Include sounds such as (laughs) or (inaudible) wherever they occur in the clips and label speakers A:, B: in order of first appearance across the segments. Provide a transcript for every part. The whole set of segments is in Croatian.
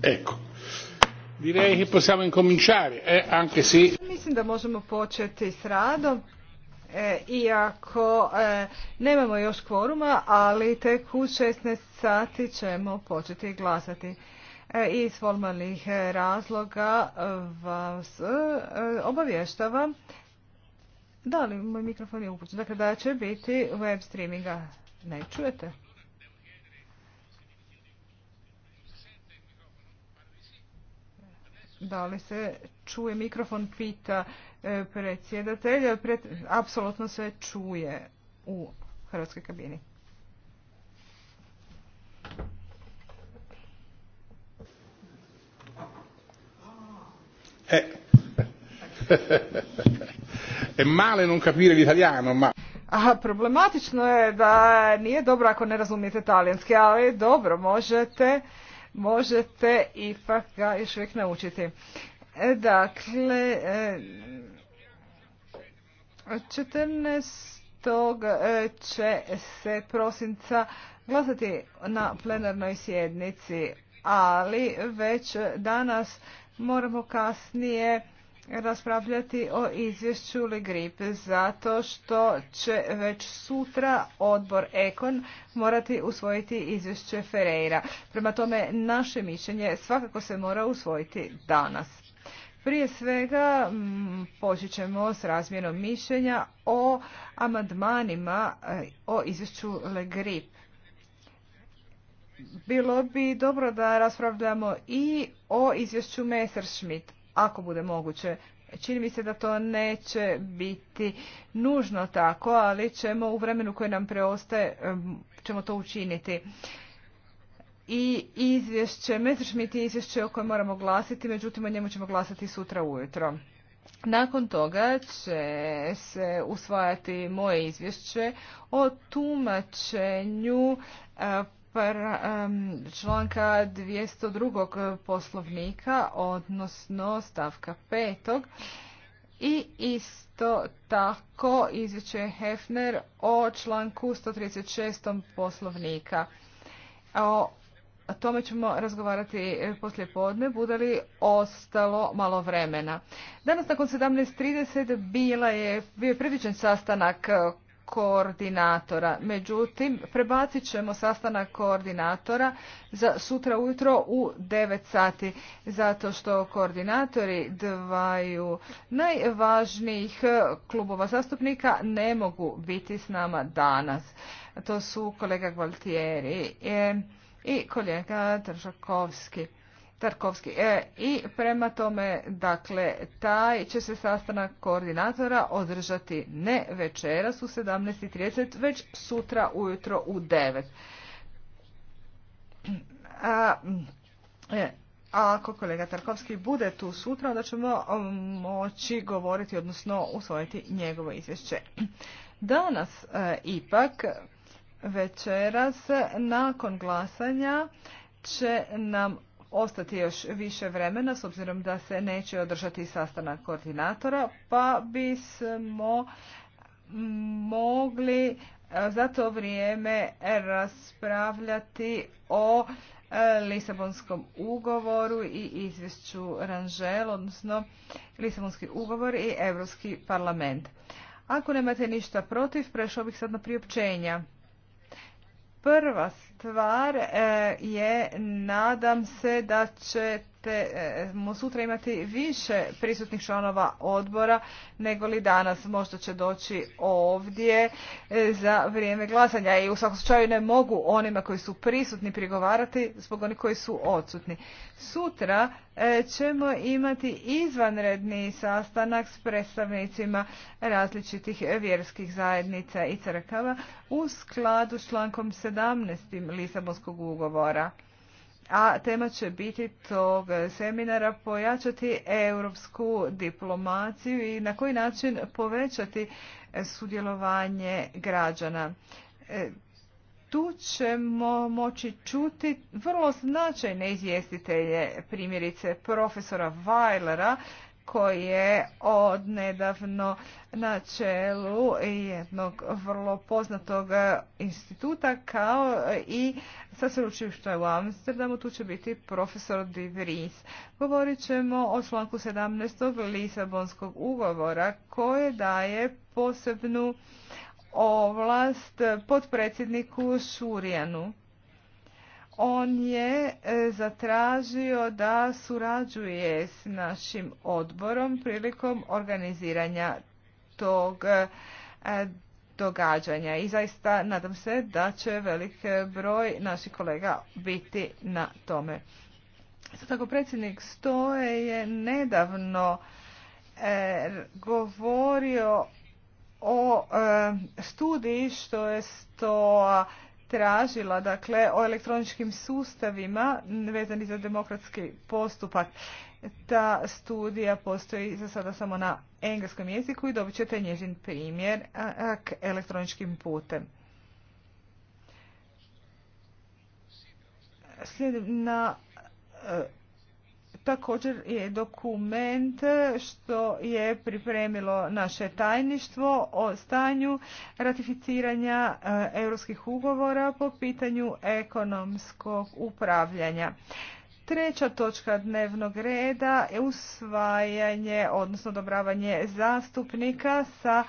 A: Eh,
B: Mislim da možemo početi s radom, e, iako e, nemamo još kvoruma, ali tek u 16 sati ćemo početi glasati. E, iz formalnih razloga vas obavještavam da, ali moj mikrofon je upućen. Dakle, da će biti web streaminga. Ne čujete? Da li se čuje mikrofon, pita e, predsjedatelja? apsolutno se čuje u hrvatskoj kabini. E. (laughs) È male non capire l'italiano, ma... A problematično je da nije dobro ako ne razumijete talijanski, ali dobro, možete, možete ipak ga još uvijek naučiti. E, dakle, 14. E, e, će se prosinca glasati na plenarnoj sjednici, ali već danas moramo kasnije raspravljati o izvješću Grip zato što će već sutra odbor Ekon morati usvojiti izvješće Ferreira. Prema tome naše mišljenje svakako se mora usvojiti danas. Prije svega mm, počet ćemo s razmjenom mišljenja o amandmanima e, o izvješću Le Grip. Bilo bi dobro da raspravljamo i o izvješću Messerschmitt ako bude moguće. Čini mi se da to neće biti nužno tako, ali ćemo u vremenu koje nam preostaje ćemo to učiniti. I izvješće, Messerschmitt je izvješće o kojem moramo glasiti, međutim o njemu ćemo glasati sutra ujutro. Nakon toga će se usvajati moje izvješće o tumačenju članka 202. poslovnika, odnosno stavka 5. I isto tako izvješće Hefner o članku 136. poslovnika. O tome ćemo razgovarati poslije podne, bude li ostalo malo vremena. Danas nakon 17.30 bila je, bio je predviđen sastanak koordinatora. Međutim, prebacit ćemo sastanak koordinatora za sutra ujutro u 9 sati, zato što koordinatori dvaju najvažnijih klubova zastupnika ne mogu biti s nama danas. To su kolega Gvaltieri e, i kolega Držakovski. Tarkovski. E, I prema tome, dakle, taj će se sastanak koordinatora održati ne večeras u 17.30, već sutra ujutro u 9. A, e, ako kolega Tarkovski bude tu sutra, onda ćemo moći govoriti, odnosno usvojiti njegovo izvješće. Danas, e, ipak, večeras, nakon glasanja, će nam ostati još više vremena s obzirom da se neće održati sastanak koordinatora, pa bismo mogli e, za to vrijeme raspravljati o e, Lisabonskom ugovoru i izvješću Ranžel, odnosno Lisabonski ugovor i Europski parlament. Ako nemate ništa protiv, prešao bih sad na priopćenja prva stvar e, je, nadam se da će ćemo eh, sutra imati više prisutnih članova odbora nego li danas. Možda će doći ovdje eh, za vrijeme glasanja i u svakom slučaju ne mogu onima koji su prisutni prigovarati zbog onih koji su odsutni. Sutra eh, ćemo imati izvanredni sastanak s predstavnicima različitih vjerskih zajednica i crkava u skladu s člankom 17. Lisabonskog ugovora a tema će biti tog seminara pojačati europsku diplomaciju i na koji način povećati sudjelovanje građana. E, tu ćemo moći čuti vrlo značajne izvjestitelje, primjerice profesora Weilera koji je odnedavno na čelu jednog vrlo poznatog instituta kao i sa sveučilišta u Amsterdamu. Tu će biti profesor De Vries. Govorit ćemo o članku 17. Lisabonskog ugovora koje daje posebnu ovlast potpredsjedniku Šurijanu on je e, zatražio da surađuje s našim odborom prilikom organiziranja tog e, događanja i zaista nadam se da će velik e, broj naših kolega biti na tome. tako predsjednik Stoje je nedavno govorio o studiji što je Stoa tražila dakle o elektroničkim sustavima vezani za demokratski postupak. Ta studija postoji za sada samo na engleskom jeziku i dobit ćete njezin primjer elektroničkim putem. Na e, Također je dokument što je pripremilo naše tajništvo o stanju ratificiranja eh, europskih ugovora po pitanju ekonomskog upravljanja. Treća točka dnevnog reda je usvajanje, odnosno odobravanje zastupnika sa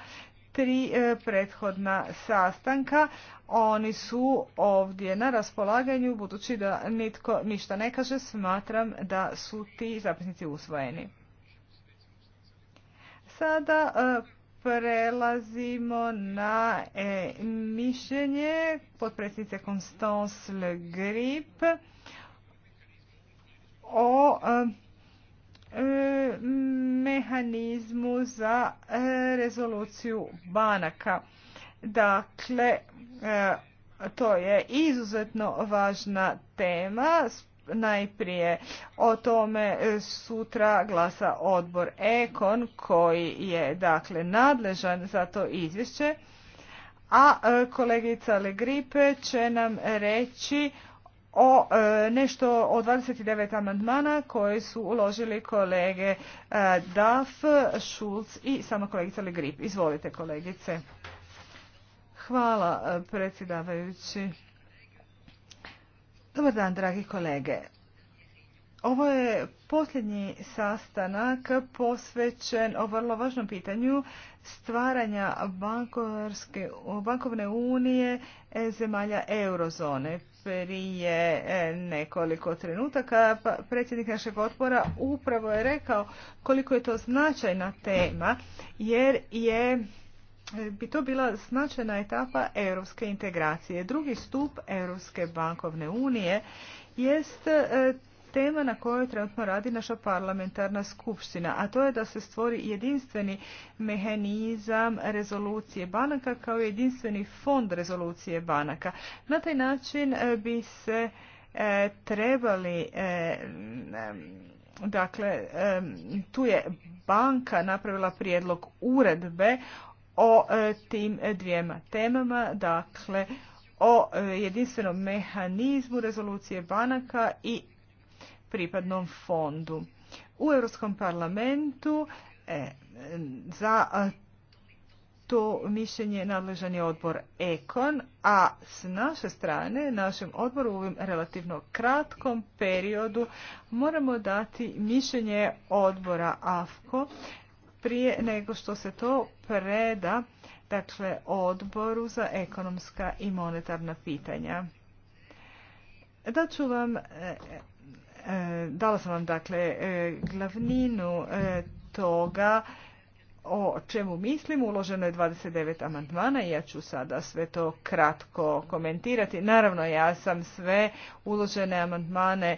B: tri e, prethodna sastanka. Oni su ovdje na raspolaganju, budući da nitko ništa ne kaže, smatram da su ti zapisnici usvojeni. Sada e, prelazimo na e, mišljenje potpredsjednice Constance Le Grip o E, mehanizmu za e, rezoluciju banaka. Dakle, e, to je izuzetno važna tema. Najprije o tome sutra glasa odbor Ekon koji je dakle nadležan za to izvješće. A kolegica Legripe će nam reći o e, nešto o 29 amandmana koje su uložili kolege e, Daf, Schulz i sama kolegica Legrip. Izvolite kolegice. Hvala e, predsjedavajući. Dobar dan, dragi kolege. Ovo je posljednji sastanak posvećen o vrlo važnom pitanju stvaranja bankovne unije zemalja eurozone prije e, nekoliko trenutaka. Pa, predsjednik našeg otpora upravo je rekao koliko je to značajna tema jer je e, bi to bila značajna etapa europske integracije. Drugi stup Europske bankovne unije jest e, tema na kojoj trenutno radi naša parlamentarna skupština, a to je da se stvori jedinstveni mehanizam rezolucije banaka kao jedinstveni fond rezolucije banaka. Na taj način eh, bi se eh, trebali eh, dakle tu je banka napravila prijedlog uredbe o tim dvijema temama, dakle o jedinstvenom mehanizmu rezolucije banaka i pripadnom fondu. U Europskom parlamentu e, za to mišljenje nadležan je odbor Ekon, a s naše strane, našem odboru u ovim relativno kratkom periodu moramo dati mišljenje odbora AFKO prije nego što se to preda dakle odboru za ekonomska i monetarna pitanja. ću vam e, E, dala sam vam dakle e, glavninu e, toga o čemu mislim. Uloženo je 29 amandmana i ja ću sada sve to kratko komentirati. Naravno, ja sam sve uložene amandmane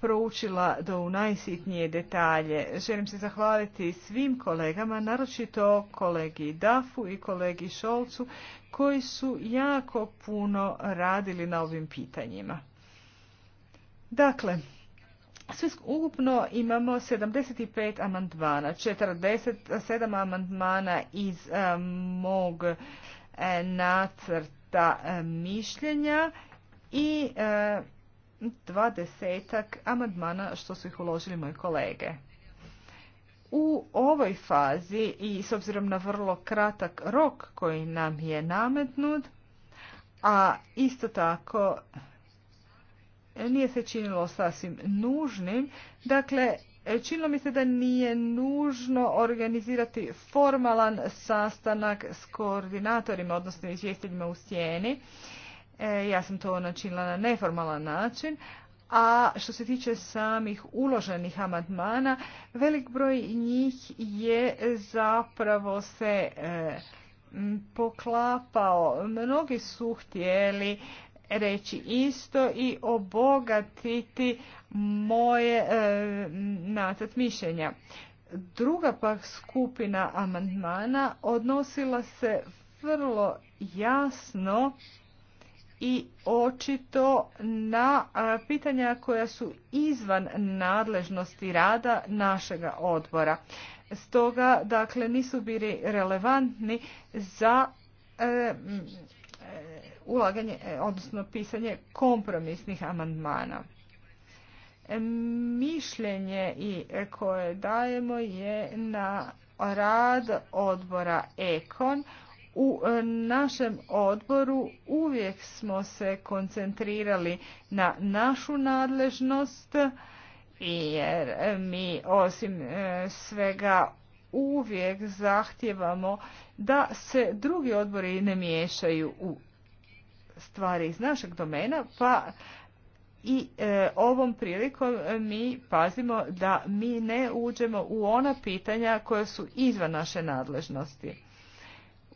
B: proučila do u najsitnije detalje. Želim se zahvaliti svim kolegama, naročito kolegi Dafu i kolegi Šolcu, koji su jako puno radili na ovim pitanjima. Dakle, sve ukupno imamo 75 amandmana, 47 amandmana iz e, mog e, nacrta e, mišljenja i dva desetak amandmana što su ih uložili moji kolege. U ovoj fazi i s obzirom na vrlo kratak rok koji nam je nametnut, a isto tako nije se činilo sasvim nužnim. Dakle, činilo mi se da nije nužno organizirati formalan sastanak s koordinatorima, odnosno izvjestiteljima u sjeni. E, ja sam to načinila na neformalan način, a što se tiče samih uloženih amandmana, velik broj njih je zapravo se e, poklapao. Mnogi su htjeli reći isto i obogatiti moje e, nacrt mišljenja. Druga pak skupina amandmana odnosila se vrlo jasno i očito na e, pitanja koja su izvan nadležnosti rada našega odbora. Stoga, dakle, nisu bili relevantni za e, ulaganje, e, odnosno pisanje kompromisnih amandmana. E, mišljenje i e, koje dajemo je na rad odbora Ekon. U našem odboru uvijek smo se koncentrirali na našu nadležnost jer mi osim svega uvijek zahtjevamo da se drugi odbori ne miješaju u stvari iz našeg domena, pa i e, ovom prilikom mi pazimo da mi ne uđemo u ona pitanja koja su izvan naše nadležnosti.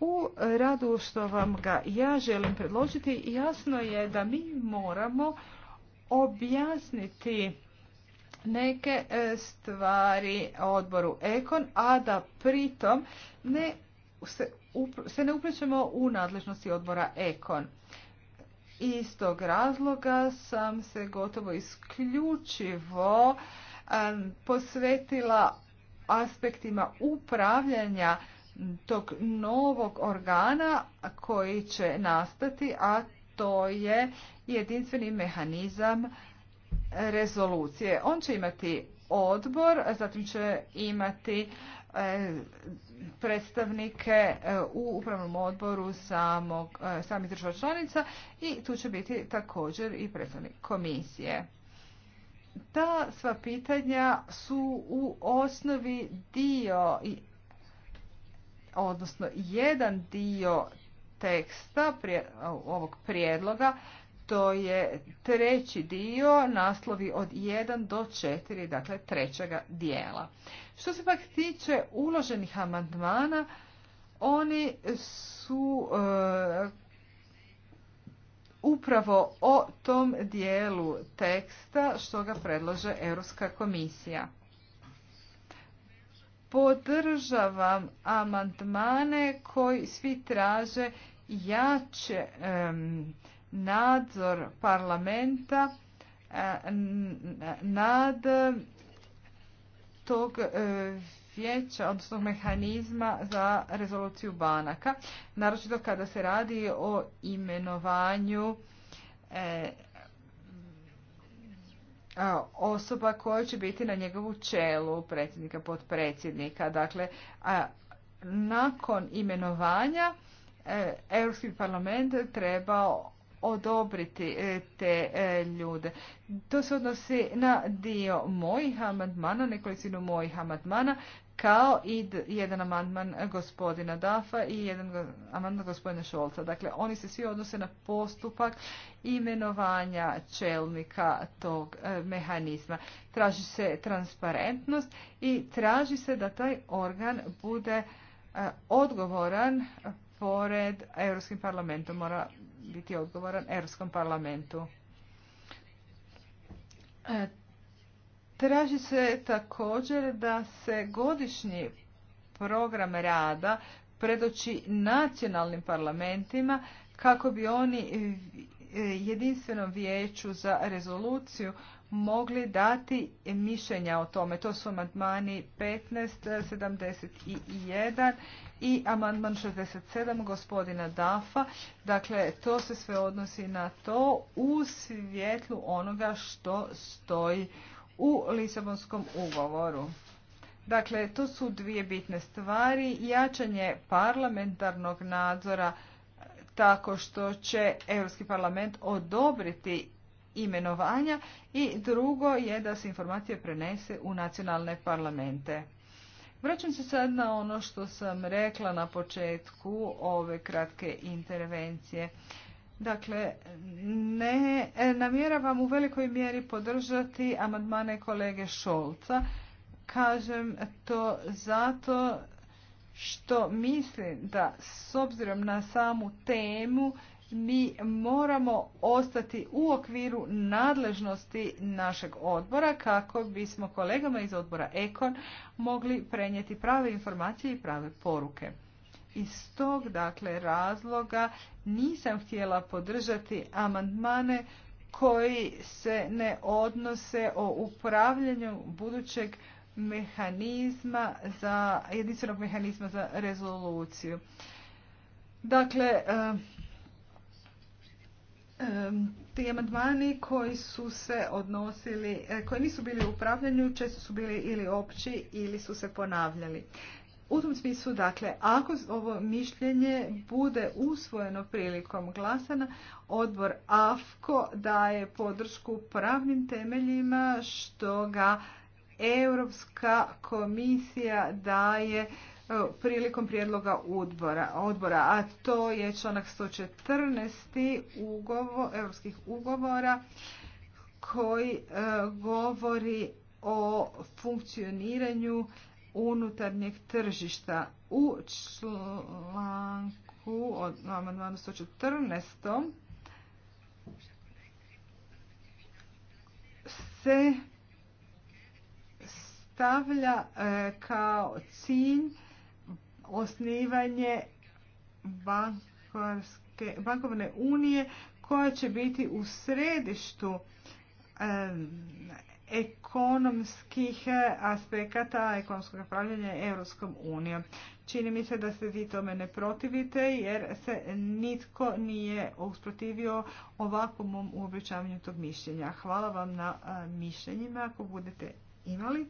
B: U radu što vam ga ja želim predložiti, jasno je da mi moramo objasniti neke e, stvari odboru Ekon, a da pritom ne, se, se ne uprećemo u nadležnosti odbora Ekon iz tog razloga sam se gotovo isključivo posvetila aspektima upravljanja tog novog organa koji će nastati, a to je jedinstveni mehanizam rezolucije. On će imati odbor, zatim će imati E, predstavnike e, u upravnom odboru e, samih država članica i tu će biti također i predstavnik komisije. Ta sva pitanja su u osnovi dio, odnosno jedan dio teksta ovog prijedloga to je treći dio, naslovi od 1 do 4, dakle trećega dijela. Što se pak tiče uloženih amandmana, oni su e, upravo o tom dijelu teksta što ga predlaže Europska komisija. Podržavam amandmane koji svi traže jače nadzor parlamenta e, nad tog e, vijeća, odnosno mehanizma za rezoluciju banaka, naročito kada se radi o imenovanju e, osoba koja će biti na njegovu čelu predsjednika, podpredsjednika. Dakle, nakon imenovanja Europski parlament treba odobriti e, te e, ljude. To se odnosi na dio mojih amandmana, nekolicinu mojih amandmana, kao i jedan amandman gospodina Dafa i jedan amandman gospodina Šolca. Dakle, oni se svi odnose na postupak imenovanja čelnika tog e, mehanizma. Traži se transparentnost i traži se da taj organ bude odgovoran pored Europskim parlamentom, mora biti odgovoran Europskom parlamentu. E, traži se također da se godišnji program rada predoći nacionalnim parlamentima kako bi oni e, jedinstvenom vijeću za rezoluciju mogli dati mišljenja o tome. To su amandmani 15, 71 i amandman 67 gospodina Dafa. Dakle, to se sve odnosi na to u svjetlu onoga što stoji u Lisabonskom ugovoru. Dakle, to su dvije bitne stvari. Jačanje parlamentarnog nadzora tako što će Europski parlament odobriti imenovanja i drugo je da se informacije prenese u nacionalne parlamente. Vraćam se sad na ono što sam rekla na početku ove kratke intervencije. Dakle, ne e, namjeravam u velikoj mjeri podržati amandmane kolege Šolca. Kažem to zato što mislim da s obzirom na samu temu mi moramo ostati u okviru nadležnosti našeg odbora kako bismo kolegama iz odbora Ekon mogli prenijeti prave informacije i prave poruke. Iz tog dakle razloga nisam htjela podržati amandmane koji se ne odnose o upravljanju budućeg mehanizma za jedinstvenog mehanizma za rezoluciju. Dakle, eh, ti amandmani koji su se odnosili, e, koji nisu bili u upravljanju, često su bili ili opći ili su se ponavljali. U tom smislu, dakle, ako ovo mišljenje bude usvojeno prilikom glasana, odbor AFKO daje podršku pravnim temeljima što ga Europska komisija daje E, prilikom prijedloga odbora, a to je članak 114. Ugovor, europskih ugovora koji e, govori o funkcioniranju unutarnjeg tržišta u članku od amandmanu 114. se stavlja e, kao cilj osnivanje bankovne unije koja će biti u središtu ekonomskih e, aspekata ekonomskog upravljanja Europskom unijom. Čini mi se da se vi tome ne protivite jer se nitko nije usprotivio ovakvom uobičavanju tog mišljenja. Hvala vam na e, mišljenjima ako budete imali.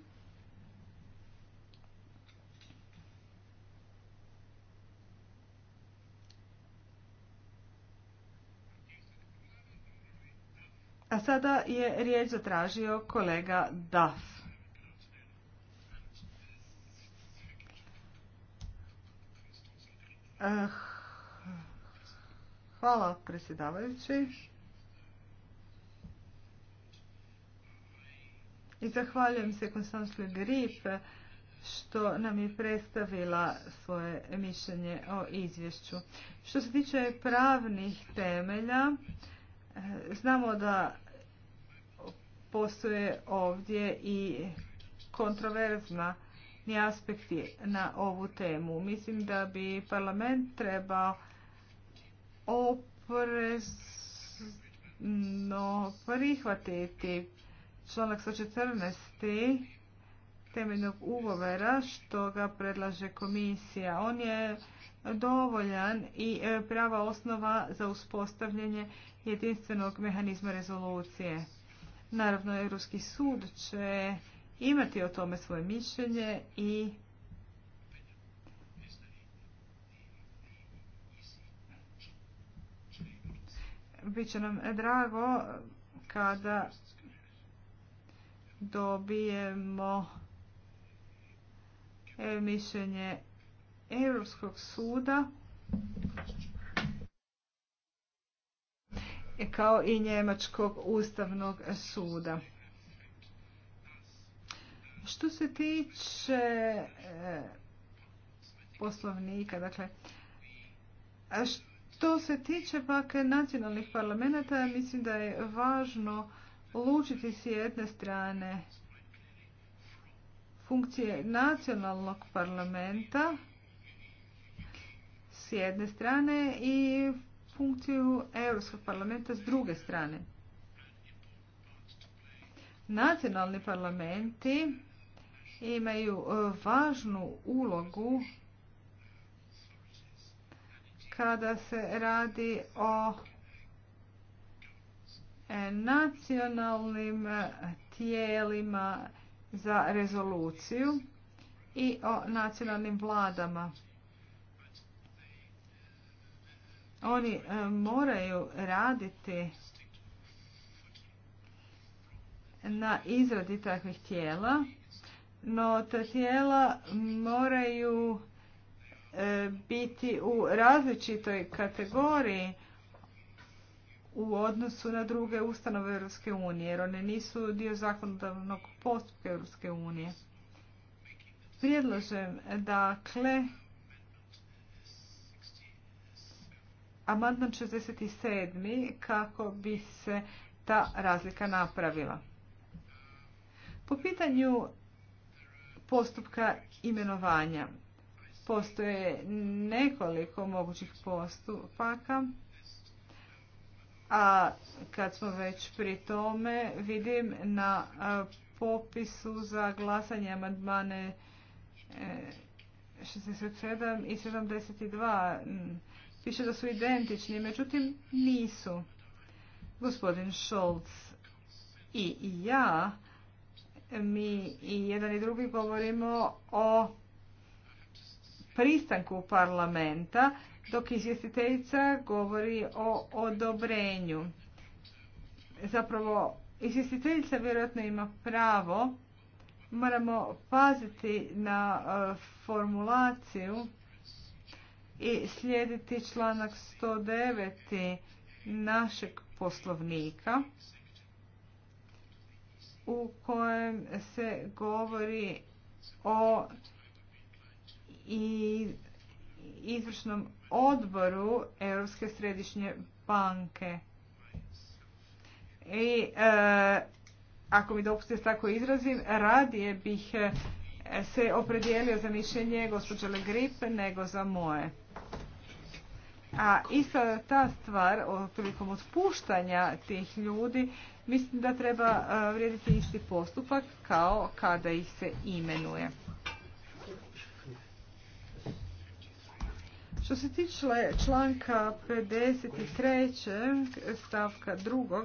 B: A sada je riječ zatražio kolega Duff. Eh, hvala predsjedavajući. I zahvaljujem se Konstantinu Grip što nam je predstavila svoje mišljenje o izvješću. Što se tiče pravnih temelja, eh, znamo da postoje ovdje i kontroverzna ni aspekti na ovu temu. Mislim da bi parlament trebao oprezno prihvatiti članak 114. temeljnog ugovora što ga predlaže komisija. On je dovoljan i e, prava osnova za uspostavljanje jedinstvenog mehanizma rezolucije. Naravno, Europski sud će imati o tome svoje mišljenje i bit će nam drago kada dobijemo e, mišljenje Europskog suda kao i Njemačkog ustavnog suda. Što se tiče e, poslovnika, dakle, što se tiče pak nacionalnih parlamenta, mislim da je važno lučiti s jedne strane funkcije nacionalnog parlamenta s jedne strane i funkciju Europskog parlamenta s druge strane. Nacionalni parlamenti imaju e, važnu ulogu kada se radi o e, nacionalnim e, tijelima za rezoluciju i o nacionalnim vladama. Oni e, moraju raditi na izradi takvih tijela, no ta tijela moraju e, biti u različitoj kategoriji u odnosu na druge ustanove Europske unije, jer one nisu dio zakonodavnog postupka Europske unije. Prijedlažem dakle amandman 67. kako bi se ta razlika napravila. Po pitanju postupka imenovanja postoje nekoliko mogućih postupaka, a kad smo već pri tome vidim na popisu za glasanje amandmane 67 e, i 72 piše da su identični, međutim nisu. Gospodin Scholz i ja, mi i jedan i drugi govorimo o pristanku parlamenta, dok izvjestiteljica govori o odobrenju. Zapravo, izvjestiteljica vjerojatno ima pravo. Moramo paziti na e, formulaciju i slijediti članak 109. našeg poslovnika u kojem se govori o i izvršnom odboru Europske središnje banke. I e, ako mi dopustite tako izrazim, radije bih e, se opredijelio za mišljenje gospođe Legripe nego za moje. A isto ta stvar prilikom otpuštanja tih ljudi mislim da treba e, vrijediti isti postupak kao kada ih se imenuje. Što se tiče članka 53. stavka 2.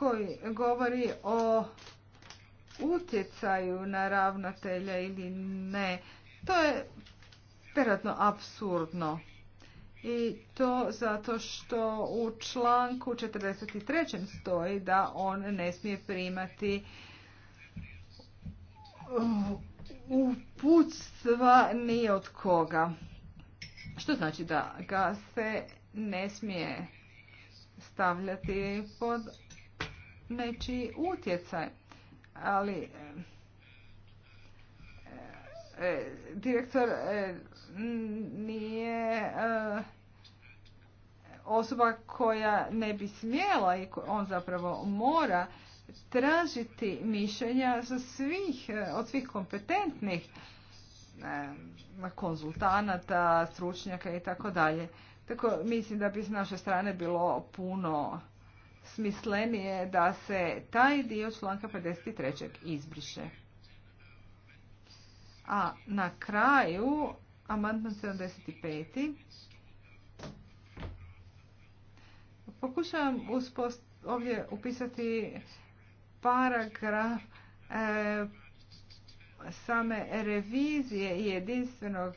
B: koji govori o utjecaju na ravnatelja ili ne. To je vjerojatno apsurdno. I to zato što u članku 43. stoji da on ne smije primati uh, uputstva ni od koga. Što znači da ga se ne smije stavljati pod nečiji utjecaj. Ali e, e, direktor e, nije osoba koja ne bi smjela i on zapravo mora tražiti mišljenja za svih, od svih kompetentnih konzultanata, stručnjaka i tako dalje. Tako mislim da bi s naše strane bilo puno smislenije da se taj dio članka 53. izbriše. A na kraju, amandman 75. Pokušavam ovdje upisati paragraf e, same revizije i jedinstvenog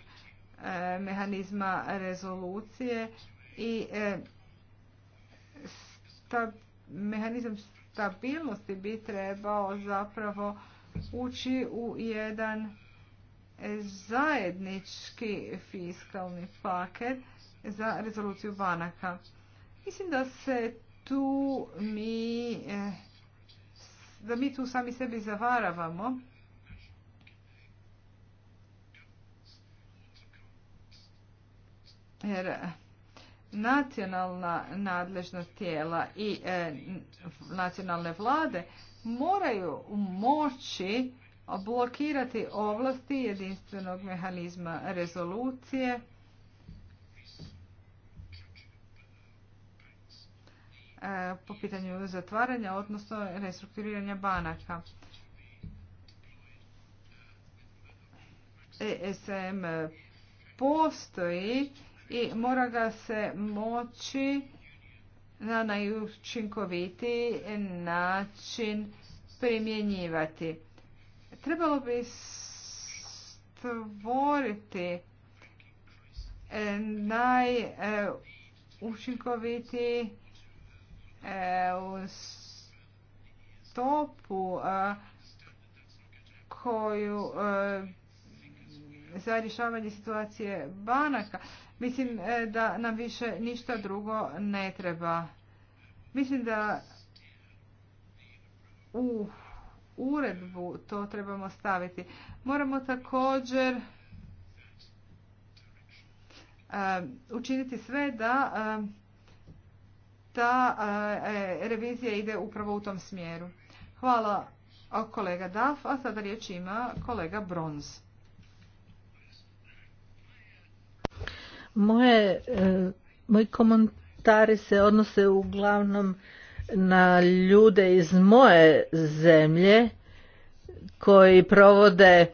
B: e, mehanizma rezolucije i e, sta, mehanizam stabilnosti bi trebao zapravo ući u jedan zajednički fiskalni paket za rezoluciju banaka. Mislim da se tu mi eh, da mi tu sami sebi zavaravamo. Jer nacionalna nadležna tijela i e, nacionalne vlade moraju moći blokirati ovlasti jedinstvenog mehanizma rezolucije e, po pitanju zatvaranja, odnosno restrukturiranja banaka. ESM postoji i mora ga se moći na najučinkovitiji način primjenjivati. Trebalo bi stvoriti e, najučinkovitiji e, stopu koju e, za rješavanje situacije banaka Mislim e, da nam više ništa drugo ne treba. Mislim da u uredbu to trebamo staviti. Moramo također e, učiniti sve da e, ta revizija ide upravo u tom smjeru. Hvala kolega Daf, a sada riječ ima kolega Bronz.
A: E, moji komentari se odnose uglavnom na ljude iz moje zemlje koji provode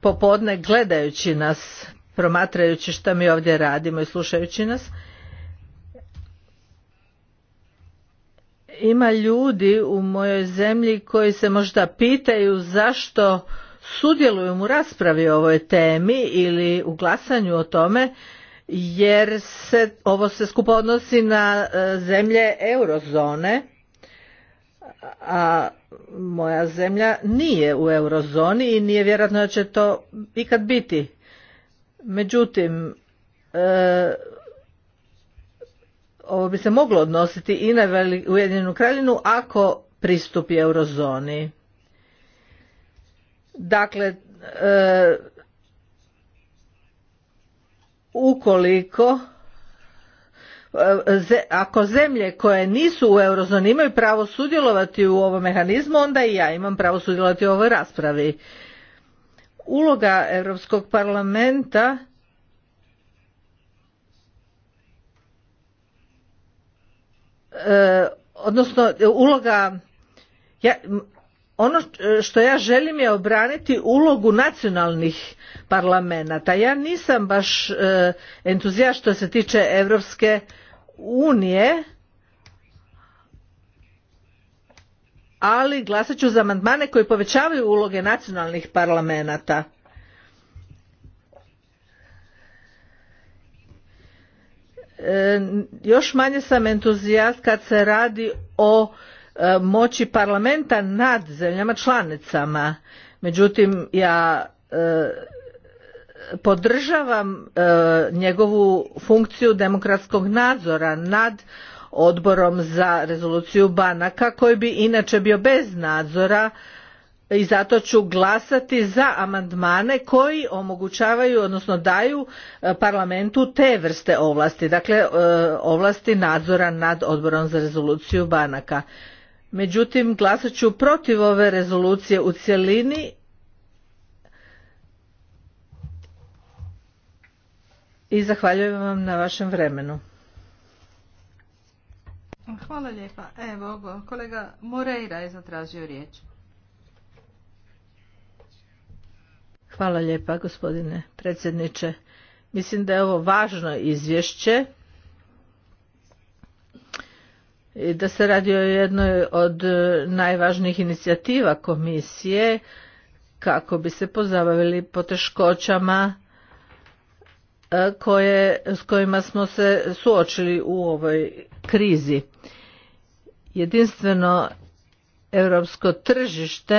A: popodne gledajući nas, promatrajući što mi ovdje radimo i slušajući nas. Ima ljudi u mojoj zemlji koji se možda pitaju zašto sudjelujem u raspravi o ovoj temi ili u glasanju o tome jer se ovo se skupo odnosi na e, zemlje eurozone a moja zemlja nije u eurozoni i nije vjerojatno da će to ikad biti. Međutim, e, ovo bi se moglo odnositi i na Ujedinjenu Kraljinu ako pristupi eurozoni. Dakle, e, ukoliko e, ako zemlje koje nisu u eurozoni imaju pravo sudjelovati u ovom mehanizmu onda i ja imam pravo sudjelovati u ovoj raspravi uloga europskog parlamenta e, odnosno uloga ono e, što ja želim je obraniti ulogu nacionalnih parlamenata. Ja nisam baš e, entuzijast što se tiče Europske unije, ali glasat ću za amandmane koji povećavaju uloge nacionalnih parlamenata. E, još manje sam entuzijast kad se radi o E, moći parlamenta nad zemljama članicama. Međutim, ja e, podržavam e, njegovu funkciju demokratskog nadzora nad odborom za rezoluciju banaka koji bi inače bio bez nadzora i zato ću glasati za amandmane koji omogućavaju odnosno daju parlamentu te vrste ovlasti dakle ovlasti nadzora nad odborom za rezoluciju banaka Međutim, glasat ću protiv ove rezolucije u cjelini i zahvaljujem vam na vašem vremenu.
B: Hvala lijepa. Evo, kolega Moreira je zatražio riječ.
A: Hvala lijepa, gospodine predsjedniče. Mislim da je ovo važno izvješće i da se radi o jednoj od e, najvažnijih inicijativa komisije kako bi se pozabavili poteškoćama e, koje, s kojima smo se suočili u ovoj krizi. Jedinstveno europsko tržište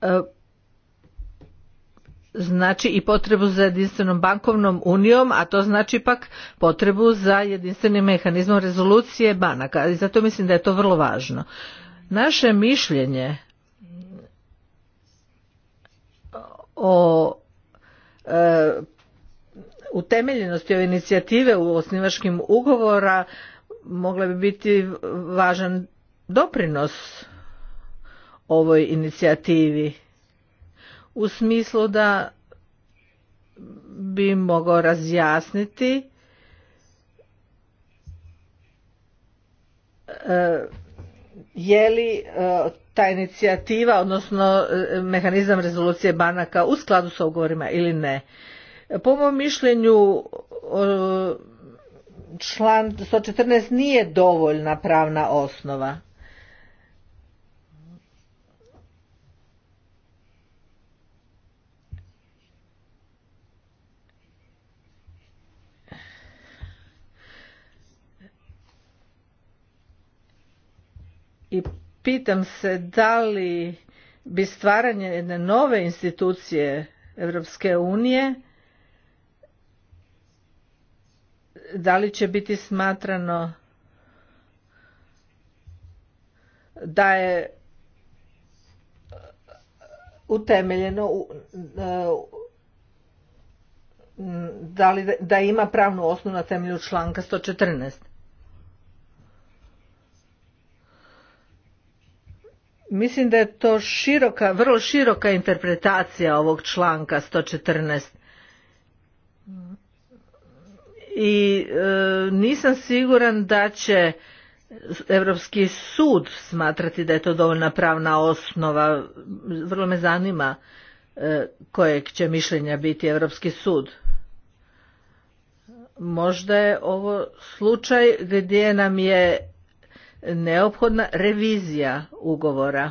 A: e, znači i potrebu za jedinstvenom bankovnom unijom, a to znači pak potrebu za jedinstvenim mehanizmom rezolucije banaka. I zato mislim da je to vrlo važno. Naše mišljenje o e, utemeljenosti ove inicijative u osnivačkim ugovora mogla bi biti važan doprinos ovoj inicijativi u smislu da bi mogao razjasniti e, je li e, ta inicijativa, odnosno e, mehanizam rezolucije banaka u skladu sa ugovorima ili ne. Po mom mišljenju član 114 nije dovoljna pravna osnova. i pitam se da li bi stvaranje jedne nove institucije Europske unije da li će biti smatrano da je uh, utemeljeno uh, da, li, da ima pravnu osnovu na temelju članka 114. Mislim da je to široka, vrlo široka interpretacija ovog članka 114. I e, nisam siguran da će Europski sud smatrati da je to dovoljna pravna osnova. Vrlo me zanima e, kojeg će mišljenja biti Europski sud. Možda je ovo slučaj gdje nam je neophodna revizija ugovora.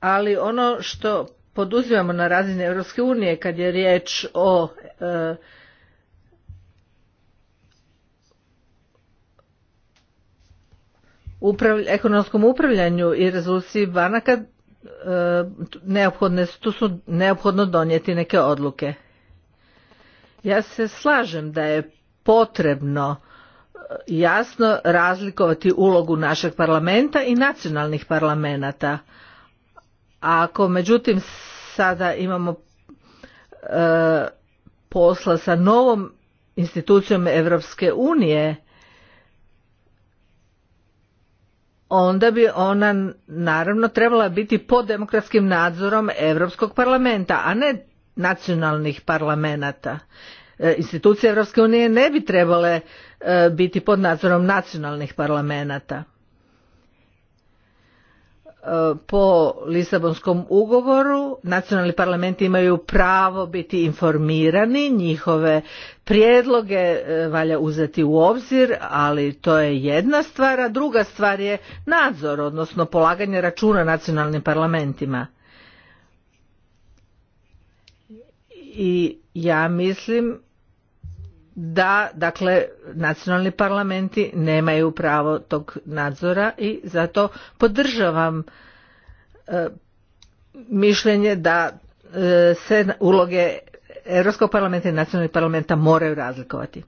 A: Ali ono što poduzimamo na razini Europske unije kad je riječ o e, ekonomskom upravljanju i rezoluciji banaka E, neophodne, tu su neophodno donijeti neke odluke. Ja se slažem da je potrebno e, jasno razlikovati ulogu našeg parlamenta i nacionalnih parlamenata. Ako međutim sada imamo e, posla sa novom institucijom Europske unije onda bi ona naravno trebala biti pod demokratskim nadzorom Europskog parlamenta, a ne nacionalnih parlamenata. E, institucije Europske unije ne bi trebale e, biti pod nadzorom nacionalnih parlamenata po Lisabonskom ugovoru nacionalni parlamenti imaju pravo biti informirani, njihove prijedloge e, valja uzeti u obzir, ali to je jedna stvar, a druga stvar je nadzor, odnosno polaganje računa nacionalnim parlamentima. I ja mislim da dakle nacionalni parlamenti nemaju pravo tog nadzora i zato podržavam e, mišljenje da e, se uloge Europskog parlamenta i nacionalnih parlamenta moraju razlikovati.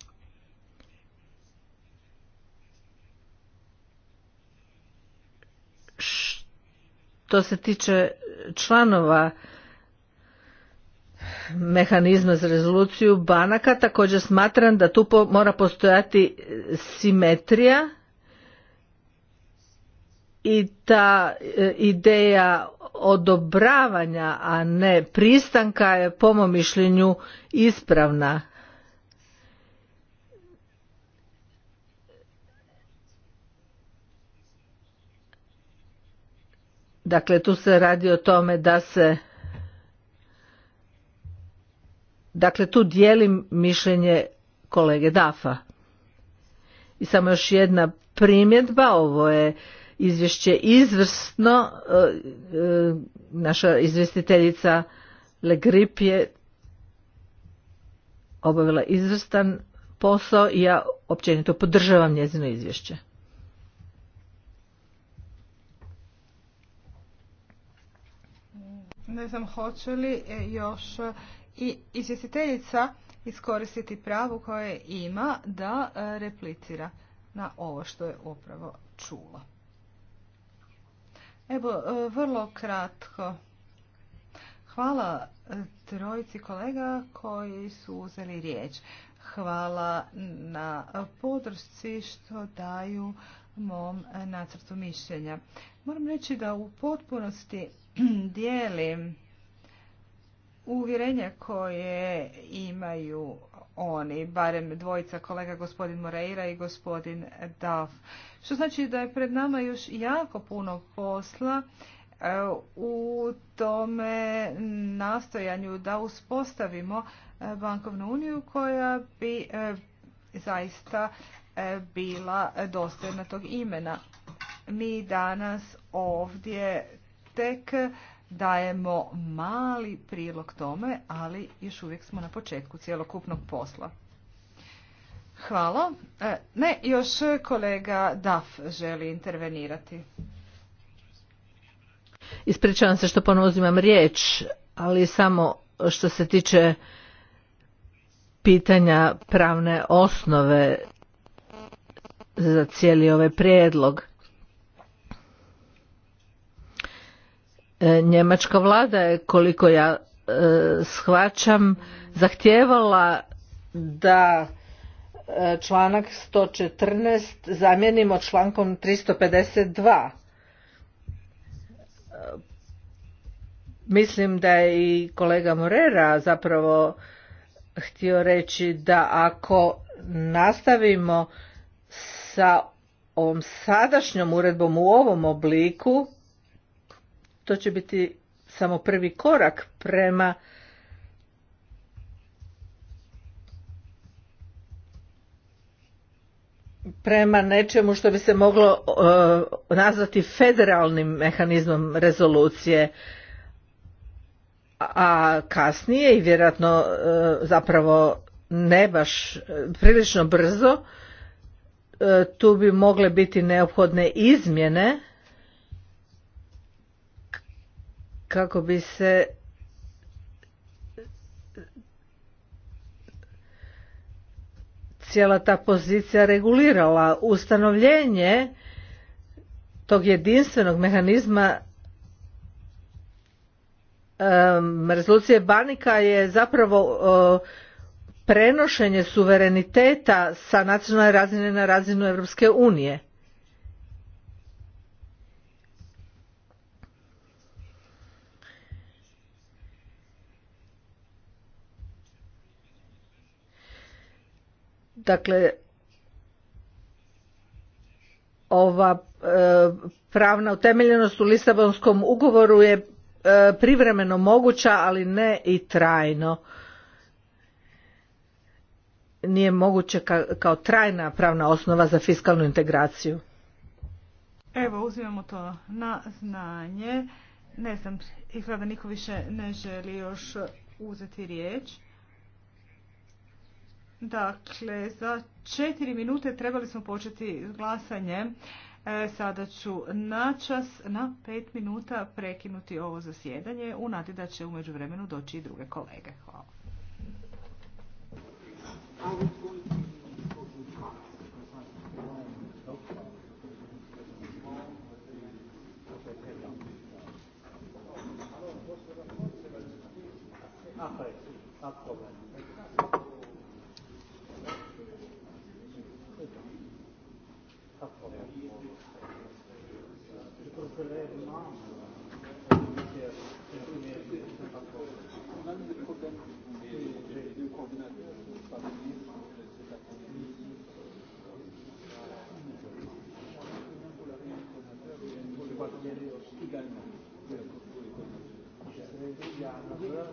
A: Što se tiče članova mehanizma za rezoluciju banaka također smatram da tu mora postojati simetrija i ta e, ideja odobravanja a ne pristanka je po mom mišljenju ispravna dakle tu se radi o tome da se Dakle, tu dijelim mišljenje kolege Dafa. I samo još jedna primjedba, ovo je izvješće izvrsno, e, e, naša izvjestiteljica Legrip je obavila izvrstan posao i ja općenito podržavam njezino izvješće.
B: Ne znam hoće li e, još i izvjestiteljica iskoristiti pravo koje ima da e, replicira na ovo što je upravo čula. Evo, e, vrlo kratko. Hvala e, trojici kolega koji su uzeli riječ. Hvala na podršci što daju mom nacrtu mišljenja. Moram reći da u potpunosti (clears throat) dijelim uvjerenja koje imaju oni, barem dvojica kolega gospodin Moreira i gospodin Duff. Što znači da je pred nama još jako puno posla e, u tome nastojanju da uspostavimo e, bankovnu uniju koja bi e, zaista bila dostojna tog imena. Mi danas ovdje tek dajemo mali prilog tome, ali još uvijek smo na početku cjelokupnog posla. Hvala. E, ne, još kolega Daf želi intervenirati.
A: Ispričavam se što ponovno uzimam riječ, ali samo što se tiče pitanja pravne osnove za cijeli ovaj prijedlog. E, njemačka vlada je koliko ja e, shvaćam zahtijevala da e, članak 114 zamijenimo člankom 352. Mislim da je i kolega Morera zapravo htio reći da ako nastavimo sa ovom sadašnjom uredbom u ovom obliku to će biti samo prvi korak prema prema nečemu što bi se moglo e, nazvati federalnim mehanizmom rezolucije a kasnije i vjerojatno e, zapravo ne baš e, prilično brzo tu bi mogle biti neophodne izmjene kako bi se cijela ta pozicija regulirala. Ustanovljenje tog jedinstvenog mehanizma um, rezolucije Banika je zapravo prenošenje suvereniteta sa nacionalne razine na razinu Europske unije. Dakle, ova e, pravna utemeljenost u Lisabonskom ugovoru je e, privremeno moguća, ali ne i trajno. Nije moguće kao trajna pravna osnova za fiskalnu integraciju.
B: Evo, uzimamo to na znanje. Ne znam, izgleda niko više ne želi još uzeti riječ. Dakle, za četiri minute trebali smo početi glasanje. E, sada ću načas na pet minuta prekinuti ovo zasjedanje u nadi da će umeđu vremenu doći i druge kolege. Hvala. je,
C: vam.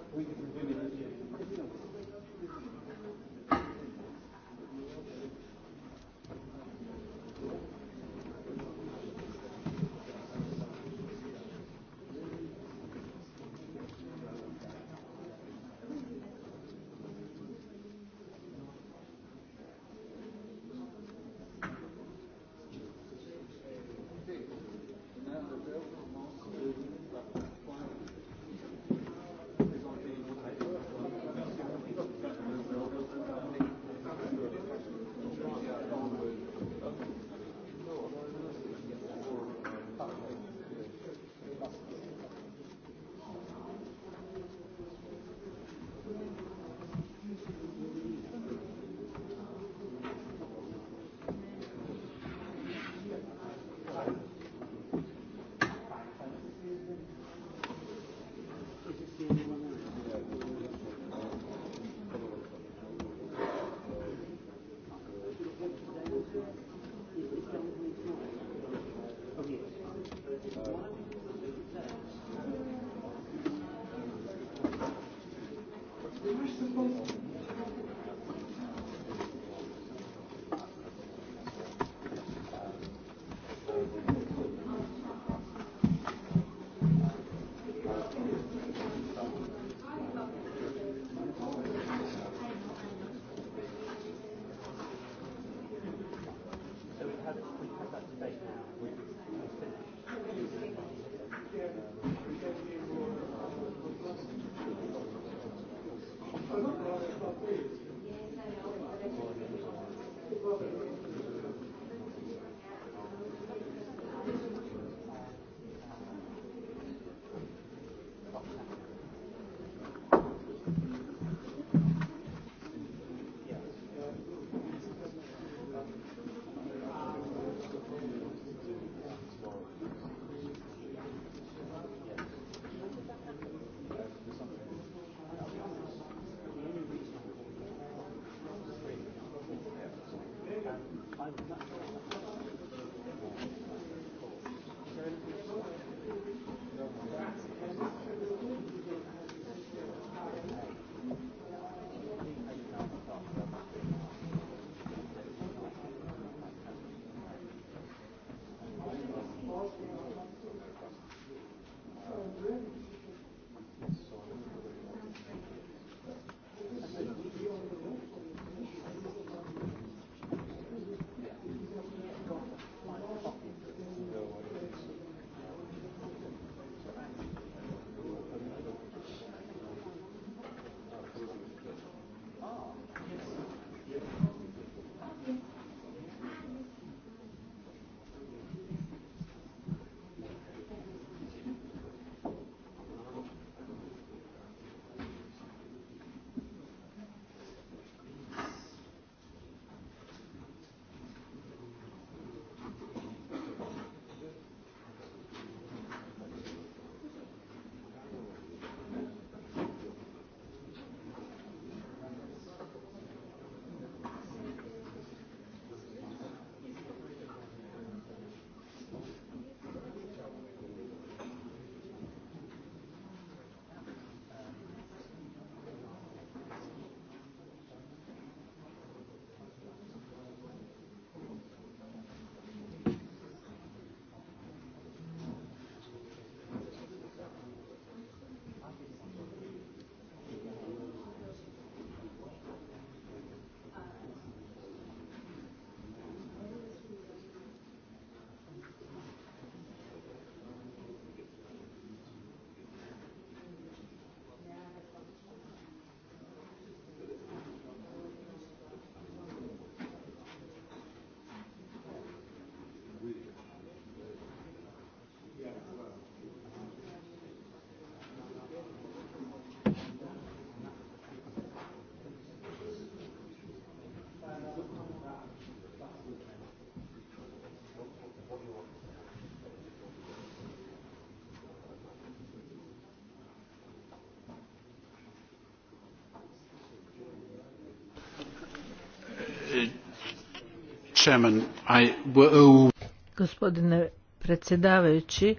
A: Gospodine predsjedavajući,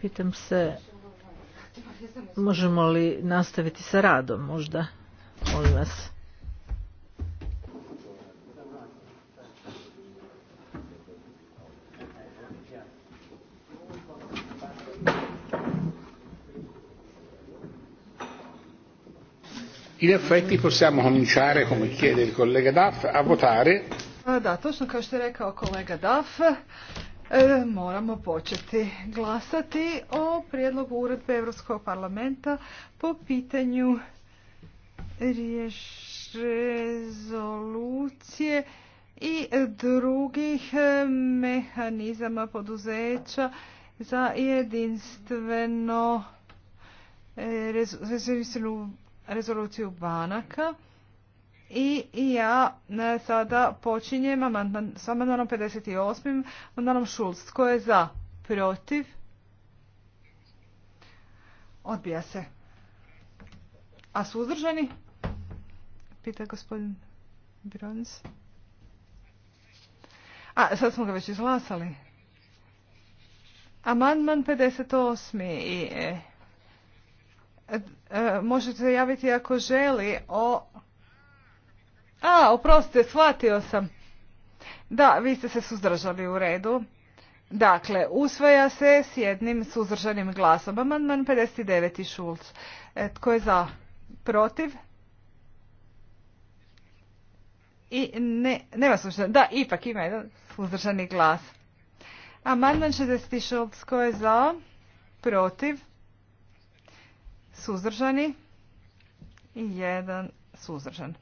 A: pitam se možemo li nastaviti sa radom možda, molim vas.
B: In effetti possiamo cominciare, come chiede il collega Duff, a votare da, točno kao što je rekao kolega Daf, e, moramo početi glasati o prijedlogu uredbe Europskog parlamenta po pitanju rezolucije i drugih e, mehanizama poduzeća za jedinstveno e, rezoluciju banaka i, ja e, sada počinjem amandman, s amandmanom 58. amandmanom Šulc. Tko je za? Protiv? Odbija se. A suzdržani? Pita gospodin Brons. A, sad smo ga već izglasali. Amandman 58. I, e, e, e možete javiti ako želi o a, oprostite, shvatio sam. Da, vi ste se suzdržali u redu. Dakle, usvaja se s jednim suzdržanim glasom. Amandman 59. Šulc. E, tko je za? Protiv? I ne, nema suzdržan. Da, ipak ima jedan suzdržani glas. Amandman 60. Šulc. Tko je za? Protiv? Suzdržani? I jedan suzdržan.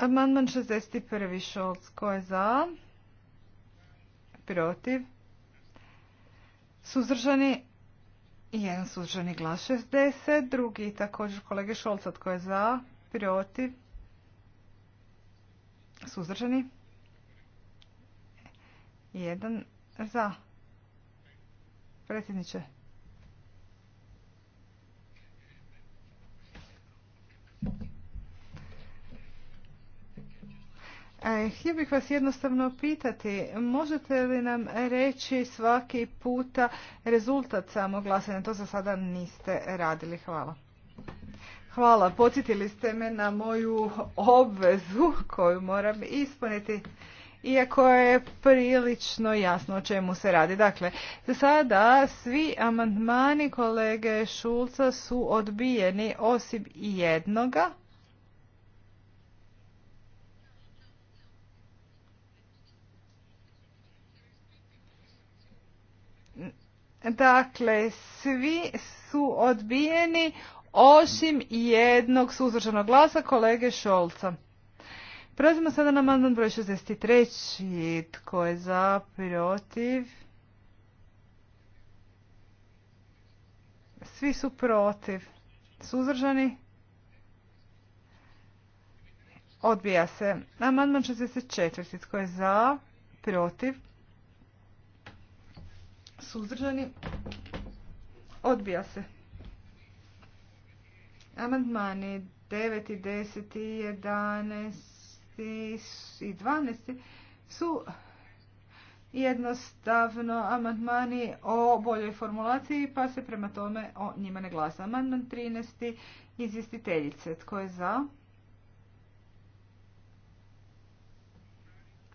B: Amandman 61. Šolc. Ko je za? Protiv? Suzdržani? Jedan suzdržani glas 60. Drugi također kolege Šolca. Tko je za? Protiv? Suzdržani? Jedan za. Predsjedniče. E, htio bih vas jednostavno pitati, možete li nam reći svaki puta rezultat samog glasanja? To za sada niste radili. Hvala. Hvala, podsjetili ste me na moju obvezu koju moram ispuniti. Iako je prilično jasno o čemu se radi. Dakle, za sada svi amandmani kolege Šulca su odbijeni osim jednoga. Dakle, svi su odbijeni osim jednog suzdržanog glasa kolege Šolca. Prelazimo sada na amandman broj 63. Tko je za, protiv? Svi su protiv. Suzdržani? Odbija se. Amandman 64. Tko je za, protiv? Suzdržani. Odbija se. Amandmani 9. i 10. i 11. i 12. su jednostavno amandmani o boljoj formulaciji pa se prema tome o njima ne glasa. Amandman 13. izvjestiteljice. Tko je za?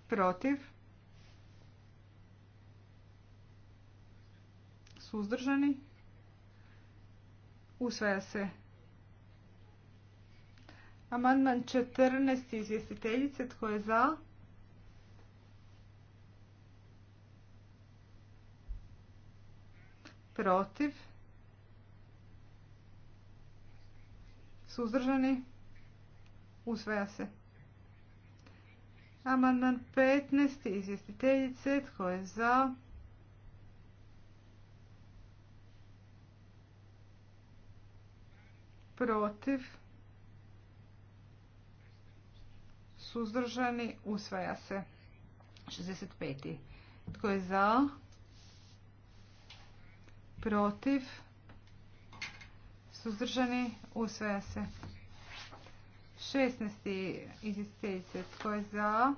B: Protiv? suzdržani, usvaja se. Amandman 14. izvjestiteljice, tko je za? Protiv? Suzdržani? Usvaja se. Amandman 15. izvjestiteljice, tko je za? protiv, suzdržani, usvaja se. 65. Tko je za? Protiv, suzdržani, usvaja se. 16. izvjestiteljice. Tko je za?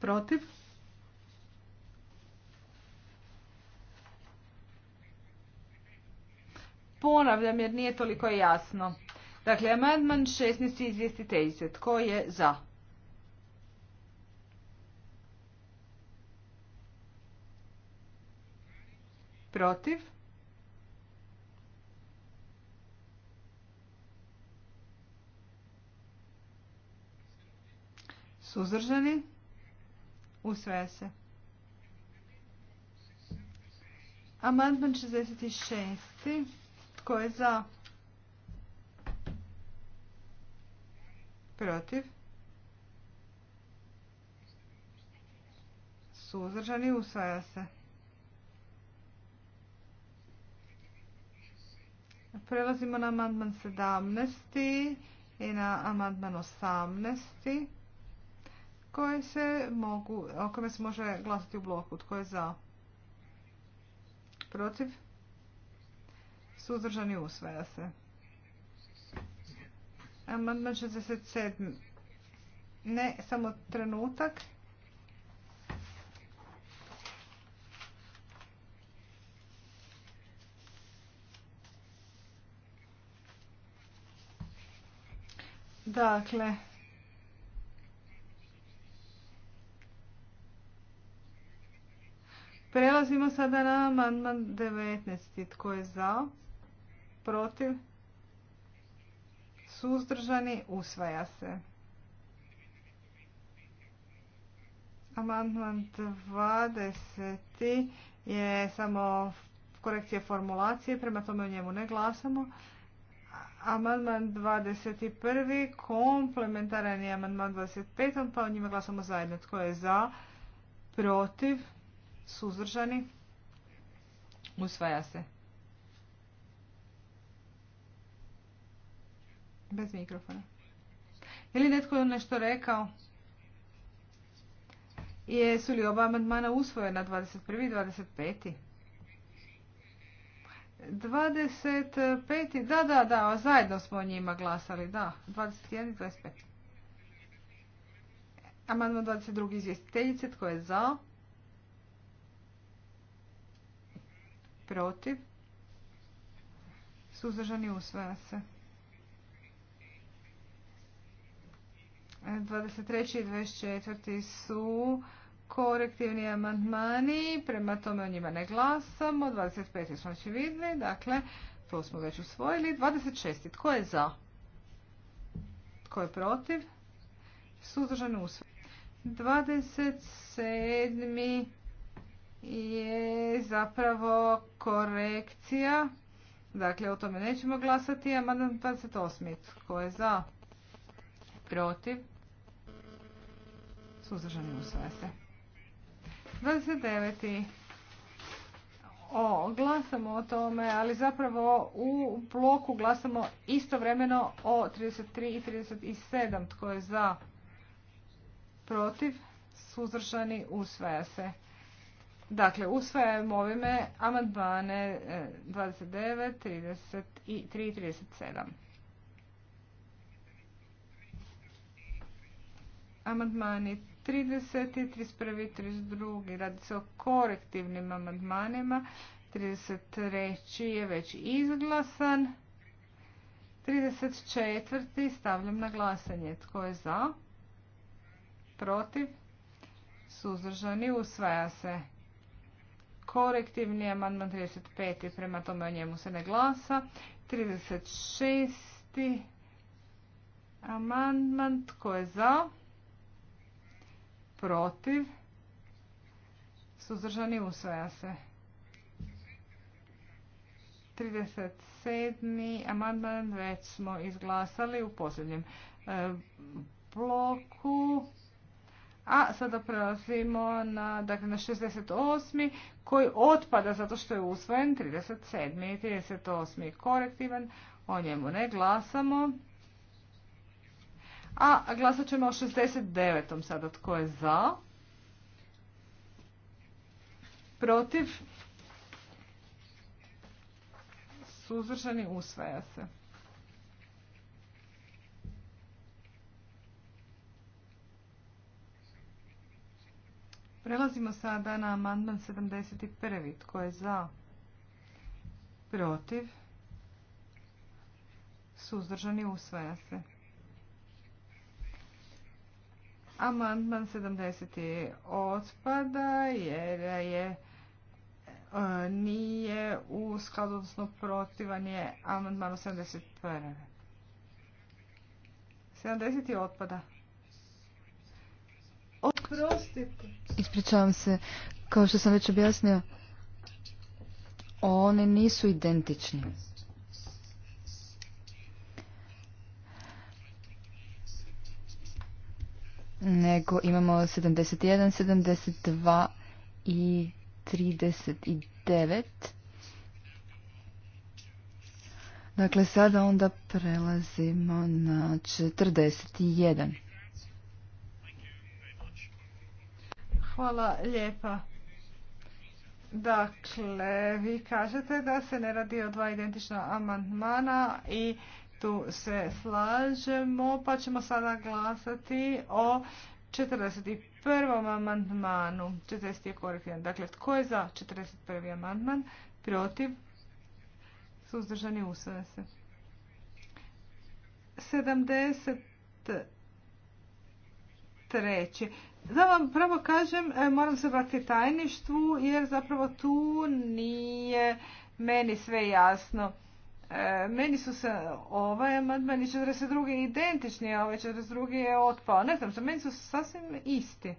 B: Protiv, ponavljam jer nije toliko jasno. Dakle, amandman 16. izvjestiteljice. Tko je za? Protiv? Suzdržani? Usvaja se. Amandman 66. Tko je za? Protiv? Suzdržani usvaja se. Prelazimo na amandman 17. i na amandman 18. Koje se mogu, o kome se može glasati u bloku. Tko je za? Protiv? Suzdržani usvaja se. Amandman 67. Ne, samo trenutak. Dakle, prelazimo sada na amandman 19. Tko je za? protiv, suzdržani, usvaja se. Amandman 20. je samo korekcija formulacije, prema tome o njemu ne glasamo. Amandman 21. komplementaran je amandman 25. pa o njima glasamo zajedno. Tko je za, protiv, suzdržani, usvaja se. Bez mikrofona. Je li netko nešto rekao? Jesu li oba amandmana usvojena 21. i 25. 25. Da, da, da, zajedno smo o njima glasali, da. 21 i 25. Amandman 22. izvjestiteljice, tko je za? Protiv? Suzdržani usvaja se. 23. i 24. su korektivni amandmani, prema tome o njima ne glasamo, 25. smo će vidjeli, dakle, to smo već usvojili, 26. tko je za? Tko je protiv? Suzdržan usvoj. 27. je zapravo korekcija, dakle, o tome nećemo glasati, amandman 28. tko je za? Protiv? Suzdržani usvaja se. 29. O, glasamo o tome, ali zapravo u bloku glasamo istovremeno o 33 i 37. Tko je za? Protiv? Suzdržani usvaja se. Dakle, usvajamo ovime amandmane 29, e, 33 i 37. Amandmani 30, 31, 32. Radi se o korektivnim amandmanima. 33. je već izglasan. 34. stavljam na glasanje. Tko je za? Protiv? Suzdržani? Usvaja se. Korektivni amandman 35. Prema tome o njemu se ne glasa. 36. Amandman. Tko je za? protiv, suzdržani usvaja se. 37. amandman već smo izglasali u posljednjem e, bloku. A sada prelazimo na, dakle, na 68. koji otpada zato što je usvojen 37. i 38. korektivan. O njemu ne glasamo. A glasat ćemo o 69. sada tko je za. Protiv. Suzdržani usvaja se. Prelazimo sada na amandman 71. Tko je za? Protiv. Suzdržani usvaja se. Amandman 70. otpada jer je e, nije u skladu, odnosno protivan je amandmanu 71. 70. otpada. Oprostite.
C: Ispričavam se, kao što sam već objasnila, one nisu identični. nego imamo 71, 72 i 39. Dakle, sada onda prelazimo na 41.
B: Hvala lijepa. Dakle, vi kažete da se ne radi o dva identična amandmana i tu se slažemo, pa ćemo sada glasati o 41. amandmanu. 40. je korektivan. Dakle, tko je za 41. amandman? Protiv? Suzdržani usvaja se. 73. Da vam pravo kažem, e, moram se vratiti tajništvu jer zapravo tu nije meni sve jasno. E, meni su se ovaj amandman i 42. identični, a ovaj 42. je otpao. Ne znam što, meni su sasvim isti.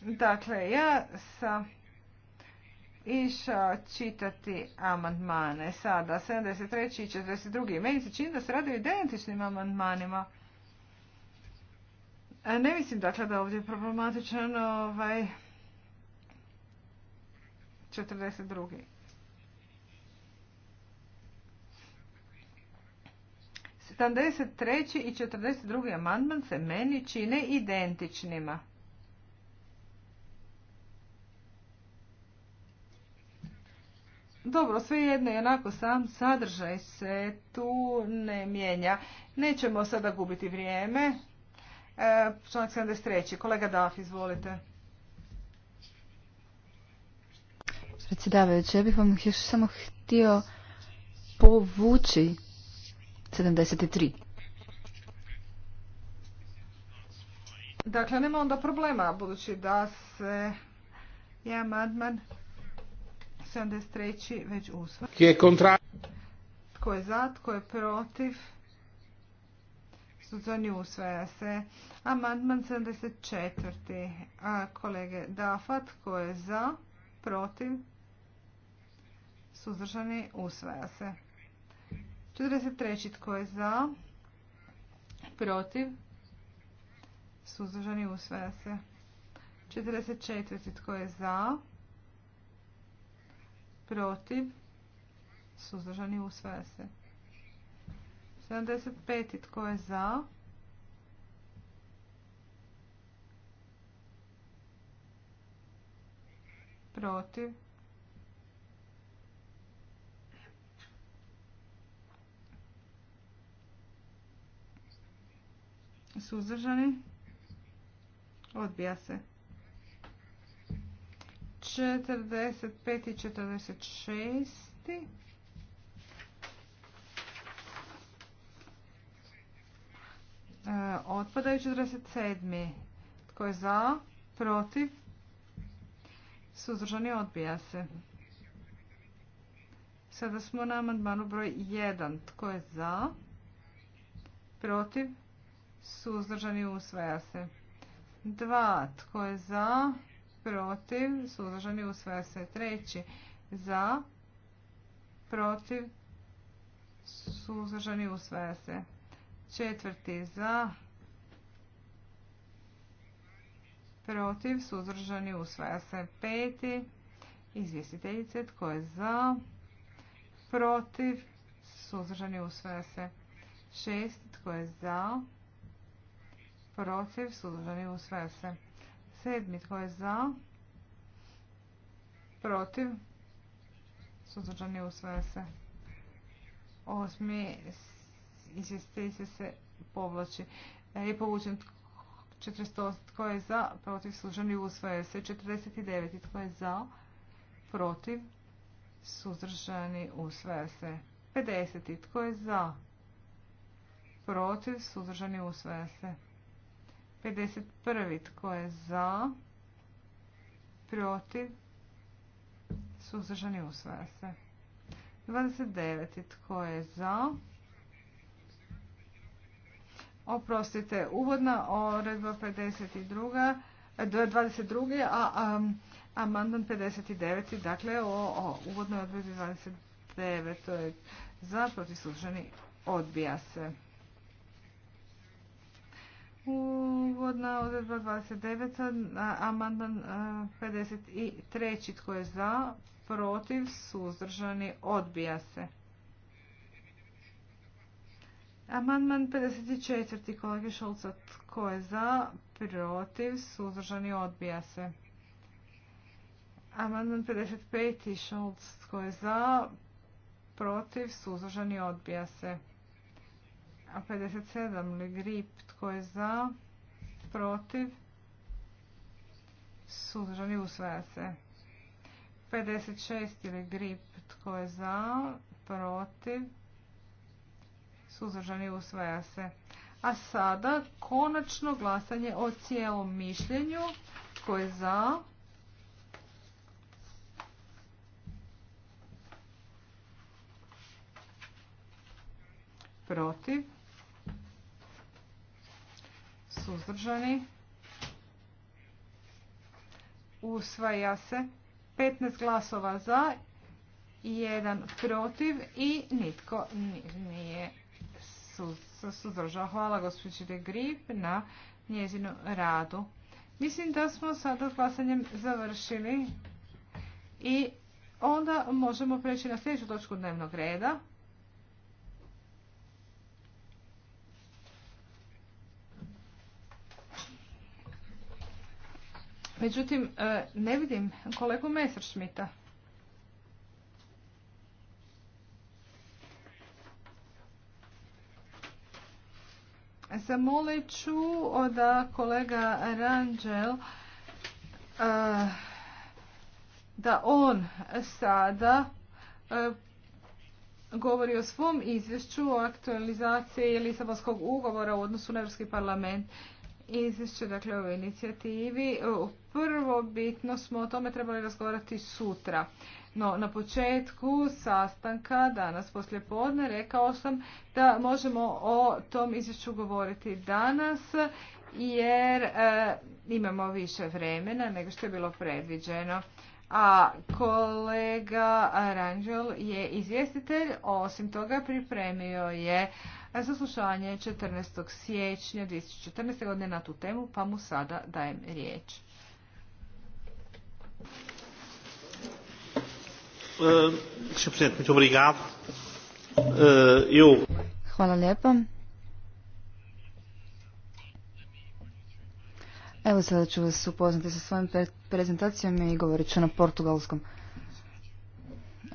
B: Dakle, ja sam išao čitati amandmane sada, 73. i 42. Meni se čini da se radi o identičnim amandmanima. E, ne mislim dakle da ovdje je problematičan ovaj 42. Sedamdeset i 42. amandman se meni čine identičnima. Dobro, sve jedno i onako sam sadržaj se tu ne mijenja. Nećemo sada gubiti vrijeme. E, članak 73. Kolega Daf, izvolite.
C: predsjedavajući, ja bih vam još samo htio povući 73.
B: Dakle, nema onda problema, budući da se je amandman 73. već usvojen. je Tko je za, tko je protiv? nju usvaja se. Amandman 74. A, kolege Dafat, tko je za, protiv? suzdržani, usvaja se. 43. tko je za, protiv, suzdržani, usvaja se. 44. tko je za, protiv, suzdržani, usvaja se. 75. tko je za, protiv, Suzdržani? Odbija se. 45 i 46. E, otpadaju 47. Tko je za? Protiv? Suzdržani odbija se. Sada smo na amandmanu broj 1. Tko je za? Protiv? suzdržani usvaja se. 2 tko je za, protiv, suzdržani usvaja se. Treći za, protiv, suzdržani usvaja se. Četvrti za, protiv, suzdržani usvaja se. Peti izvjestiteljice tko je za, protiv, suzdržani usvaja se. Šest tko je za, protiv, suzdržani, usvaja se. Sedmi, tko je za, protiv, suzdržani, usvaja se. Osmi, izvjestiteljice se povlači. I e, povučen 400, tko je za, protiv, suzdržani, usvaja se. 49, tko je za, protiv, suzdržani, usvaja se. 50, tko je za, protiv, suzdržani, usvaja se. 51. Tko je za? Protiv? Suzdržani usvaja se. 29. Tko je za? Oprostite, uvodna odredba 52. 22. a, a amandman 59. Dakle, o, uvodnoj odredbi 29. To je za protiv suzdržani odbija se. Uvodna odredba 29. Amandman 53. Tko je za? Protiv? Suzdržani? Odbija se. Amandman 54. kolege Šulca. Tko je za? Protiv? Suzdržani? Odbija se. Amandman 55. Šulc. Tko je za? Protiv? Suzdržani? Odbija se. A 57 li grip tko je za protiv suzdržani usvaja se 56 ili grip tko je za protiv suzdržani usvaja se a sada konačno glasanje o cijelom mišljenju tko je za protiv suzdržani. Usvaja se 15 glasova za, jedan protiv i nitko nije suzdržao. Hvala gospođi De Grip na njezinu radu. Mislim da smo sada s glasanjem završili i onda možemo preći na sljedeću točku dnevnog reda. Međutim, e, ne vidim kolegu Messerschmitta. Zamolit ću da kolega Rangel, e, da on sada e, govori o svom izvješću o aktualizaciji Lisabonskog ugovora u odnosu na Europski parlament izvješće dakle, o inicijativi. E, prvo bitno smo o tome trebali razgovarati sutra. No, na početku sastanka danas poslijepodne, podne rekao sam da možemo o tom izvješću govoriti danas jer e, imamo više vremena nego što je bilo predviđeno. A kolega Aranđel je izvjestitelj, osim toga pripremio je saslušanje 14. siječnja 2014. godine na tu temu, pa mu sada dajem riječ.
A: E, e,
C: Hvala lijepa. Evo sada ću vas upoznati sa svojim prezentacijom i govorit ću na portugalskom.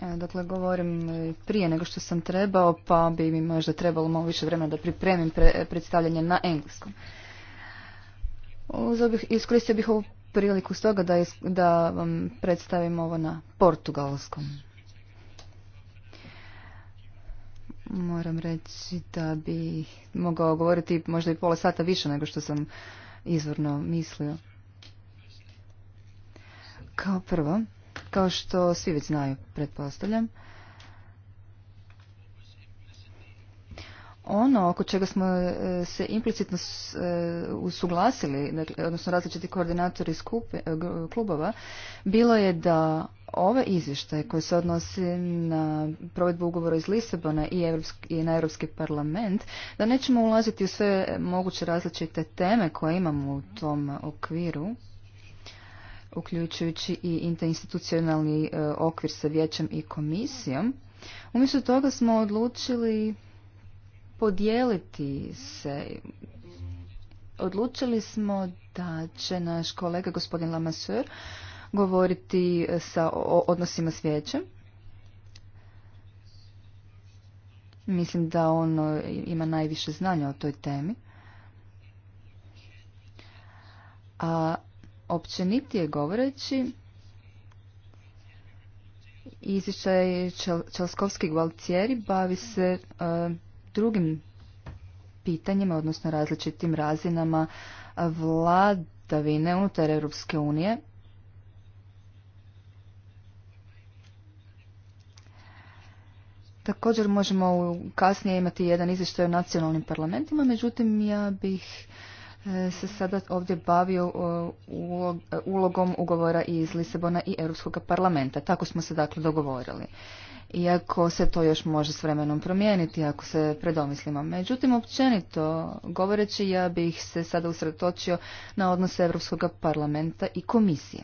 C: E, dakle, govorim e, prije nego što sam trebao, pa bi mi možda trebalo malo više vremena da pripremim predstavljanje na engleskom. Bih, iskoristio bih ovu priliku stoga da, da vam predstavim ovo na portugalskom. Moram reći da bi mogao govoriti možda i pola sata više nego što sam izvorno mislio. Kao prvo, kao što svi već znaju, pretpostavljam. Ono oko čega smo e, se implicitno e, usuglasili, dakle, odnosno različiti koordinatori skupi, e, klubova, bilo je da ove izvještaje koje se odnosi na provedbu ugovora iz Lisabona i, i na Europski parlament, da nećemo ulaziti u sve moguće različite teme koje imamo u tom okviru, uključujući i interinstitucionalni e, okvir sa vijećem i komisijom. Umjesto toga smo odlučili podijeliti se. Odlučili smo da će naš kolega gospodin Lamasseur govoriti e, sa, o odnosima s vijećem. Mislim da on e, ima najviše znanja o toj temi. A općenitije govoreći, izvještaj Čelskovski valcijeri bavi se e, drugim pitanjima, odnosno različitim razinama vladavine unutar Europske unije. Također možemo kasnije imati jedan izvještaj o nacionalnim parlamentima, međutim ja bih E, se sada ovdje bavio e, e, ulogom ugovora iz Lisabona i Europskog parlamenta. Tako smo se dakle dogovorili. Iako se to još može s vremenom promijeniti, ako se predomislimo. Međutim, općenito govoreći, ja bih se sada usredotočio na odnose Europskog parlamenta i komisije.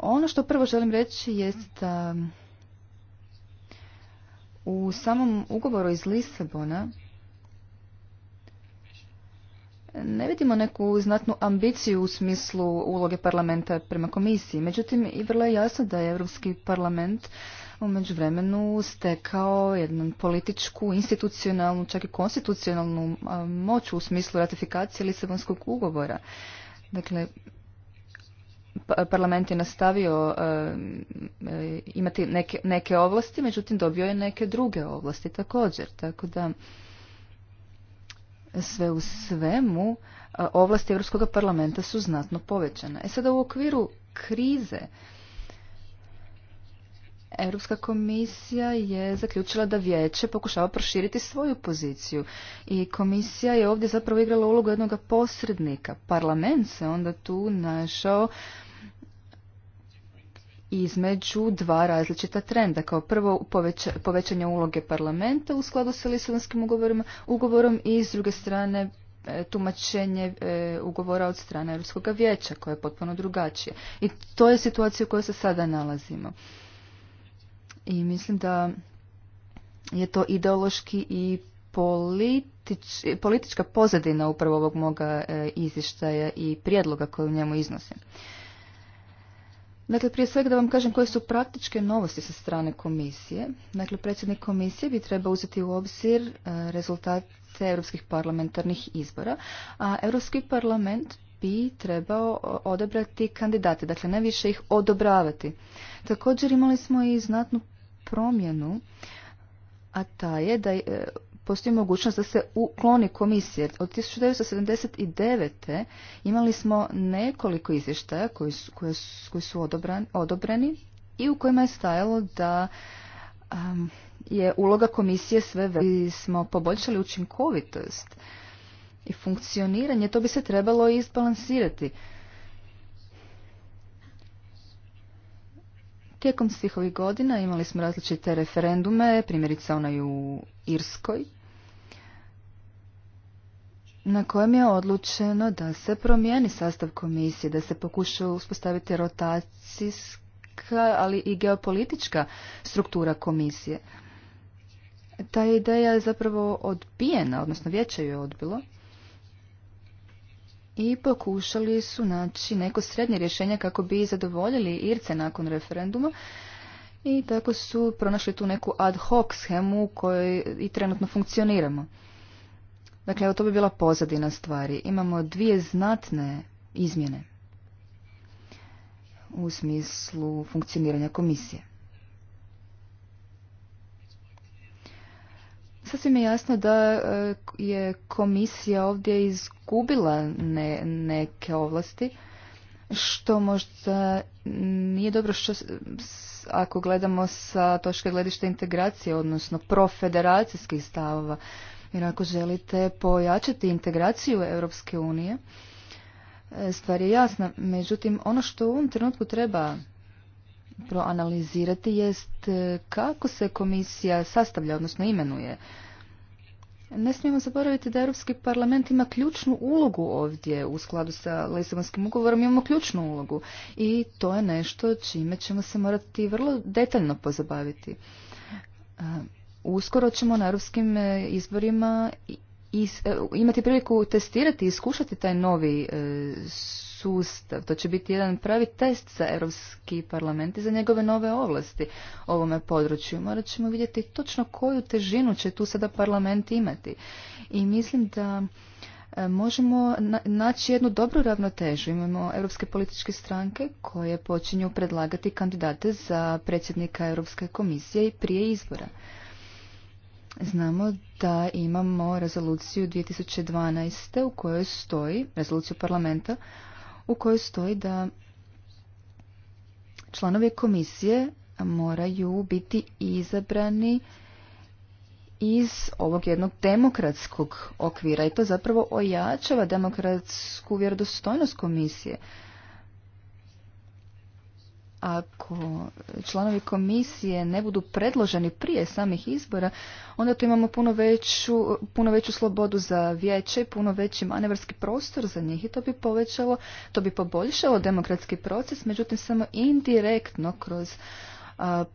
C: Ono što prvo želim reći jest da u samom ugovoru iz Lisabona ne vidimo neku znatnu ambiciju u smislu uloge parlamenta prema komisiji. Međutim, i vrlo je jasno da je Europski parlament u međuvremenu stekao jednu političku, institucionalnu, čak i konstitucionalnu moć u smislu ratifikacije Lisabonskog ugovora. Dakle, pa, parlament je nastavio imati neke, neke ovlasti, međutim dobio je neke druge ovlasti također. Tako da sve u svemu e, ovlasti Europskog parlamenta su znatno povećane. E sada u okviru krize Europska komisija je zaključila da vijeće pokušava proširiti svoju poziciju i komisija je ovdje zapravo igrala ulogu jednog posrednika. Parlament se onda tu našao između dva različita trenda. Kao prvo povećanje uloge parlamenta u skladu sa Lisabonskim ugovorom i s druge strane e, tumačenje e, ugovora od strane Europskog vijeća koje je potpuno drugačije. I to je situacija u kojoj se sada nalazimo. I mislim da je to ideološki i politička pozadina upravo ovog moga e, izvještaja i prijedloga koji u njemu iznosim. Dakle, prije svega da vam kažem koje su praktičke novosti sa strane komisije. Dakle, predsjednik komisije bi trebao uzeti u obzir e, rezultate europskih parlamentarnih izbora, a Europski parlament bi trebao e, odabrati kandidate, dakle ne više ih odobravati. Također imali smo i znatnu promjenu, a ta je da je postoji mogućnost da se ukloni komisije. Od 1979. imali smo nekoliko izvještaja koji su, odobreni i u kojima je stajalo da je uloga komisije sve i smo poboljšali učinkovitost i funkcioniranje, to bi se trebalo izbalansirati. Tijekom svih ovih godina imali smo različite referendume, primjerice onaj u Irskoj, na kojem je odlučeno da se promijeni sastav komisije, da se pokuša uspostaviti rotacijska, ali i geopolitička struktura komisije. Ta ideja je zapravo odbijena, odnosno vijeće ju je odbilo i pokušali su naći neko srednje rješenje kako bi zadovoljili Irce nakon referenduma i tako su pronašli tu neku ad hoc schemu u kojoj i trenutno funkcioniramo. Dakle, evo to bi bila pozadina stvari. Imamo dvije znatne izmjene u smislu funkcioniranja komisije. Sasvim je jasno da e, je komisija ovdje izgubila neke ovlasti, što možda nije dobro što, ako gledamo sa točke gledišta integracije, odnosno profederacijskih stavova. Jer ako želite pojačati integraciju Europske unije, e, stvar je jasna. Međutim, ono što u ovom trenutku treba proanalizirati jest e, kako se komisija sastavlja, odnosno imenuje. Ne smijemo zaboraviti da Europski parlament ima ključnu ulogu ovdje u skladu sa Lisabonskim ugovorom, imamo ključnu ulogu i to je nešto čime ćemo se morati vrlo detaljno pozabaviti. E, uskoro ćemo na europskim e, izborima e, imati priliku testirati i iskušati taj novi e, sustav. To će biti jedan pravi test za Europski parlament i za njegove nove ovlasti ovome području. Morat ćemo vidjeti točno koju težinu će tu sada parlament imati. I mislim da možemo naći jednu dobru ravnotežu. Imamo europske političke stranke koje počinju predlagati kandidate za predsjednika Europske komisije i prije izbora. Znamo da imamo rezoluciju 2012. u kojoj stoji, rezoluciju parlamenta, u kojoj stoji da članovi komisije moraju biti izabrani iz ovog jednog demokratskog okvira i to zapravo ojačava demokratsku vjerodostojnost komisije ako članovi komisije ne budu predloženi prije samih izbora, onda tu imamo puno veću, puno veću slobodu za vijeće i puno veći manevarski prostor za njih i to bi povećalo, to bi poboljšalo demokratski proces, međutim samo indirektno kroz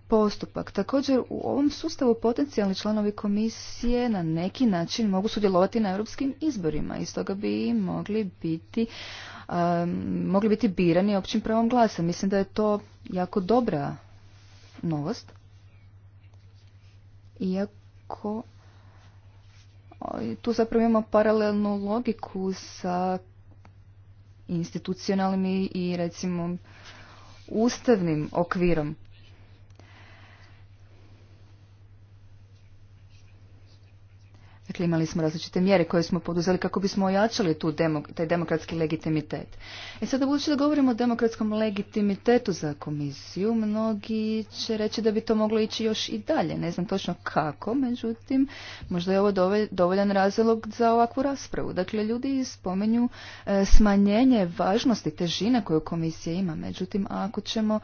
C: postupak. Također u ovom sustavu potencijalni članovi komisije na neki način mogu sudjelovati na europskim izborima i stoga bi mogli biti mogli biti birani općim pravom glasa. Mislim da je to jako dobra novost. Iako tu zapravo imamo paralelnu logiku sa institucionalnim i recimo ustavnim okvirom. Dakle, imali smo različite mjere koje smo poduzeli kako bismo ojačali tu taj demokratski legitimitet. E sada budući da govorimo o demokratskom legitimitetu za komisiju, mnogi će reći da bi to moglo ići još i dalje. Ne znam točno kako, međutim, možda je ovo dovoljan razlog za ovakvu raspravu. Dakle, ljudi spomenju e, smanjenje važnosti težine koju komisija ima. Međutim, ako ćemo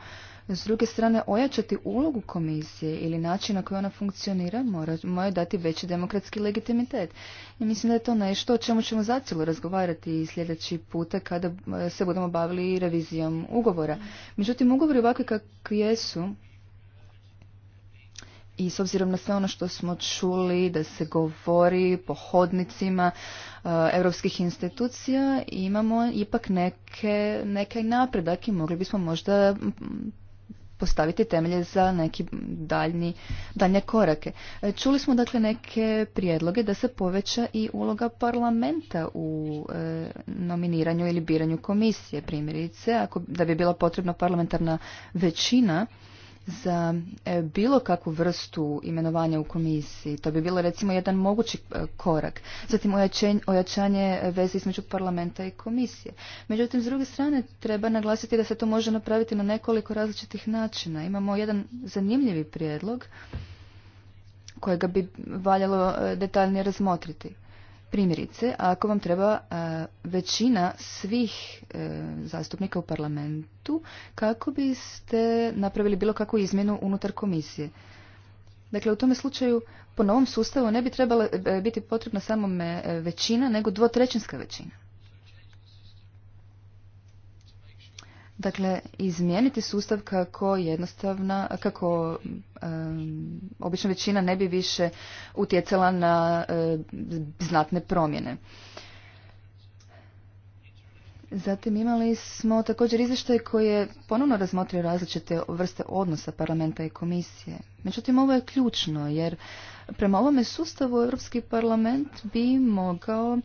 C: s druge strane, ojačati ulogu komisije ili način na koji ona funkcionira mora, dati veći demokratski legitimitet. I mislim da je to nešto o čemu ćemo zacijelo razgovarati sljedeći puta kada e, se budemo bavili revizijom ugovora. Međutim, ugovori ovakvi kakvi jesu, i s obzirom na sve ono što smo čuli, da se govori po hodnicima europskih institucija, imamo ipak neke, nekaj napredak i mogli bismo možda postaviti temelje za neke daljni, daljnje korake. E, čuli smo dakle neke prijedloge da se poveća i uloga parlamenta u e, nominiranju ili biranju komisije. Primjerice, ako da bi bila potrebna parlamentarna većina za e, bilo kakvu vrstu imenovanja u komisiji. To bi bilo recimo jedan mogući e, korak. Zatim ojačanje veze između parlamenta i komisije. Međutim, s druge strane treba naglasiti da se to može napraviti na nekoliko različitih načina. Imamo jedan zanimljivi prijedlog kojega bi valjalo e, detaljnije razmotriti. Primjerice, ako vam treba e, većina svih e, zastupnika u parlamentu, kako biste napravili bilo kakvu izmjenu unutar komisije? Dakle, u tome slučaju, po novom sustavu ne bi trebala e, biti potrebna samo većina, nego dvotrećinska većina. Dakle, izmijeniti sustav kako jednostavna, kako um, obična većina ne bi više utjecala na znatne promjene. Zatim imali smo također izvještaj koji je ponovno razmotrio različite vrste odnosa parlamenta i komisije. Međutim, ovo je ključno jer prema ovome sustavu Europski parlament bi mogao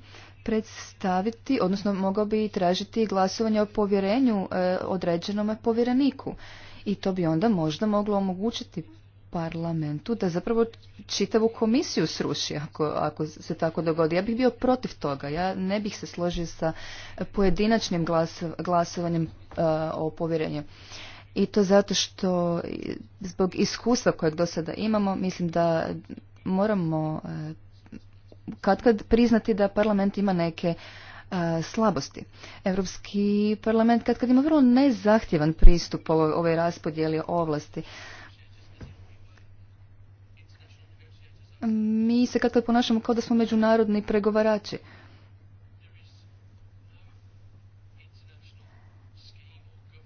C: predstaviti, odnosno mogao bi tražiti glasovanje o povjerenju e, određenom povjereniku. I to bi onda možda moglo omogućiti parlamentu da zapravo čitavu komisiju sruši ako, ako se tako dogodi. Ja bih bio protiv toga. Ja ne bih se složio sa pojedinačnim glasovanjem e, o povjerenju. I to zato što zbog iskustva kojeg do sada imamo mislim da moramo e, kad kad priznati da parlament ima neke e, slabosti. Europski parlament kad kad ima vrlo nezahtjevan pristup ovoj, ovoj raspodjeli ovlasti. Mi se kad kad ponašamo kao da smo međunarodni pregovarači.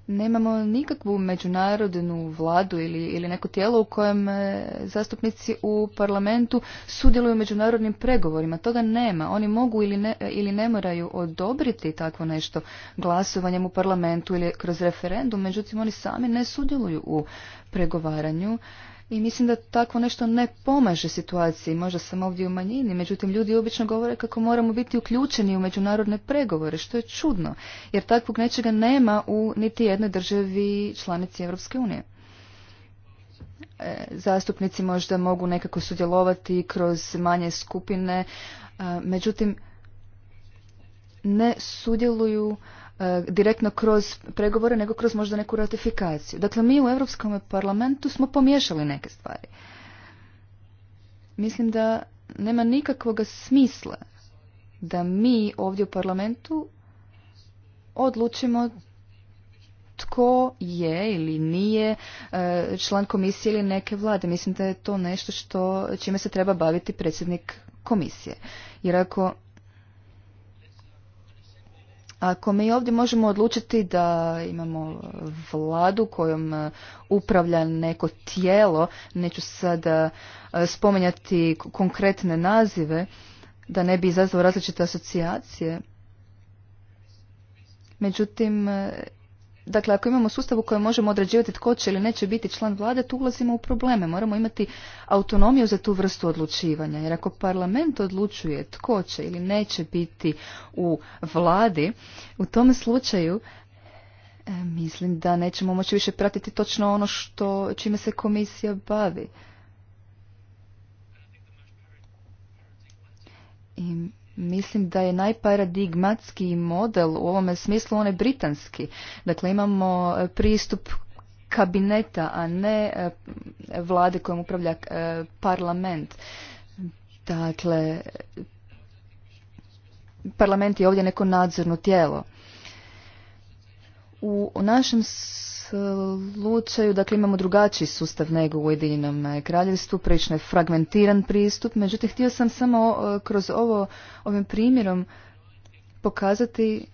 C: nemamo nikakvu međunarodnu vladu ili, ili neko tijelo u kojem e, zastupnici u parlamentu sudjeluju u međunarodnim pregovorima. Toga nema. Oni mogu ili ne, ili ne moraju odobriti takvo nešto glasovanjem u parlamentu ili kroz referendum, međutim oni sami ne sudjeluju u pregovaranju i mislim da tako nešto ne pomaže situaciji. Možda sam ovdje u manjini, međutim ljudi obično govore kako moramo biti uključeni u međunarodne pregovore, što je čudno, jer takvog nečega nema u niti jednoj državi članici Europske unije. E, zastupnici možda mogu nekako sudjelovati kroz manje skupine, međutim ne sudjeluju E, direktno kroz pregovore nego kroz možda neku ratifikaciju. Dakle, mi u Europskom parlamentu smo pomiješali neke stvari. Mislim da nema nikakvog smisla da mi ovdje u parlamentu odlučimo tko je ili nije e, član komisije ili neke vlade. Mislim da je to nešto što čime se treba baviti predsjednik komisije. Jer ako ako mi ovdje možemo odlučiti da imamo vladu kojom e, upravlja neko tijelo, neću sada e, spominjati konkretne nazive, da ne bi izazvao različite asocijacije. Međutim, e, Dakle, ako imamo sustav u kojem možemo određivati tko će ili neće biti član vlade, tu ulazimo u probleme. Moramo imati autonomiju za tu vrstu odlučivanja. Jer ako parlament odlučuje tko će ili neće biti u vladi, u tom slučaju e, mislim da nećemo moći više pratiti točno ono što, čime se komisija bavi. I Mislim da je najparadigmatski model u ovome smislu onaj britanski. Dakle, imamo e, pristup kabineta, a ne e, vlade kojom upravlja e, parlament. Dakle, parlament je ovdje neko nadzorno tijelo. U našem slučaju, dakle imamo drugačiji sustav nego u Ujedinjenom kraljevstvu, prilično je fragmentiran pristup, međutim htio sam samo e, kroz ovo, ovim primjerom pokazati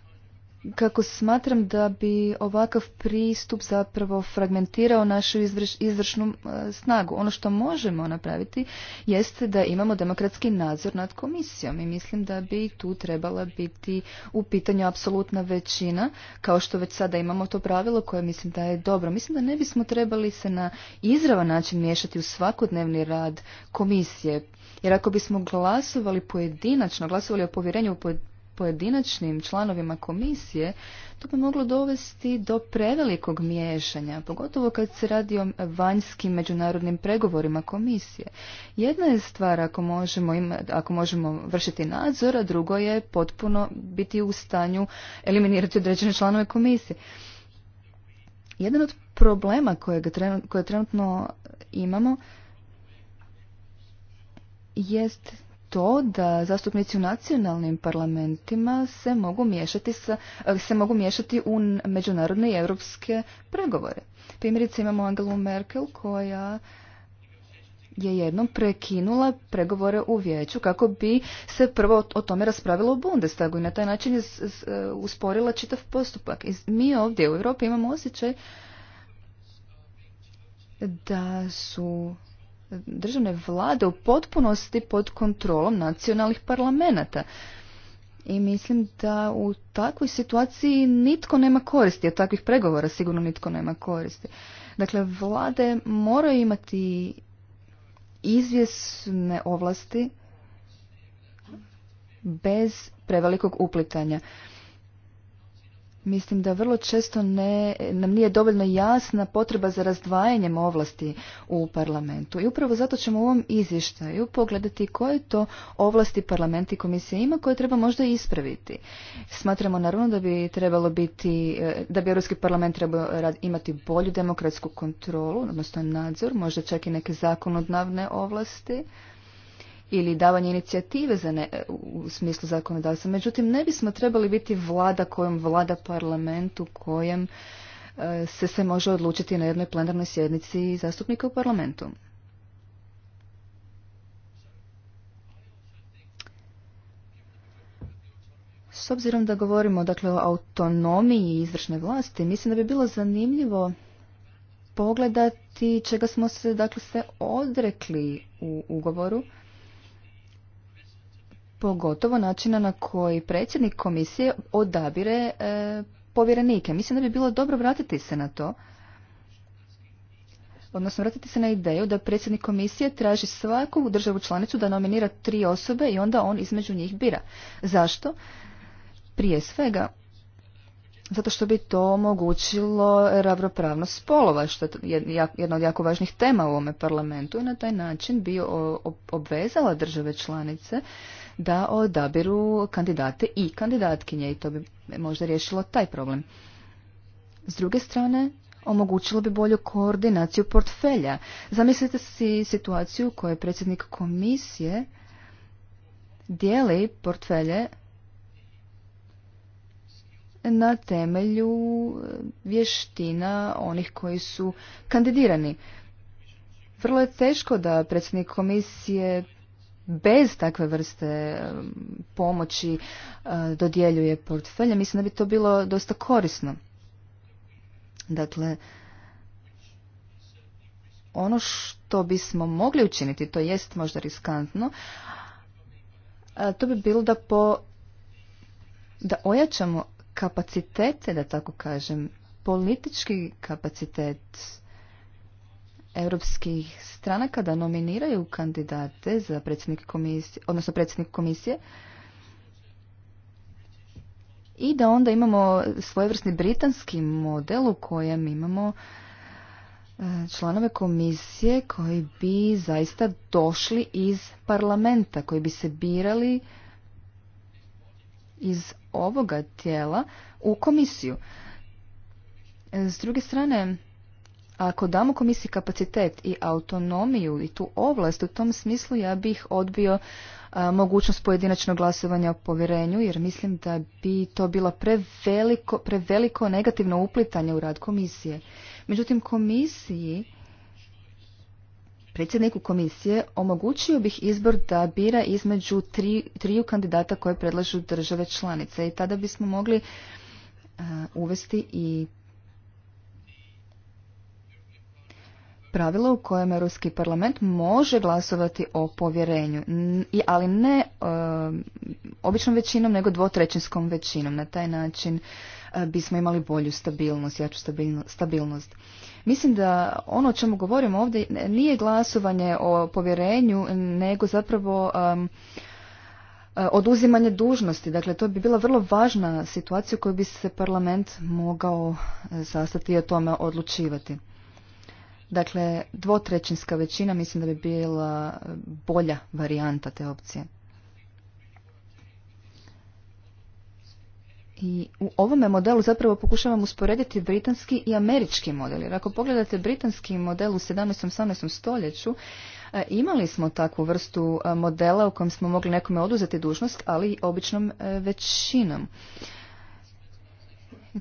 C: kako smatram da bi ovakav pristup zapravo fragmentirao našu izvršnu e, snagu. Ono što možemo napraviti jeste da imamo demokratski nadzor nad komisijom i mislim da bi tu trebala biti u pitanju apsolutna većina, kao što već sada imamo to pravilo koje mislim da je dobro. Mislim da ne bismo trebali se na izravan način miješati u svakodnevni rad komisije. Jer ako bismo glasovali pojedinačno, glasovali o povjerenju u pojedinačnim članovima komisije, to bi moglo dovesti do prevelikog miješanja, pogotovo kad se radi o vanjskim međunarodnim pregovorima komisije. Jedna je stvar ako možemo, ima, ako možemo vršiti nadzor, a drugo je potpuno biti u stanju eliminirati određene članove komisije. Jedan od problema kojeg koje trenutno imamo jest to da zastupnici u nacionalnim parlamentima se mogu miješati, sa, se mogu miješati u međunarodne i europske pregovore. Primjerice imamo Angelu Merkel koja je jednom prekinula pregovore u vijeću kako bi se prvo o tome raspravilo u Bundestagu i na taj način je usporila čitav postupak. mi ovdje u Europi imamo osjećaj da su državne vlade u potpunosti pod kontrolom nacionalnih parlamenta. I mislim da u takvoj situaciji nitko nema koristi, od takvih pregovora sigurno nitko nema koristi. Dakle, vlade moraju imati izvjesne ovlasti bez prevelikog uplitanja. Mislim da vrlo često ne, nam nije dovoljno jasna potreba za razdvajanjem ovlasti u parlamentu. I upravo zato ćemo u ovom izvještaju pogledati koje to ovlasti parlament i komisija ima koje treba možda ispraviti. Smatramo naravno da bi trebalo biti, e, da bi Europski parlament trebao imati bolju demokratsku kontrolu, odnosno nadzor, možda čak i neke zakonodavne ovlasti ili davanje inicijative za u smislu zakonodavstva. Međutim, ne bismo trebali biti vlada kojom vlada Parlamentu u kojem e, se se može odlučiti na jednoj plenarnoj sjednici zastupnika u parlamentu. S obzirom da govorimo dakle, o autonomiji izvršne vlasti, mislim da bi bilo zanimljivo pogledati čega smo se dakle se odrekli u ugovoru pogotovo načina na koji predsjednik komisije odabire e, povjerenike. Mislim da bi bilo dobro vratiti se na to, odnosno vratiti se na ideju da predsjednik komisije traži svaku državu članicu da nominira tri osobe i onda on između njih bira. Zašto? Prije svega, zato što bi to omogućilo ravnopravnost spolova, što je jedna od jako važnih tema u ovome parlamentu i na taj način bi obvezala države članice da odabiru kandidate i kandidatkinje i to bi možda riješilo taj problem. S druge strane, omogućilo bi bolju koordinaciju portfelja. Zamislite si situaciju u kojoj predsjednik komisije dijeli portfelje na temelju vještina onih koji su kandidirani. Vrlo je teško da predsjednik komisije bez takve vrste pomoći eh, dodjeljuje portfelje, mislim da bi to bilo dosta korisno. Dakle, ono što bismo mogli učiniti, to jest možda riskantno, eh, to bi bilo da, po, da ojačamo kapacitete, da tako kažem, politički kapacitet europskih stranaka da nominiraju kandidate za predsjednik komisije, odnosno predsjednik komisije i da onda imamo svojevrsni britanski model u kojem imamo e, članove komisije koji bi zaista došli iz parlamenta, koji bi se birali iz ovoga tijela u komisiju. E, s druge strane, ako damo komisiji kapacitet i autonomiju i tu ovlast, u tom smislu ja bih odbio mogućnost pojedinačnog glasovanja o povjerenju, jer mislim da bi to bilo preveliko, preveliko negativno uplitanje u rad komisije. Međutim, komisiji, predsjedniku komisije, omogućio bih izbor da bira između tri, triju kandidata koje predlažu države članice i tada bismo mogli uvesti i pravilo u kojem Ruski parlament može glasovati o povjerenju, ali ne e, običnom većinom, nego dvotrećinskom većinom. Na taj način e, bismo imali bolju stabilnost, jaču stabilnost. Mislim da ono o čemu govorimo ovdje nije glasovanje o povjerenju, nego zapravo... E, oduzimanje dužnosti. Dakle, to bi bila vrlo važna situacija u kojoj bi se parlament mogao sastati i o tome odlučivati. Dakle, dvotrećinska većina mislim da bi bila bolja varijanta te opcije. I u ovome modelu zapravo pokušavam usporediti britanski i američki model. Jer ako pogledate britanski model u 17. 18. stoljeću, e, imali smo takvu vrstu e, modela u kojem smo mogli nekome oduzeti dužnost, ali i običnom e, većinom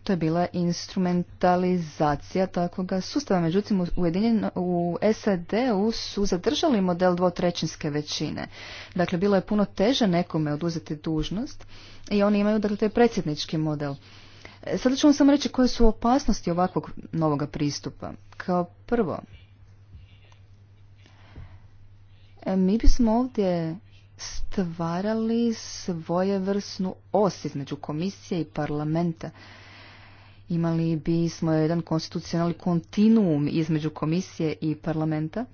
C: to je bila instrumentalizacija takvoga sustava. Međutim, u, u SAD-u su zadržali model dvotrećinske većine. Dakle, bilo je puno teže nekome oduzeti dužnost i oni imaju, dakle, je predsjednički model. E, sada ću vam samo reći koje su opasnosti ovakvog novoga pristupa. Kao prvo, e, mi bismo ovdje stvarali svojevrsnu os između komisije i parlamenta imali bismo jedan konstitucionalni kontinuum između komisije i parlamenta.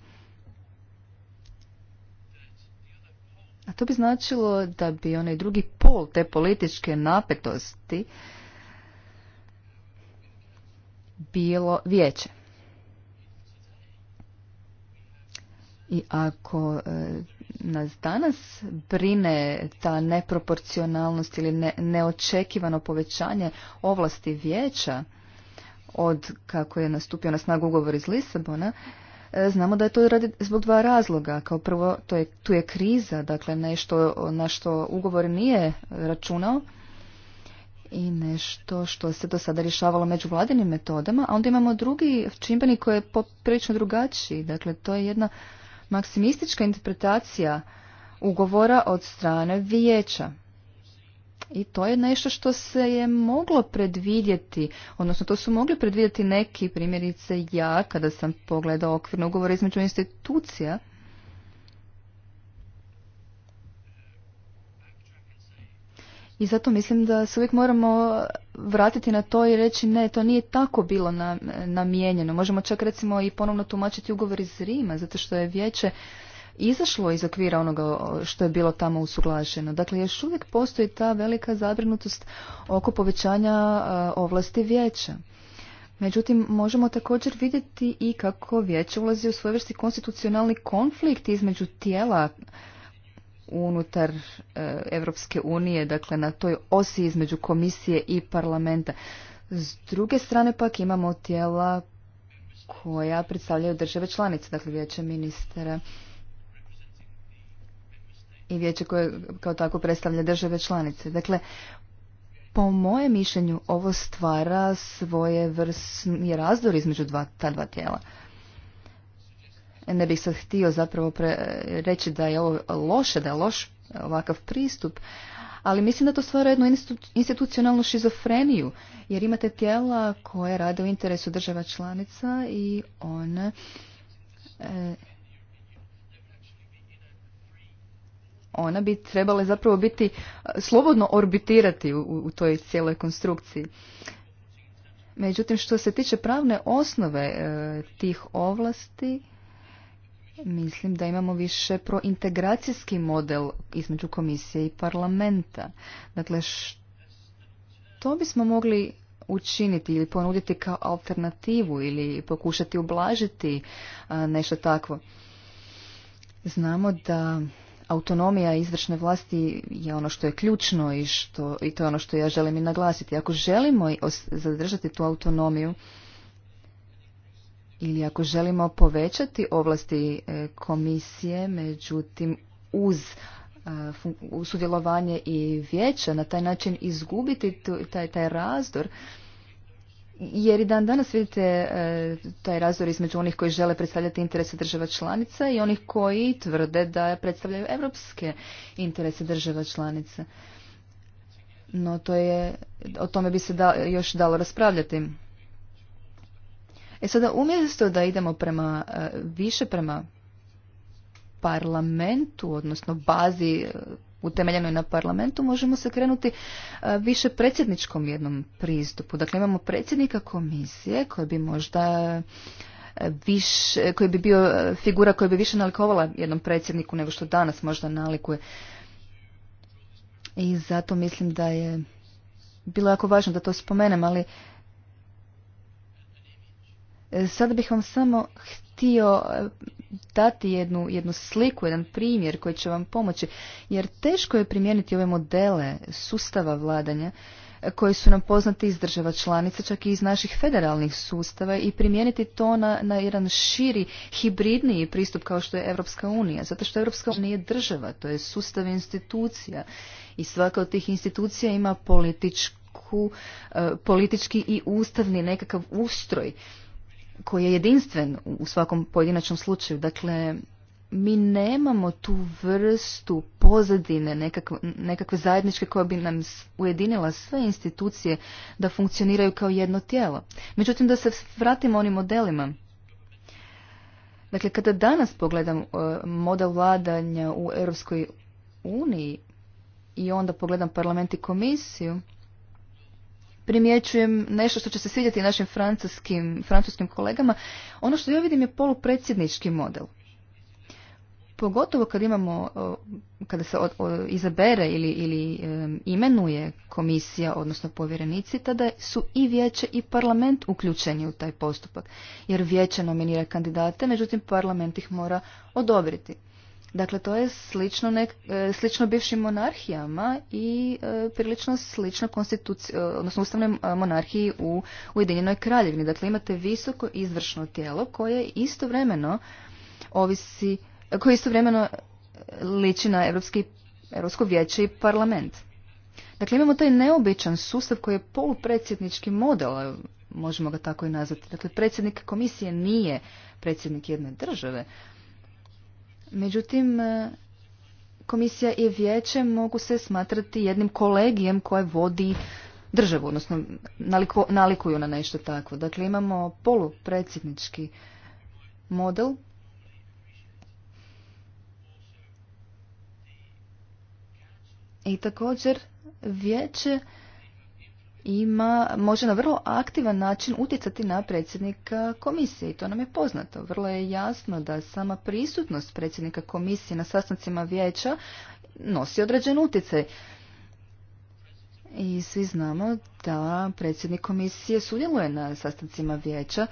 C: A to bi značilo da bi onaj drugi pol te političke napetosti bilo vijeće. I ako e, nas danas brine ta neproporcionalnost ili neočekivano povećanje ovlasti vijeća od kako je nastupio na snagu ugovor iz Lisabona, e, znamo da je to radi zbog dva razloga. Kao prvo, to je, tu je kriza, dakle nešto na što ugovor nije računao i nešto što se do sada rješavalo među vladinim metodama, a onda imamo drugi čimbenik koji je poprilično drugačiji. Dakle, to je jedna maksimistička interpretacija ugovora od strane vijeća. I to je nešto što se je moglo predvidjeti, odnosno to su mogli predvidjeti neki primjerice ja kada sam pogledao okvirno ugovor između institucija I zato mislim da se uvijek moramo vratiti na to i reći ne, to nije tako bilo namijenjeno. Možemo čak recimo i ponovno tumačiti ugovor iz Rima, zato što je vijeće izašlo iz okvira onoga što je bilo tamo usuglašeno. Dakle, još uvijek postoji ta velika zabrinutost oko povećanja e, ovlasti vijeća. Međutim, možemo također vidjeti i kako vijeće ulazi u svojvrsti konstitucionalni konflikt između tijela unutar Europske unije, dakle na toj osi između komisije i parlamenta. S druge strane pak imamo tijela koja predstavljaju države članice, dakle vijeće ministara i vijeće koje kao tako predstavlja države članice. Dakle, po mojem mišljenju ovo stvara svoje vrsni razdor između ta dva tijela ne bih sad htio zapravo pre, reći da je ovo loše, da je loš ovakav pristup, ali mislim da to stvara jednu institucionalnu šizofreniju, jer imate tijela koje rade u interesu država članica i one... E, ona bi trebala zapravo biti e, slobodno orbitirati u, toj cijeloj konstrukciji. Međutim, što se tiče pravne osnove e, tih ovlasti, Mislim da imamo više prointegracijski model između komisije i parlamenta. Dakle, što bismo mogli učiniti ili ponuditi kao alternativu ili pokušati ublažiti nešto takvo? Znamo da autonomija izvršne vlasti je ono što je ključno i, što, i to je ono što ja želim i naglasiti. Ako želimo zadržati tu autonomiju, ili ako želimo povećati ovlasti e, komisije, međutim e, uz sudjelovanje i vijeća na taj način izgubiti taj, taj razdor jer i dan danas vidite e, taj razdor između onih koji žele predstavljati interese država članica i onih koji tvrde da predstavljaju europske interese država članica. No to je, o tome bi se da, još dalo raspravljati. E sada umjesto da idemo prema e, više prema parlamentu, odnosno bazi e, utemeljenoj na parlamentu, možemo se krenuti e, više predsjedničkom jednom pristupu. Dakle, imamo predsjednika komisije koji bi možda više, koji bi bio figura koja bi više nalikovala jednom predsjedniku nego što danas možda nalikuje. I zato mislim da je bilo jako važno da to spomenem, ali E, sada bih vam samo htio e, dati jednu, jednu sliku, jedan primjer koji će vam pomoći, jer teško je primijeniti ove modele sustava vladanja e, koji su nam poznati iz država članica, čak i iz naših federalnih sustava i primijeniti to na, na jedan širi, hibridniji pristup kao što je Europska unija. Zato što Europska unija nije država, to je sustav institucija i svaka od tih institucija ima političku, politički i ustavni nekakav ustroj koji je jedinstven u svakom pojedinačnom slučaju. Dakle, mi nemamo tu vrstu pozadine nekakve, nekakve zajedničke koja bi nam ujedinila sve institucije da funkcioniraju kao jedno tijelo. Međutim, da se vratimo onim modelima. Dakle, kada danas pogledam e, model vladanja u Europskoj uniji i onda pogledam parlament i komisiju, primjećujem nešto što će se svidjeti našim francuskim, francuskim kolegama. Ono što ja vidim je polupredsjednički model. Pogotovo kad imamo, kada se izabere ili, ili imenuje komisija, odnosno povjerenici, tada su i vijeće i parlament uključeni u taj postupak. Jer vijeće nominira kandidate, međutim parlament ih mora odobriti. Dakle, to je slično, nek, e, slično bivšim monarhijama i e, prilično slično e, odnosno ustavnoj monarhiji u Ujedinjenoj kraljevini. Dakle, imate visoko izvršno tijelo koje istovremeno ovisi, koje istovremeno liči na Europski, Europsko vijeće i parlament. Dakle, imamo taj neobičan sustav koji je polupredsjednički model, možemo ga tako i nazvati. Dakle, predsjednik komisije nije predsjednik jedne države, Međutim, e, komisija i vijeće mogu se smatrati jednim kolegijem koje vodi državu, odnosno nalikuju na nešto takvo. Dakle, imamo polupredsjednički model. I također vijeće ima, može na vrlo aktivan način utjecati na predsjednika e, komisije i to nam je poznato. Vrlo je jasno da sama prisutnost predsjednika komisije na sastancima vijeća nosi određen utjecaj. I svi znamo da predsjednik komisije sudjeluje na sastancima vijeća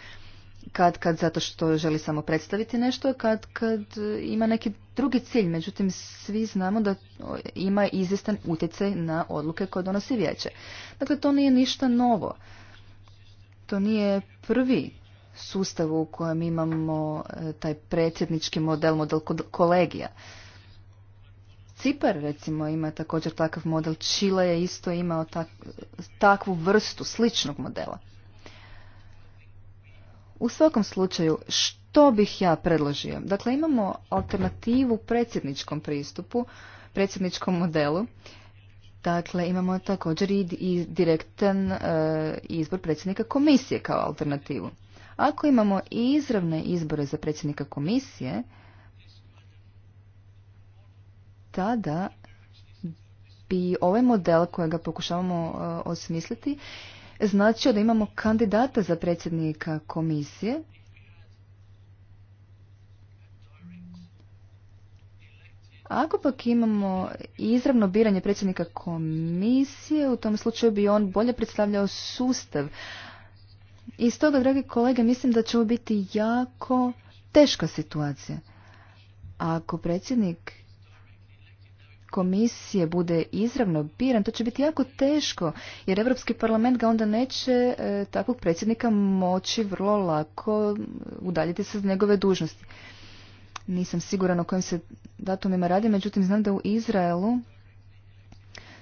C: kad kad zato što želi samo predstaviti nešto, kad kad ima neki drugi cilj. Međutim, svi znamo da ima izvjestan utjecaj na odluke koje donosi vijeće. Dakle, to nije ništa novo. To nije prvi sustav u kojem imamo e, taj predsjednički model, model kolegija. Cipar recimo ima također takav model, Čile je isto imao takvu vrstu sličnog modela. U svakom slučaju, što bih ja predložio? Dakle, imamo alternativu predsjedničkom pristupu, predsjedničkom modelu. Dakle, imamo također i direktan e, izbor predsjednika komisije kao alternativu. Ako imamo izravne izbore za predsjednika komisije, tada bi ovaj model kojega pokušavamo e, osmisliti značio da imamo kandidata za predsjednika komisije ako pak imamo izravno biranje predsjednika komisije, u tom slučaju bi on bolje predstavljao sustav. I stoga, dragi kolege, mislim da će ovo biti jako teška situacija. Ako predsjednik komisije bude izravno biran, to će biti jako teško, jer Europski parlament ga onda neće e, takvog predsjednika moći vrlo lako e, udaljiti se od njegove dužnosti. Nisam siguran o kojim se datumima radi, međutim znam da u Izraelu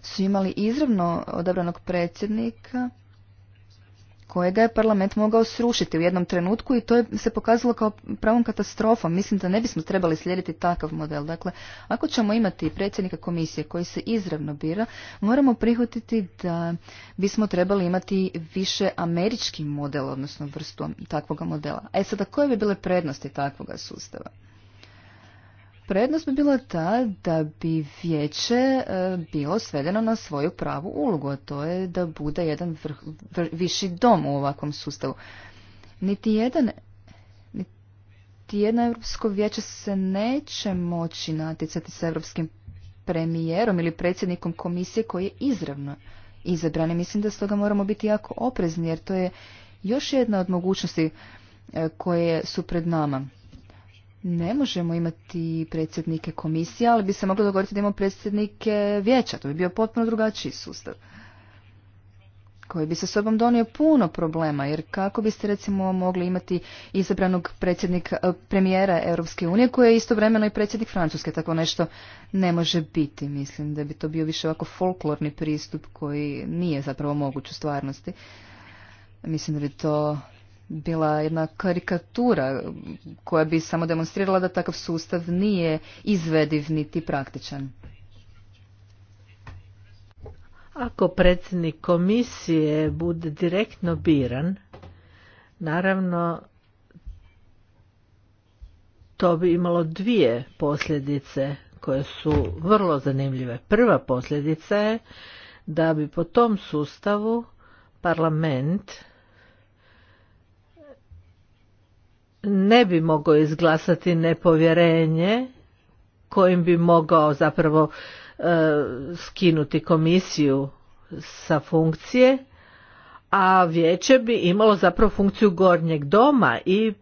C: su imali izravno odabranog predsjednika kojega je parlament mogao srušiti u jednom trenutku i to je se pokazalo kao pravom katastrofom. Mislim da ne bismo trebali slijediti takav model. Dakle, ako ćemo imati predsjednika komisije koji se izravno bira, moramo prihvatiti da bismo trebali imati više američki model, odnosno vrstu takvoga modela. E sada, koje bi bile prednosti takvoga sustava? Prednost bi bila ta da bi vijeće e, bilo svedeno na svoju pravu ulogu, a to je da bude jedan vr, viši dom u ovakvom sustavu. Niti jedan niti jedno Europsko vijeće se neće moći naticati sa Europskim premijerom ili predsjednikom komisije koji je izravno izabran. mislim da stoga moramo biti jako oprezni jer to je još jedna od mogućnosti e, koje su pred nama ne možemo imati predsjednike komisije, ali bi se moglo dogoditi da imamo predsjednike vijeća. To bi bio potpuno drugačiji sustav koji bi sa sobom donio puno problema, jer kako biste recimo mogli imati izabranog predsjednika, eh, premijera Europske unije koji je istovremeno i predsjednik Francuske, tako nešto ne može biti. Mislim da bi to bio više ovako folklorni pristup koji nije zapravo moguć u stvarnosti. Mislim da bi to bila jedna karikatura koja bi samo demonstrirala da takav sustav nije izvediv niti praktičan.
A: Ako predsjednik komisije bude direktno biran, naravno to bi imalo dvije posljedice koje su vrlo zanimljive. Prva posljedica je da bi po tom sustavu parlament ne bi mogao izglasati nepovjerenje kojim bi mogao zapravo e, skinuti komisiju sa funkcije, a vijeće bi imalo zapravo funkciju gornjeg doma i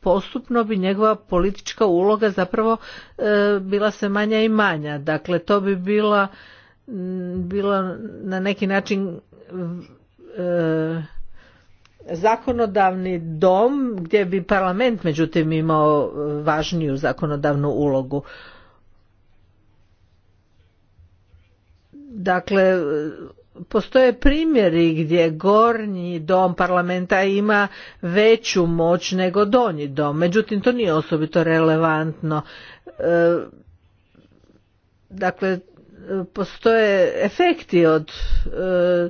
A: postupno bi njegova politička uloga zapravo e, bila se manja i manja. Dakle, to bi bila, bila na neki način e, zakonodavni dom gdje bi parlament međutim imao važniju zakonodavnu ulogu. Dakle, postoje primjeri gdje gornji dom parlamenta ima veću moć nego donji dom, međutim to nije osobito relevantno. E, dakle, postoje efekti od e,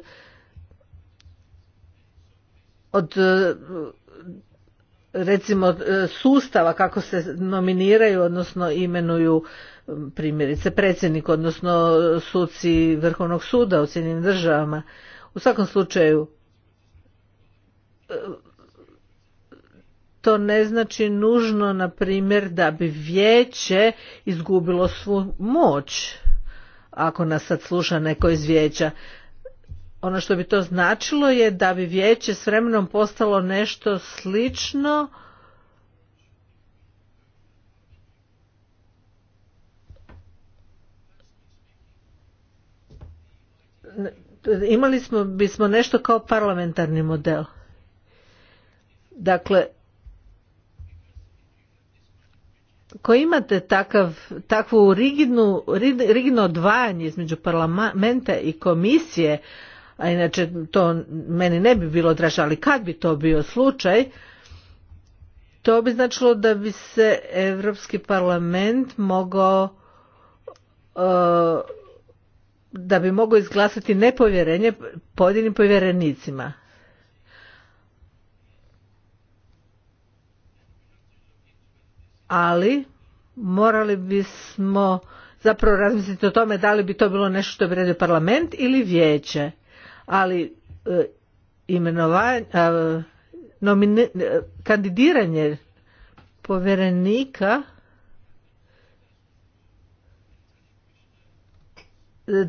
A: od e, recimo e, sustava kako se nominiraju odnosno imenuju primjerice predsjednik odnosno suci Vrhovnog suda u cijenim državama. U svakom slučaju e, to ne znači nužno na primjer da bi vijeće izgubilo svu moć ako nas sad sluša neko iz vijeća ono što bi to značilo je da bi vijeće s vremenom postalo nešto slično imali smo, bismo nešto kao parlamentarni model. Dakle, koji imate takav, takvu rigidnu, rigidno odvajanje između parlamenta i komisije, a inače to meni ne bi bilo draže, ali kad bi to bio slučaj, to bi značilo da bi se Europski parlament mogao e, da bi mogao izglasati nepovjerenje pojedinim povjerenicima. Ali morali bismo zapravo razmisliti o tome da li bi to bilo nešto što bi redio parlament ili vijeće ali e, imenovanje e, nomine, e, kandidiranje povjerenika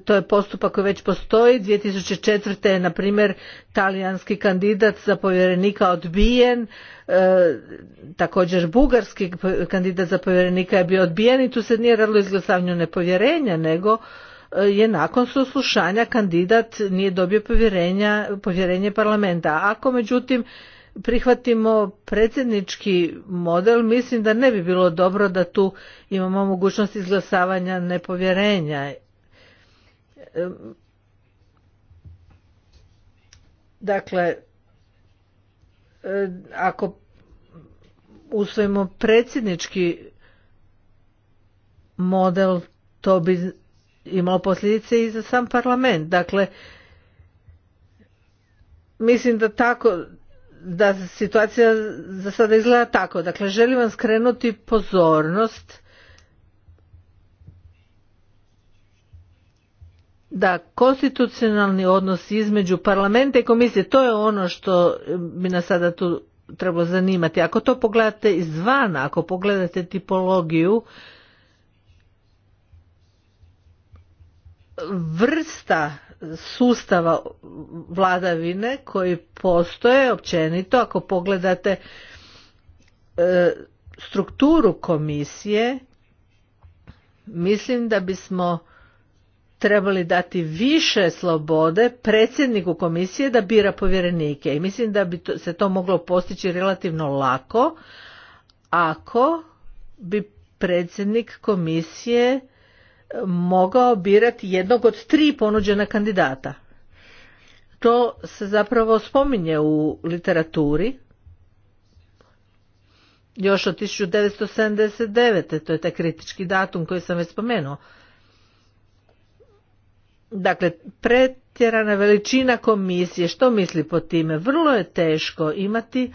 A: to je postupak koji već postoji 2004. je na primjer talijanski kandidat za povjerenika odbijen također bugarski kandidat za povjerenika je bio odbijen i tu se nije radilo izglasavanju nepovjerenja nego E, je nakon suslušanja kandidat nije dobio povjerenje parlamenta. Ako međutim prihvatimo predsjednički model, mislim da ne bi bilo dobro da tu imamo mogućnost izglasavanja nepovjerenja. E, dakle, e, ako usvojimo predsjednički model, to bi imao posljedice i za sam parlament. Dakle, mislim da tako da situacija za sada izgleda tako. Dakle, želim vam skrenuti pozornost da konstitucionalni odnos između parlamenta i komisije, to je ono što bi nas sada tu trebalo zanimati. Ako to pogledate izvana, ako pogledate tipologiju, vrsta sustava vladavine koji postoje općenito ako pogledate e, strukturu komisije mislim da bismo trebali dati više slobode predsjedniku komisije da bira povjerenike i mislim da bi se to moglo postići relativno lako ako bi predsjednik komisije mogao birati jednog od tri ponuđena kandidata. To se zapravo spominje u literaturi još od 1979. To je taj kritički datum koji sam već spomenuo. Dakle, pretjerana veličina komisije, što misli po time? Vrlo je teško imati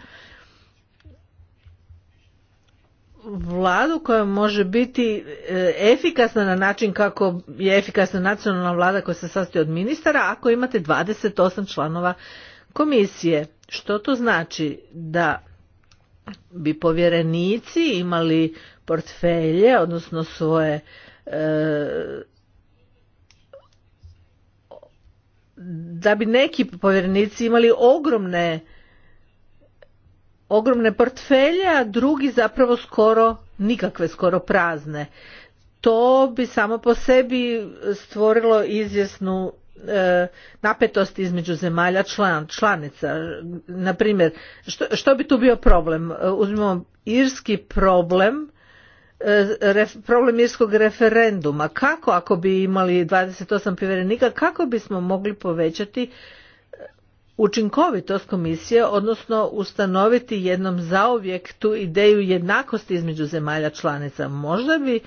A: vladu koja može biti e, efikasna na način kako je efikasna nacionalna vlada koja se sastoji od ministara ako imate 28 članova komisije. Što to znači? Da bi povjerenici imali portfelje, odnosno svoje e, da bi neki povjerenici imali ogromne ogromne portfelje, a drugi zapravo skoro nikakve, skoro prazne. To bi samo po sebi stvorilo izvjesnu e, napetost između zemalja član, članica. Na primjer, što, što bi tu bio problem? Uzmimo irski problem, e, problem irskog referenduma. Kako ako bi imali 28 povjerenika, kako bismo mogli povećati učinkovitost komisije, odnosno ustanoviti jednom zauvijek tu ideju jednakosti između zemalja članica. Možda bi e,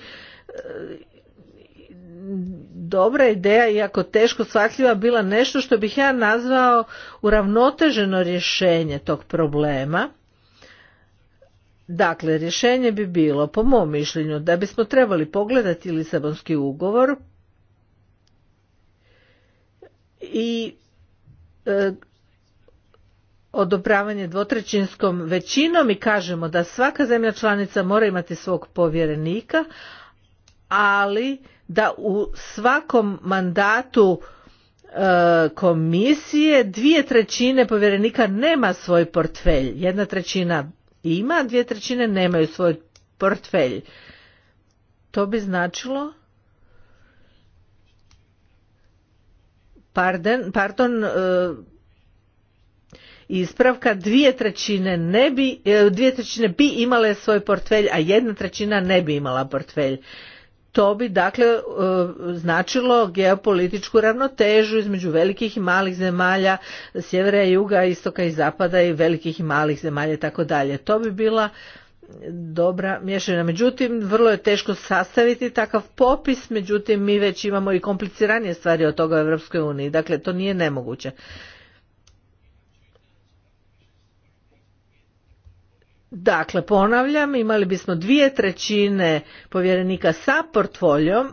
A: dobra ideja, iako teško shvatljiva, bila nešto što bih ja nazvao uravnoteženo rješenje tog problema. Dakle, rješenje bi bilo, po mom mišljenju, da bismo trebali pogledati Lisabonski ugovor i e, odobravanje dvotrećinskom većinom i kažemo da svaka zemlja članica mora imati svog povjerenika, ali da u svakom mandatu e, komisije dvije trećine povjerenika nema svoj portfelj. Jedna trećina ima, dvije trećine nemaju svoj portfelj. To bi značilo pardon, pardon e, ispravka, dvije trećine, ne bi, e, dvije trećine bi imale svoj portfelj, a jedna trećina ne bi imala portfelj. To bi dakle e, značilo geopolitičku ravnotežu između velikih i malih zemalja, sjevera i juga, istoka i zapada i velikih i malih zemalja i tako dalje. To bi bila dobra mješavina. Međutim, vrlo je teško sastaviti takav popis, međutim mi već imamo i kompliciranije stvari od toga u Europskoj uniji. Dakle, to nije nemoguće. Dakle, ponavljam, imali bismo dvije trećine povjerenika sa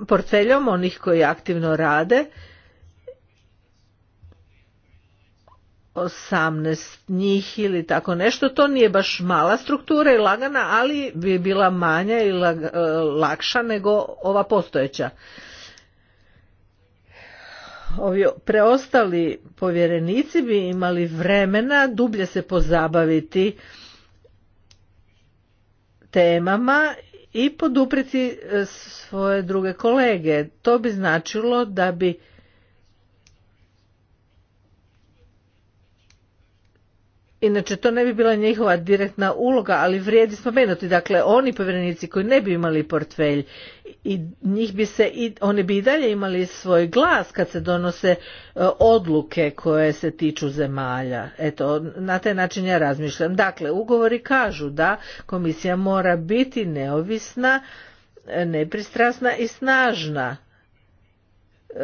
A: portfeljom onih koji aktivno rade, 18 njih ili tako nešto, to nije baš mala struktura i lagana, ali bi bila manja i e, lakša nego ova postojeća. Ovi preostali povjerenici bi imali vremena dublje se pozabaviti temama i poduprijeti e, svoje druge kolege. To bi značilo da bi inače to ne bi bila njihova direktna uloga, ali vrijedi spomenuti, dakle oni povjerenici koji ne bi imali portfelj i njih bi se i oni bi i dalje imali svoj glas kad se donose e, odluke koje se tiču zemalja. Eto, na taj način ja razmišljam. Dakle, ugovori kažu da komisija mora biti neovisna, nepristrasna i snažna e,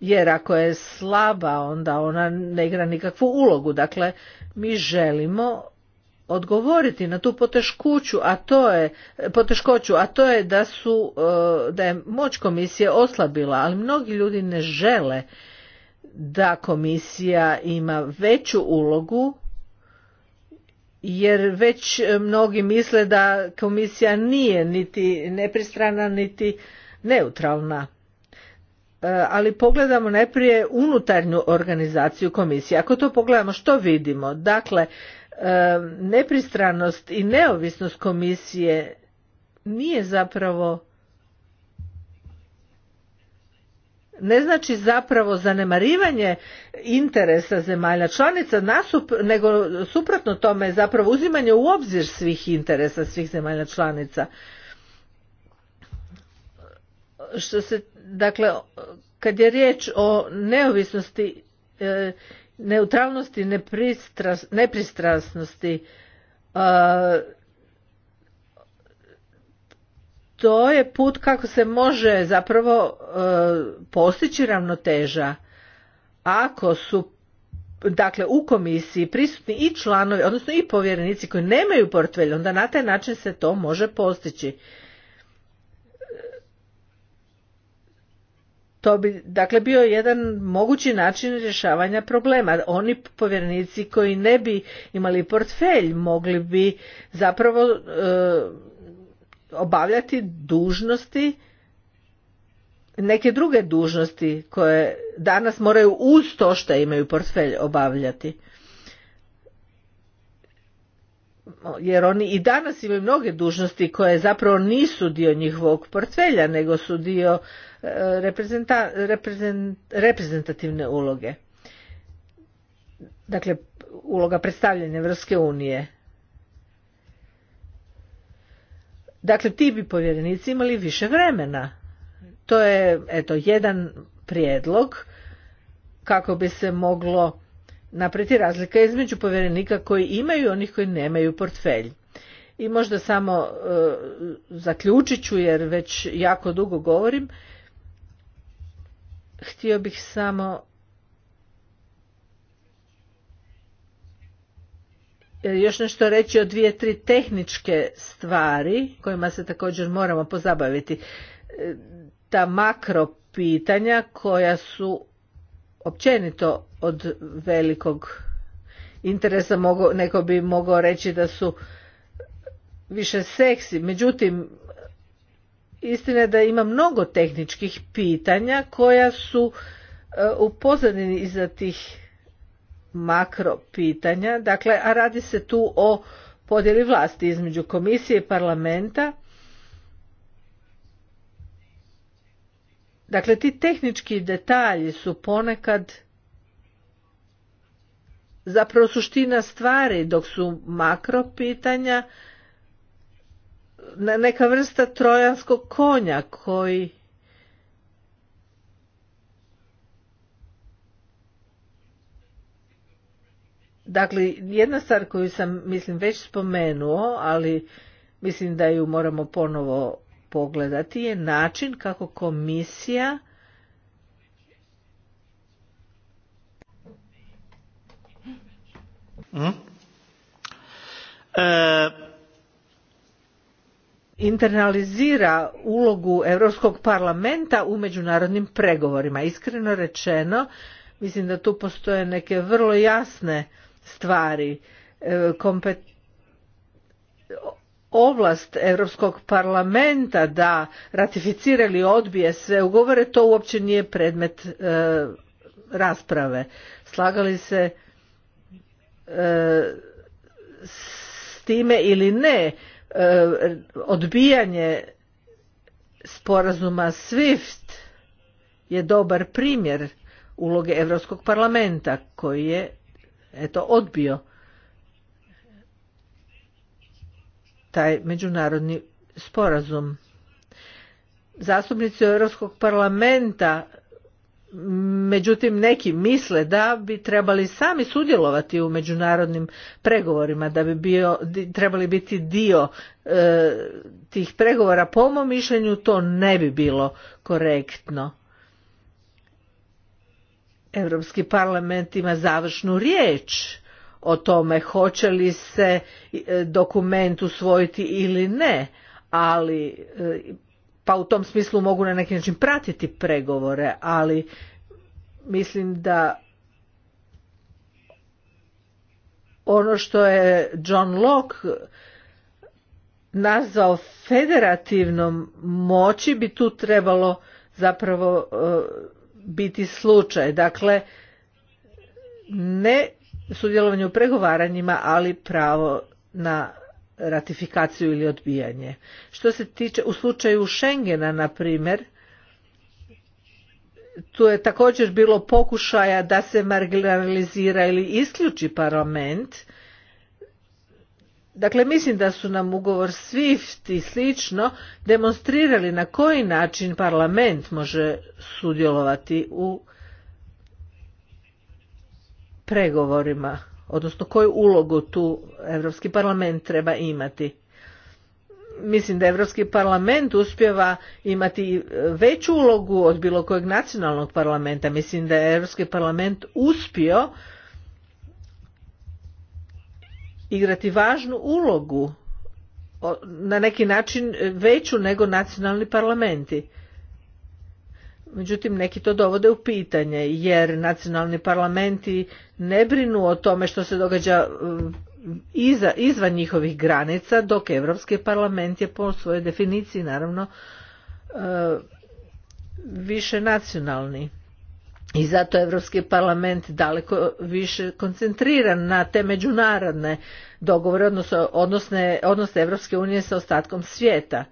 A: jer ako je slaba onda ona ne igra nikakvu ulogu. Dakle, mi želimo odgovoriti na tu poteškoću, a to je poteškoću, a to je da su e, da je moć komisije oslabila, ali mnogi ljudi ne žele da komisija ima veću ulogu jer već mnogi misle da komisija nije niti nepristrana niti neutralna. E, ali pogledamo najprije unutarnju organizaciju komisije. Ako to pogledamo što vidimo? Dakle, e, nepristranost i neovisnost komisije nije zapravo ne znači zapravo zanemarivanje interesa zemalja članica nasup, nego suprotno tome je zapravo uzimanje u obzir svih interesa svih zemalja članica što se dakle kad je riječ o neovisnosti e, neutralnosti nepristras, nepristrasnosti e, to je put kako se može zapravo e, postići ravnoteža ako su dakle u komisiji prisutni i članovi odnosno i povjerenici koji nemaju portfelj onda na taj način se to može postići to bi dakle bio jedan mogući način rješavanja problema. Oni povjernici koji ne bi imali portfelj mogli bi zapravo e, obavljati dužnosti neke druge dužnosti koje danas moraju uz to što imaju portfelj obavljati jer oni i danas imaju mnoge dužnosti koje zapravo nisu dio njihovog portfelja, nego su dio e, reprezentativne uloge. Dakle, uloga predstavljanja Evropske unije. Dakle, ti bi povjerenici imali više vremena. To je, eto, jedan prijedlog kako bi se moglo napreti razlika između povjerenika koji imaju i onih koji nemaju portfelj. I možda samo e, zaključit ću jer već jako dugo govorim. Htio bih samo još nešto reći o dvije, tri tehničke stvari kojima se također moramo pozabaviti. E, ta makro pitanja koja su općenito od velikog interesa. neko bi mogao reći da su više seksi. Međutim, istina je da ima mnogo tehničkih pitanja koja su e, u pozadini iza tih makro pitanja. Dakle, a radi se tu o podjeli vlasti između komisije i parlamenta Dakle, ti tehnički detalji su ponekad zapravo suština stvari, dok su makro pitanja neka vrsta trojanskog konja koji Dakle, jedna stvar koju sam, mislim, već spomenuo, ali mislim da ju moramo ponovo pogledati je način kako komisija hmm? e, internalizira ulogu Europskog parlamenta u međunarodnim pregovorima. Iskreno rečeno, mislim da tu postoje neke vrlo jasne stvari. E, ovlast Europskog parlamenta da ratificira ili odbije sve ugovore, to uopće nije predmet e, rasprave. Slagali se e, s time ili ne, e, odbijanje sporazuma SWIFT je dobar primjer uloge Europskog parlamenta koji je eto odbio taj međunarodni sporazum. Zastupnici Europskog parlamenta međutim neki misle da bi trebali sami sudjelovati u međunarodnim pregovorima da bi bio, trebali biti dio e, tih pregovora po mom mišljenju to ne bi bilo korektno europski parlament ima završnu riječ o tome hoće li se e, dokument usvojiti ili ne, ali e, pa u tom smislu mogu na neki način pratiti pregovore, ali mislim da ono što je John Locke nazvao federativnom moći bi tu trebalo zapravo e, biti slučaj. Dakle, ne sudjelovanje u pregovaranjima, ali pravo na ratifikaciju ili odbijanje. Što se tiče u slučaju Schengena, na primjer, tu je također bilo pokušaja da se marginalizira ili isključi parlament. Dakle, mislim da su nam ugovor SWIFT i slično demonstrirali na koji način parlament može sudjelovati u pregovorima, odnosno koju ulogu tu Europski parlament treba imati. Mislim da Europski parlament uspjeva imati veću ulogu od bilo kojeg nacionalnog parlamenta. Mislim da je Europski parlament uspio igrati važnu ulogu na neki način veću nego nacionalni parlamenti. Međutim, neki to dovode u pitanje, jer nacionalni parlamenti ne brinu o tome što se događa e, iza, izvan njihovih granica, dok evropski parlament je po svojoj definiciji, naravno, e, više nacionalni. I zato je Europski parlament daleko više koncentriran na te međunarodne dogovore, odnosno odnosne, odnose unije sa ostatkom svijeta.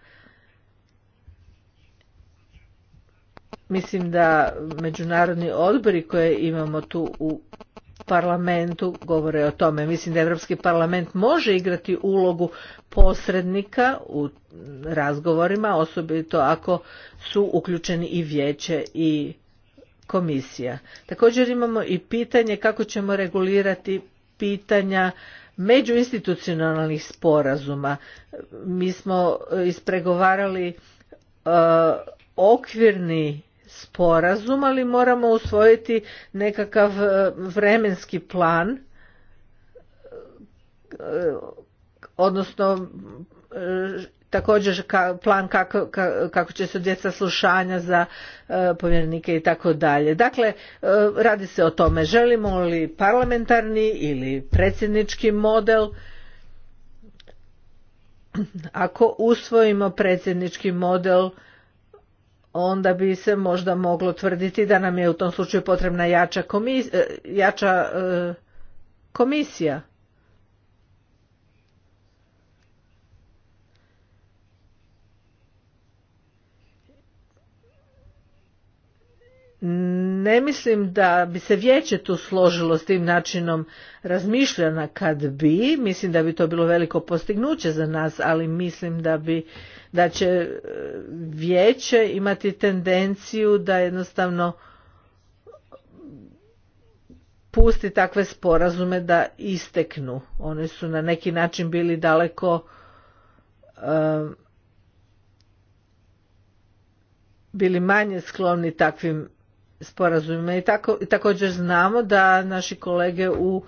A: Mislim da međunarodni odbori koje imamo tu u parlamentu govore o tome. Mislim da Europski parlament može igrati ulogu posrednika u razgovorima, osobito ako su uključeni i vijeće i komisija. Također imamo i pitanje kako ćemo regulirati pitanja međuinstitucionalnih sporazuma. Mi smo ispregovarali e, okvirni sporazum, ali moramo usvojiti nekakav e, vremenski plan, e, odnosno e, također plan kako, kako će se djeca slušanja za povjernike i tako dalje. Dakle, radi se o tome želimo li parlamentarni ili predsjednički model. Ako usvojimo predsjednički model, onda bi se možda moglo tvrditi da nam je u tom slučaju potrebna jača e, e, komisija, jača komisija. ne mislim da bi se vijeće tu složilo s tim načinom razmišljanja kad bi, mislim da bi to bilo veliko postignuće za nas, ali mislim da bi da će e, vijeće imati tendenciju da jednostavno pusti takve sporazume da isteknu. Oni su na neki način bili daleko e, bili manje skloni takvim sporazumima. I tako, također znamo da naši kolege u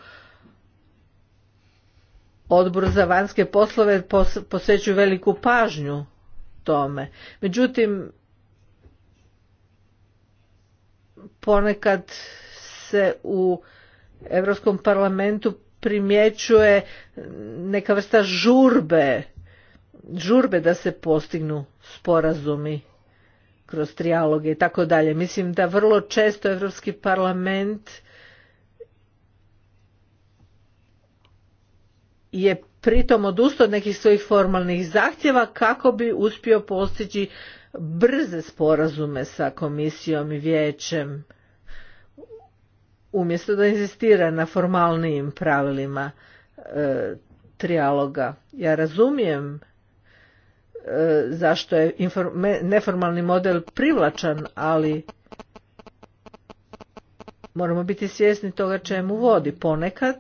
A: odboru za vanjske poslove posvećuju veliku pažnju tome. Međutim, ponekad se u Europskom parlamentu primjećuje neka vrsta žurbe, žurbe da se postignu sporazumi kroz trijaloge i tako dalje. Mislim da vrlo često Europski parlament je pritom odustao od nekih svojih formalnih zahtjeva kako bi uspio postići brze sporazume sa komisijom i vijećem umjesto da inzistira na formalnijim pravilima e, trijaloga. Ja razumijem E, zašto je neformalni model privlačan, ali moramo biti svjesni toga čemu vodi ponekad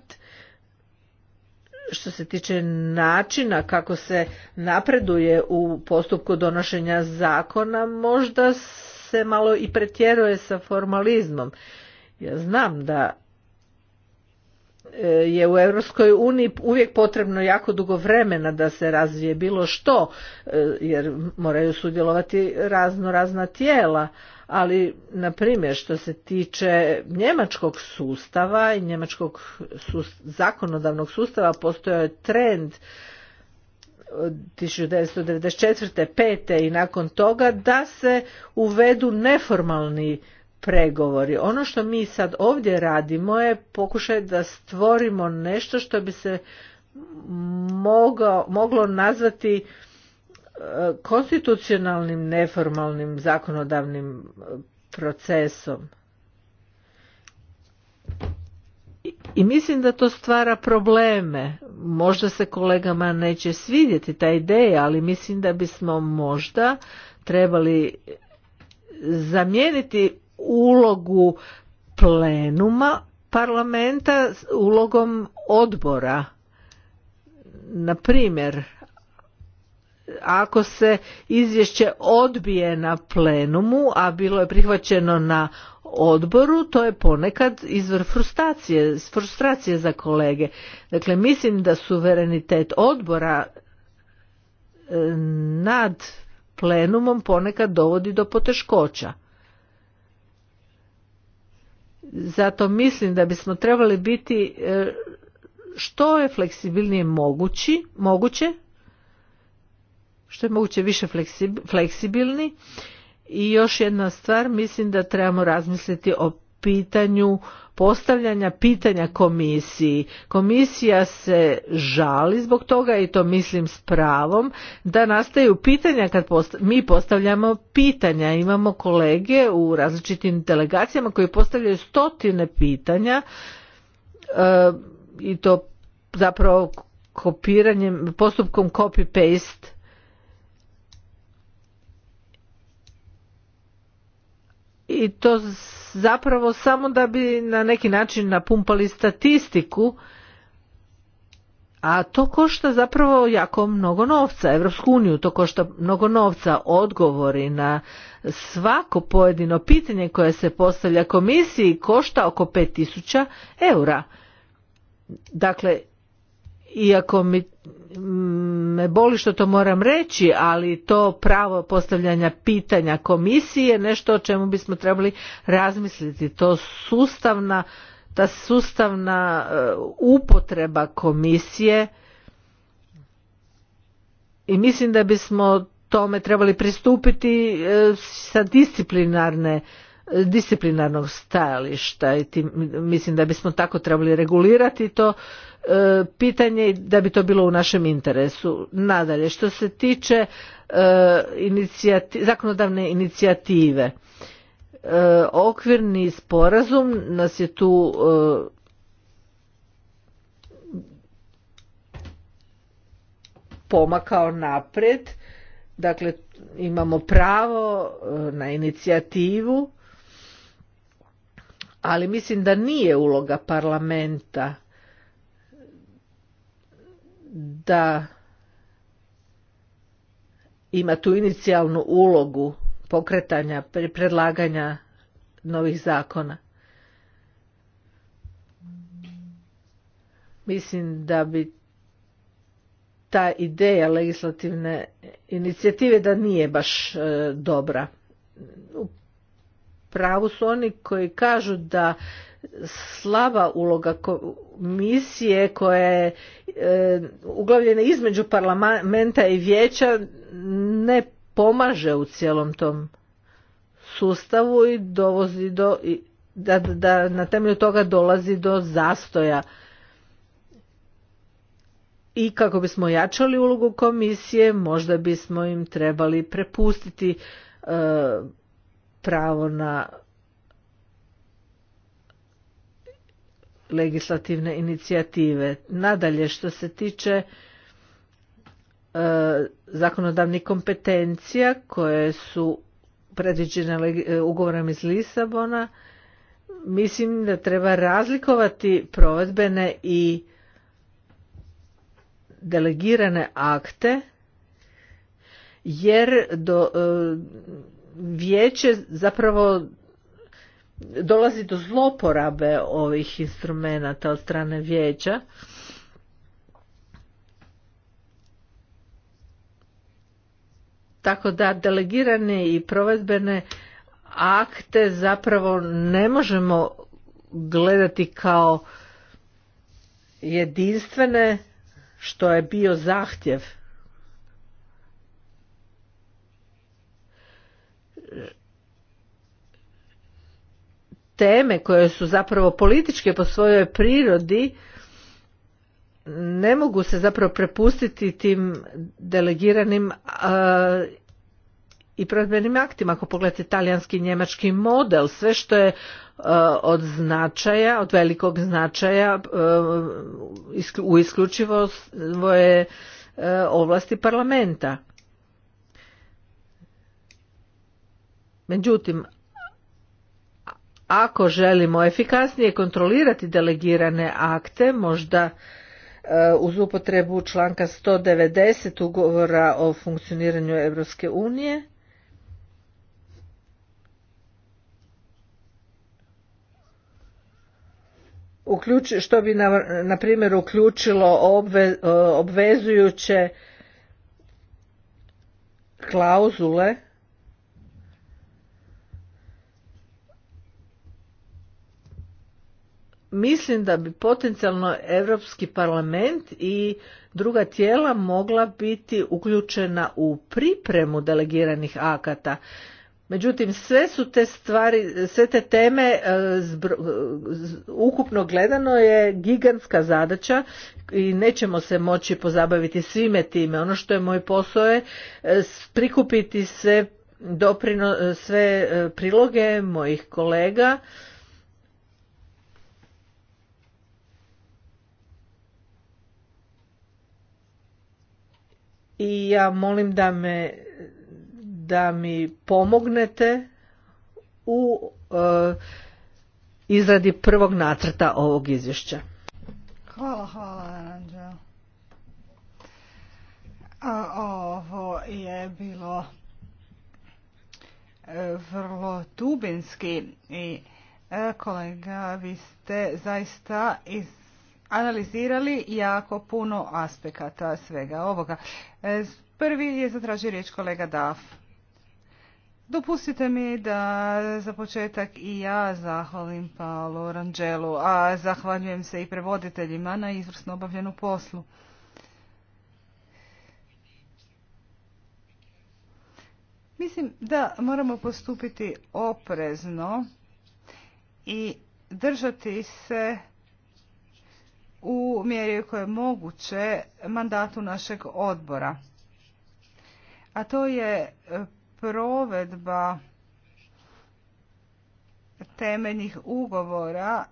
A: što se tiče načina kako se napreduje u postupku donošenja zakona možda se malo i pretjeruje sa formalizmom ja znam da E, je u Europskoj uniji uvijek potrebno jako dugo vremena da se razvije bilo što e, jer moraju sudjelovati razno razna tijela ali na primjer što se tiče njemačkog sustava i njemačkog zakonodavnog sustava postojao je trend od 1994. 5. i nakon toga da se uvedu neformalni pregovori. Ono što mi sad ovdje radimo je pokušaj da stvorimo nešto što bi se moglo nazvati e, konstitucionalnim neformalnim zakonodavnim e, procesom. I mislim da to stvara probleme. Možda se kolegama neće svidjeti ta ideja, ali mislim da bismo možda trebali zamijeniti ulogu plenuma parlamenta ulogom odbora. Na primjer, ako se izvješće odbije na plenumu, a bilo je prihvaćeno na odboru, to je ponekad izvor frustracije, frustracije za kolege. Dakle, mislim da suverenitet odbora e, nad plenumom ponekad dovodi do poteškoća. Zato mislim da bismo trebali biti e, što je fleksibilnije mogući, moguće, što je moguće više fleksibilni. I još jedna stvar, mislim da trebamo razmisliti o pitanju postavljanja pitanja komisiji. Komisija se žali zbog toga i to mislim s pravom da nastaju pitanja kad mi postavljamo pitanja. Imamo kolege u različitim delegacijama koji postavljaju stotine pitanja eh, i to zapravo kopiranjem, postupkom copy-paste i to zapravo samo da bi na neki način napumpali statistiku a to košta zapravo jako mnogo novca. Evropsku uniju to košta mnogo novca. Odgovori na svako pojedino pitanje koje se postavlja komisiji košta oko 5000 eura. Dakle, iako mi mm, me boli što to moram reći, ali to pravo postavljanja pitanja komisije je nešto o čemu bismo trebali razmisliti. To sustavna, ta sustavna e, upotreba komisije i mislim da bismo tome trebali pristupiti e, sa disciplinarne disciplinarnog stajališta i mislim da bismo tako trebali regulirati to e, pitanje i da bi to bilo u našem interesu. Nadalje, što se tiče e, zakonodavne inicijative, e, okvirni sporazum nas je tu pomakao naprijed, dakle imamo pravo na inicijativu ali mislim da nije uloga parlamenta da ima tu inicijalnu ulogu pokretanja, predlaganja novih zakona. Mislim da bi ta ideja legislativne inicijative da nije baš e, dobra. U pravu su oni koji kažu da slaba uloga komisije koja je e, uglavljena između parlamenta i vijeća ne pomaže u cijelom tom sustavu i dovozi do da, da na temelju toga dolazi do zastoja i kako bismo jačali ulogu komisije možda bismo im trebali prepustiti e, pravo na legislativne inicijative. Nadalje, što se tiče e, zakonodavnih kompetencija koje su predviđene e, ugovorom iz Lisabona, mislim da treba razlikovati provedbene i delegirane akte jer do e, vijeće zapravo dolazi do zloporabe ovih instrumenata od strane vijeća. Tako da delegirane i provedbene akte zapravo ne možemo gledati kao jedinstvene što je bio zahtjev teme koje su zapravo političke po svojoj prirodi ne mogu se zapravo prepustiti tim delegiranim i provedbenim aktima. Ako pogledate talijanski i njemački model, sve što je od značaja, od velikog značaja u isključivo svoje ovlasti parlamenta. Međutim, ako želimo efikasnije kontrolirati delegirane akte, možda e, uz upotrebu članka 190 ugovora o funkcioniranju Europske unije, što bi na primjer uključilo e, obvezujuće klauzule mislim da bi potencijalno Europski parlament i druga tijela mogla biti uključena u pripremu delegiranih akata. Međutim, sve su te stvari, sve te teme e, e, ukupno gledano je gigantska zadaća i nećemo se moći pozabaviti svime time. Ono što je moj posao je e, prikupiti sve, sve priloge mojih kolega i ja molim da me da mi pomognete u e, izradi prvog nacrta ovog izvješća.
B: Hvala, hvala Ovo je bilo e, vrlo dubinski i e, kolega vi ste zaista iz analizirali jako puno aspekata svega ovoga. E, prvi je zatražio riječ kolega Daf. Dopustite mi da za početak i ja zahvalim Paolo Rangelu, a zahvaljujem se i prevoditeljima na izvrsno obavljenu poslu. Mislim da moramo postupiti oprezno i držati se u mjeri koje je moguće mandatu našeg odbora. A to je e, provedba temeljnih ugovora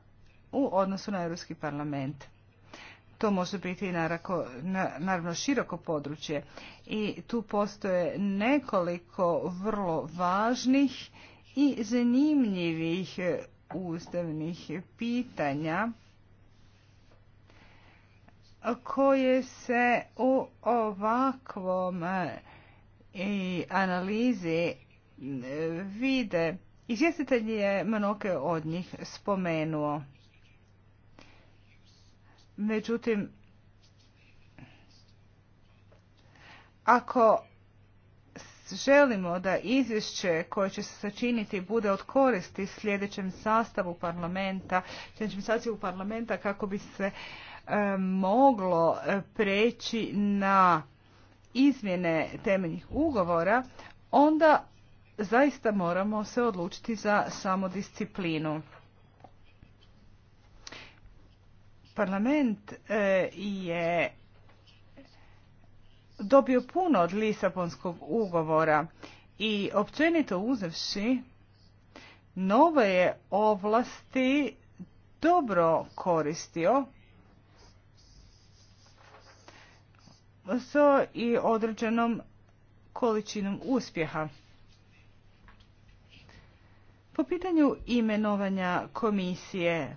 B: u odnosu na Europski parlament. To može biti i na, naravno široko područje i tu postoje nekoliko vrlo važnih i zanimljivih e, ustavnih pitanja koje se u ovakvom e, i analizi e, vide. Izvjestitelj je mnoge od njih spomenuo. Međutim, ako želimo da izvješće koje će se sačiniti bude od koristi sljedećem sastavu parlamenta, sljedećem sastavu parlamenta kako bi se E, moglo e, preći na izmjene temeljnih ugovora, onda zaista moramo se odlučiti za samodisciplinu. Parlament e, je dobio puno od Lisabonskog ugovora i općenito uzevši nove je ovlasti dobro koristio sa i određenom količinom uspjeha. Po pitanju imenovanja komisije,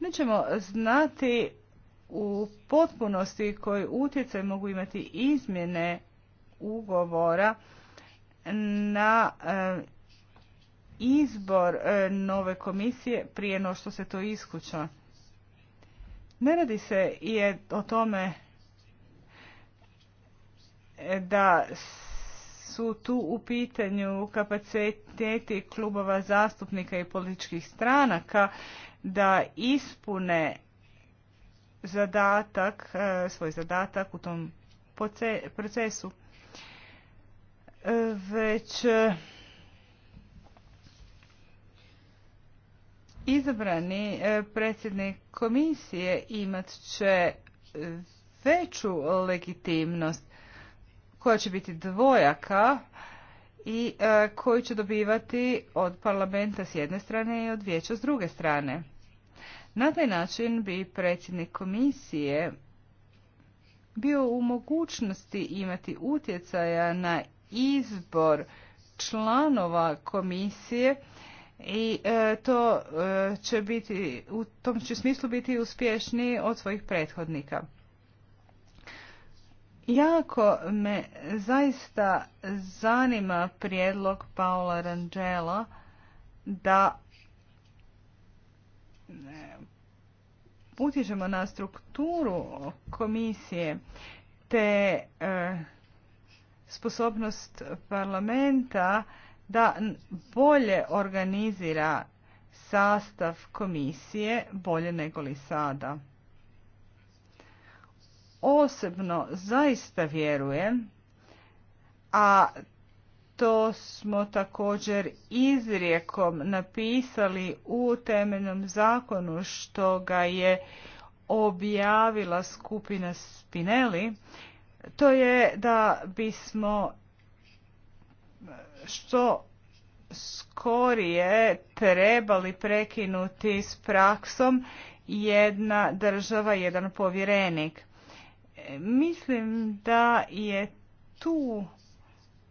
B: nećemo znati u potpunosti koji utjecaj mogu imati izmjene ugovora na e, izbor e, nove komisije prije no što se to iskuća. Ne radi se je o tome e, da su tu u pitanju kapaciteti klubova zastupnika i političkih stranaka da ispune zadatak, e, svoj zadatak u tom procesu. E, već izabrani e, predsjednik komisije imat će veću legitimnost koja će biti dvojaka i e, koju će dobivati od parlamenta s jedne strane i od vijeća s druge strane. Na taj način bi predsjednik komisije bio u mogućnosti imati utjecaja na izbor članova komisije i e, to e, će biti, u tom će smislu biti uspješniji od svojih prethodnika. Jako me zaista zanima prijedlog Paula Rangela da e, utječemo na strukturu komisije te sposobnost parlamenta da bolje organizira sastav komisije bolje nego li sada. Osobno zaista vjerujem, a to smo također izrijekom napisali u temeljnom zakonu što ga je objavila skupina Spinelli, to je da bismo što skorije trebali prekinuti s praksom jedna država, jedan povjerenik. Mislim da je tu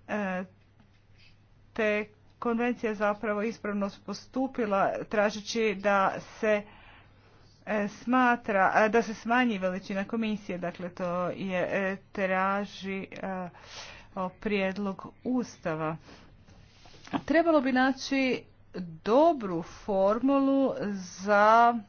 B: e, te konvencija zapravo ispravno postupila tražeći da se e, smatra, da se smanji veličina komisije, dakle to je e, traži prijedlog Ustava. Trebalo bi naći dobru formulu za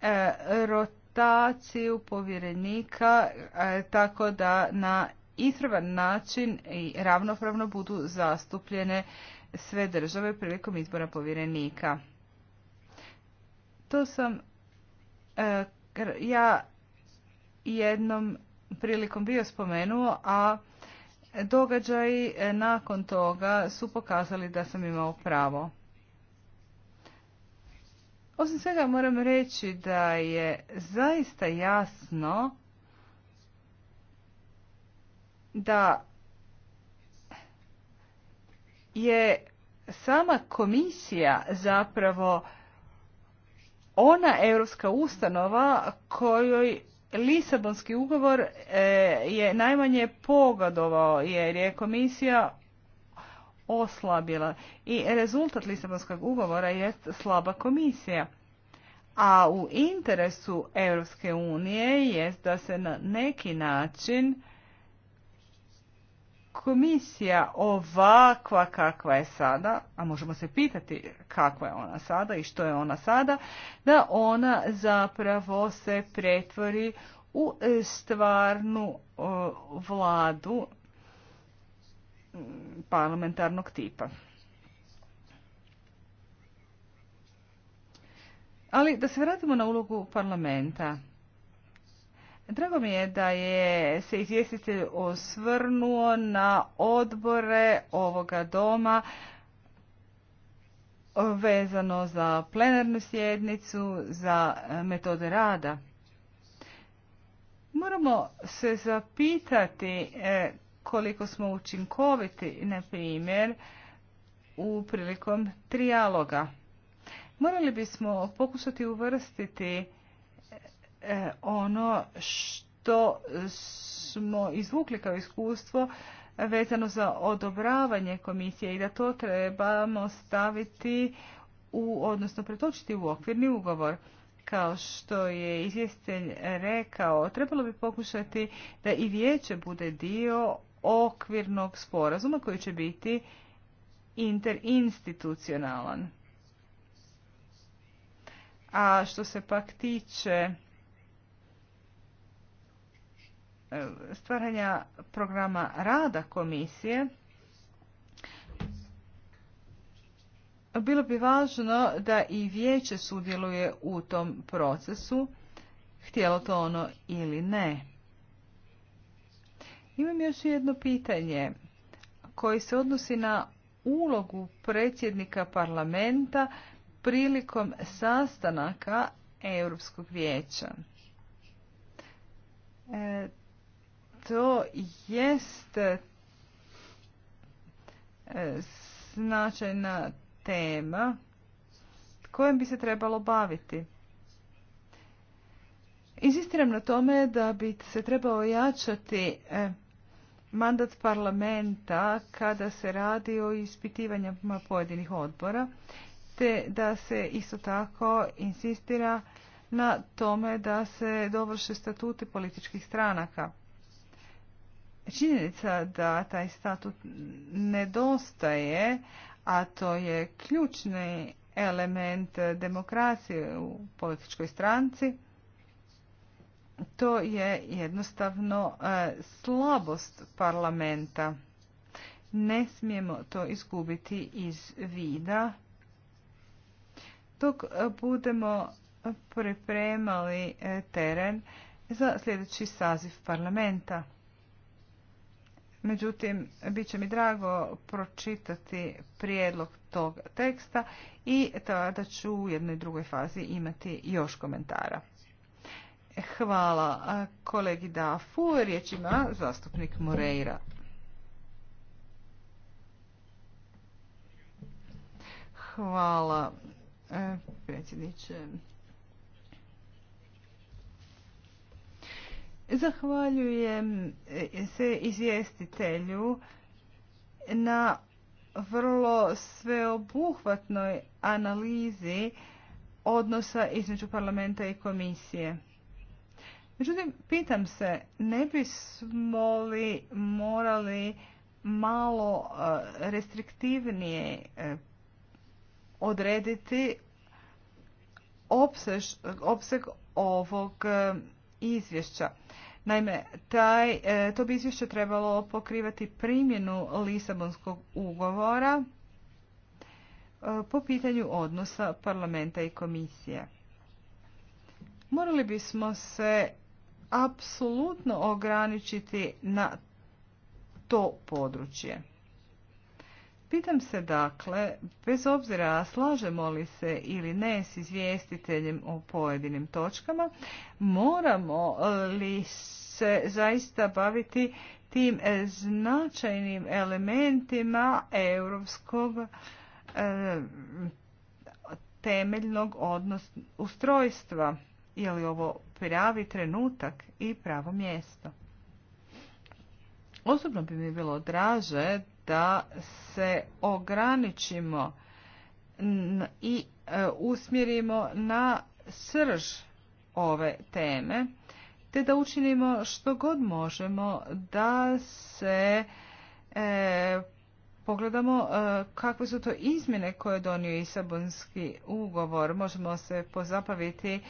B: e, rotaciju povjerenika e, tako da na ispravan način i ravnopravno budu zastupljene sve države prilikom izbora povjerenika. To sam e, ja jednom prilikom bio spomenuo, a događaji e, nakon toga su pokazali da sam imao pravo. Osim svega moram reći da je zaista jasno da je sama komisija zapravo ona europska ustanova kojoj Lisabonski ugovor e, je najmanje pogodovao jer je komisija oslabila i rezultat Lisabonskog ugovora jest slaba komisija. A u interesu Europske unije jest da se na neki način komisija ovakva kakva je sada, a možemo se pitati kakva je ona sada i što je ona sada, da ona zapravo se pretvori u stvarnu vladu parlamentarnog tipa. Ali da se vratimo na ulogu parlamenta. Drago mi je da je se izvjestitelj osvrnuo na odbore ovoga doma vezano za plenarnu sjednicu, za metode rada. Moramo se zapitati e, koliko smo učinkoviti, na primjer, u prilikom trijaloga. Morali bismo pokušati uvrstiti E, ono što smo izvukli kao iskustvo vezano za odobravanje komisije i da to trebamo staviti u, odnosno pretočiti u okvirni ugovor. Kao što je izvjestelj rekao, trebalo bi pokušati da i vijeće bude dio okvirnog sporazuma koji će biti interinstitucionalan. A što se pak tiče stvaranja programa rada komisije bilo bi važno da i vijeće sudjeluje u tom procesu, htjelo to ono ili ne. Imam još jedno pitanje koji se odnosi na ulogu predsjednika parlamenta prilikom sastanaka Europskog vijeća. E, to jest e, značajna tema kojom bi se trebalo baviti. Insistiram na tome da bi se trebao jačati e, mandat parlamenta kada se radi o ispitivanjima pojedinih odbora, te da se isto tako insistira na tome da se dovrše statuti političkih stranaka. Činjenica da taj statut nedostaje, a to je ključni element demokracije u političkoj stranci, to je jednostavno e, slabost parlamenta. Ne smijemo to izgubiti iz vida dok budemo pripremali e, teren za sljedeći saziv parlamenta. Međutim, bit će mi drago pročitati prijedlog tog teksta i tada ću u jednoj drugoj fazi imati još komentara. Hvala kolegi Dafu. Riječ ima zastupnik Moreira. Hvala e, predsjedniče. Zahvaljujem e, se izvjestitelju na vrlo sveobuhvatnoj analizi odnosa između parlamenta i komisije. Međutim, pitam se, ne bismo li morali malo e, restriktivnije e, odrediti opseg ovog izvješća. Naime, taj, e, to bi izvješće trebalo pokrivati primjenu Lisabonskog ugovora e, po pitanju odnosa parlamenta i komisije. Morali bismo se apsolutno ograničiti na to područje. Pitam se dakle, bez obzira slažemo li se ili ne s izvjestiteljem o pojedinim točkama, moramo e, li se zaista baviti tim e, značajnim elementima europskog e, temeljnog odnos ustrojstva. Je li ovo pravi trenutak i pravo mjesto? Osobno bi mi bilo draže da se ograničimo i e, usmjerimo na srž ove teme, te da učinimo što god možemo da se e, pogledamo e, kakve su to izmjene koje je donio Isabonski ugovor. Možemo se pozabaviti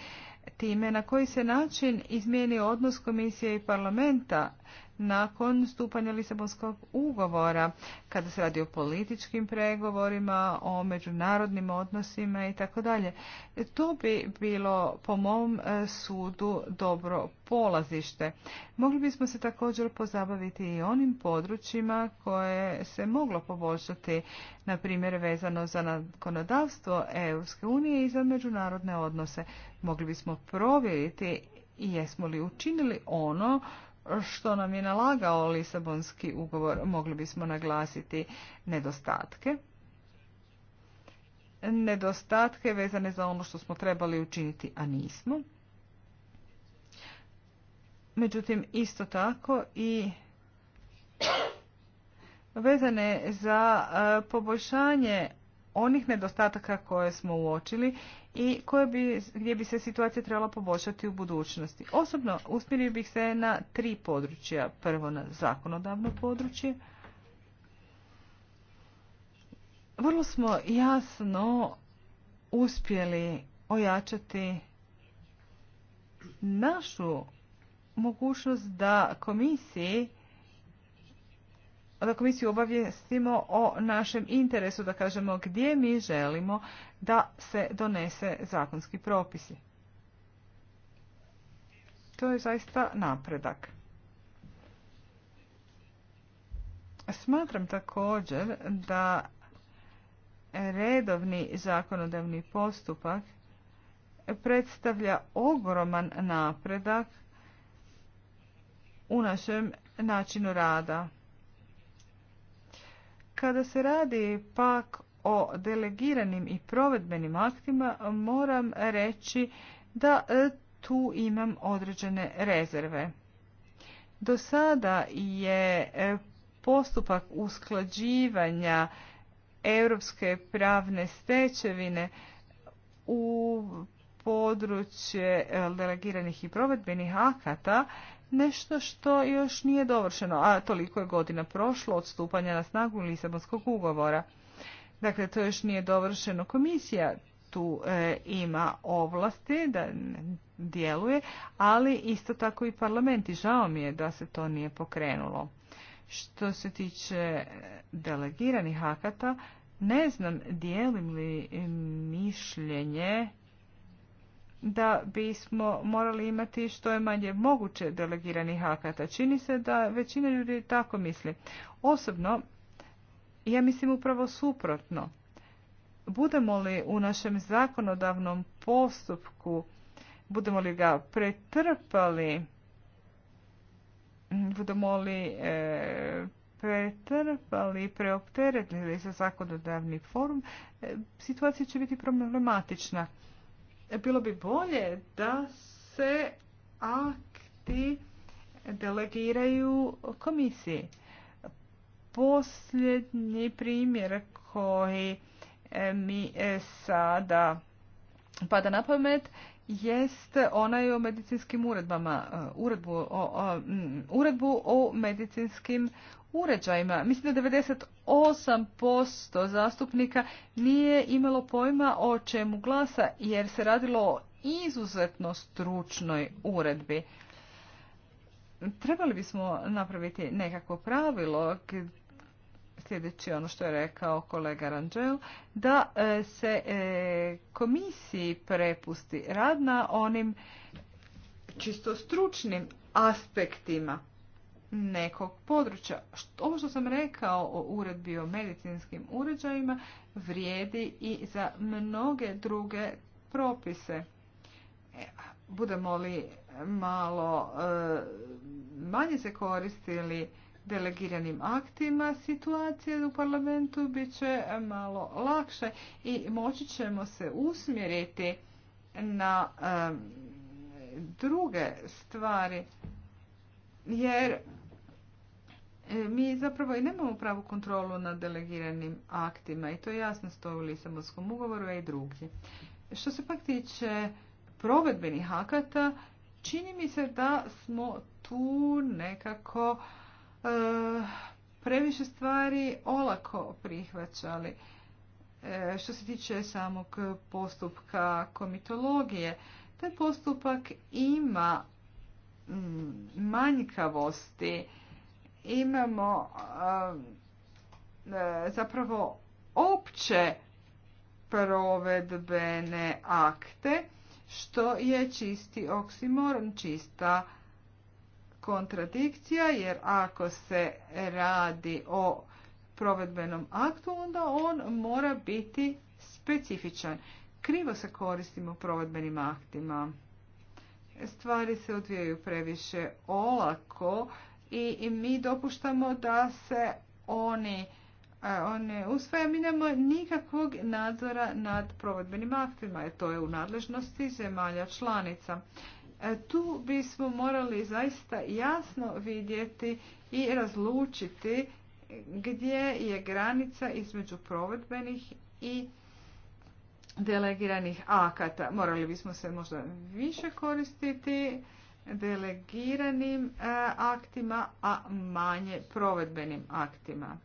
B: time na koji se način izmijeni odnos komisije i parlamenta nakon stupanja Lisabonskog ugovora, kada se radi o političkim pregovorima, o međunarodnim odnosima i tako dalje. To bi bilo po mom e, sudu dobro polazište. Mogli bismo se također pozabaviti i onim područjima koje se moglo poboljšati, na primjer vezano za zakonodavstvo Europske unije i za međunarodne odnose. Mogli bismo provjeriti jesmo li učinili ono što nam je nalagao Lisabonski ugovor, mogli bismo naglasiti nedostatke. Nedostatke vezane za ono što smo trebali učiniti, a nismo. Međutim, isto tako i vezane za e, poboljšanje onih nedostataka koje smo uočili i koje bi, gdje bi se situacija trebala poboljšati u budućnosti. Osobno usmjerio bih se na tri područja. Prvo na zakonodavno područje. Vrlo smo jasno uspjeli ojačati našu mogućnost da komisiji da komisiju obavijestimo o našem interesu, da kažemo gdje mi želimo da se donese zakonski propisi. To je zaista napredak. Smatram također da redovni zakonodavni postupak predstavlja ogroman napredak u našem načinu rada. Kada se radi pak o delegiranim i provedbenim aktima, moram reći da e, tu imam određene rezerve. Do sada je e, postupak usklađivanja europske pravne stečevine u područje e, delegiranih i provedbenih akata nešto što još nije dovršeno, a toliko je godina prošlo od stupanja na snagu Lisabonskog ugovora. Dakle, to još nije dovršeno. Komisija tu e, ima ovlasti da djeluje, ali isto tako i parlament i žao mi je da se to nije pokrenulo. Što se tiče delegiranih akata, ne znam dijelim li mišljenje da bismo morali imati što je manje moguće delegiranih akata. Čini se da većina ljudi tako misli. Osobno, ja mislim upravo suprotno. Budemo li u našem zakonodavnom postupku, budemo li ga pretrpali, budemo li e, pretrpali, preopteretili za zakonodavni forum, e, situacija će biti problematična. E, bilo bi bolje da se akti delegiraju komisiji. Posljednji primjer koji e, mi e, sada pada na pamet jest onaj o medicinskim uredbama, uredbu o, o, o medicinskim uređajima. Mislim da 8% zastupnika nije imalo pojma o čemu glasa jer se radilo o izuzetno stručnoj uredbi. Trebali bismo napraviti nekako pravilo sljedeći ono što je rekao kolega Ranđel, da e, se e, komisiji prepusti rad na onim čisto stručnim aspektima nekog područja. Ovo što sam rekao o uredbi o medicinskim uređajima vrijedi i za mnoge druge propise. E, budemo li malo e, manje se koristili delegiranim aktima, situacije u parlamentu bit će malo lakše i moći ćemo se usmjeriti na e, druge stvari jer E, mi zapravo i nemamo pravu kontrolu nad delegiranim aktima i to jasno stoji u Lisabonskom ugovoru, a i drugi. Što se pak tiče provedbenih akata, čini mi se da smo tu nekako e, previše stvari olako prihvaćali. E, što se tiče samog postupka komitologije, taj postupak ima manjkavosti imamo um, e, zapravo opće provedbene akte, što je čisti oksimoron, čista kontradikcija, jer ako se radi o provedbenom aktu, onda on mora biti specifičan. Krivo se koristimo provedbenim aktima. Stvari se odvijaju previše olako i, mi dopuštamo da se oni one usvaja, mi nemamo nikakvog nadzora nad provedbenim aktima, jer to je u nadležnosti zemalja članica. E, tu bismo morali zaista jasno vidjeti i razlučiti gdje je granica između provedbenih i delegiranih akata. Morali bismo se možda više koristiti delegiranim e, aktima, a manje provedbenim aktima.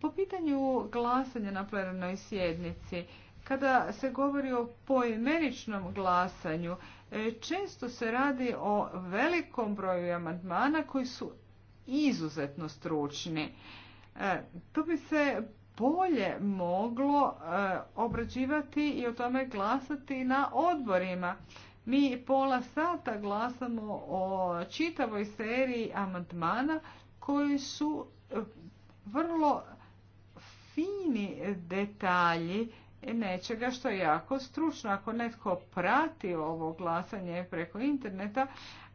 B: Po pitanju glasanja na plenarnoj sjednici, kada se govori o poimeničnom glasanju, e, često se radi o velikom broju amandmana koji su izuzetno stručni. E, to bi se bolje moglo obrađivati i o tome glasati na odborima. Mi pola sata glasamo o čitavoj seriji amandmana koji su e, vrlo fini detalji nečega što je jako stručno. Ako netko prati ovo glasanje preko interneta,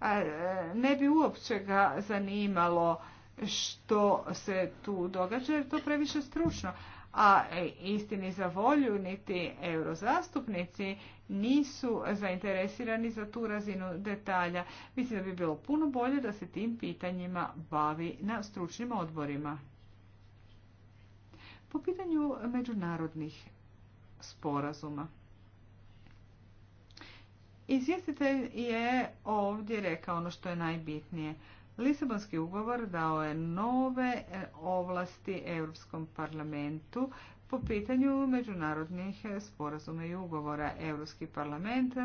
B: e, ne bi uopće ga zanimalo što se tu događa jer to previše stručno a e, istini za volju niti eurozastupnici nisu zainteresirani za tu razinu detalja. Mislim da bi bilo puno bolje da se tim pitanjima bavi na stručnim odborima. Po pitanju međunarodnih sporazuma. Izvjestitelj je ovdje rekao ono što je najbitnije. Lisabonski ugovor dao je nove e, ovlasti Europskom parlamentu po pitanju međunarodnih e, sporazuma i ugovora. Europski parlament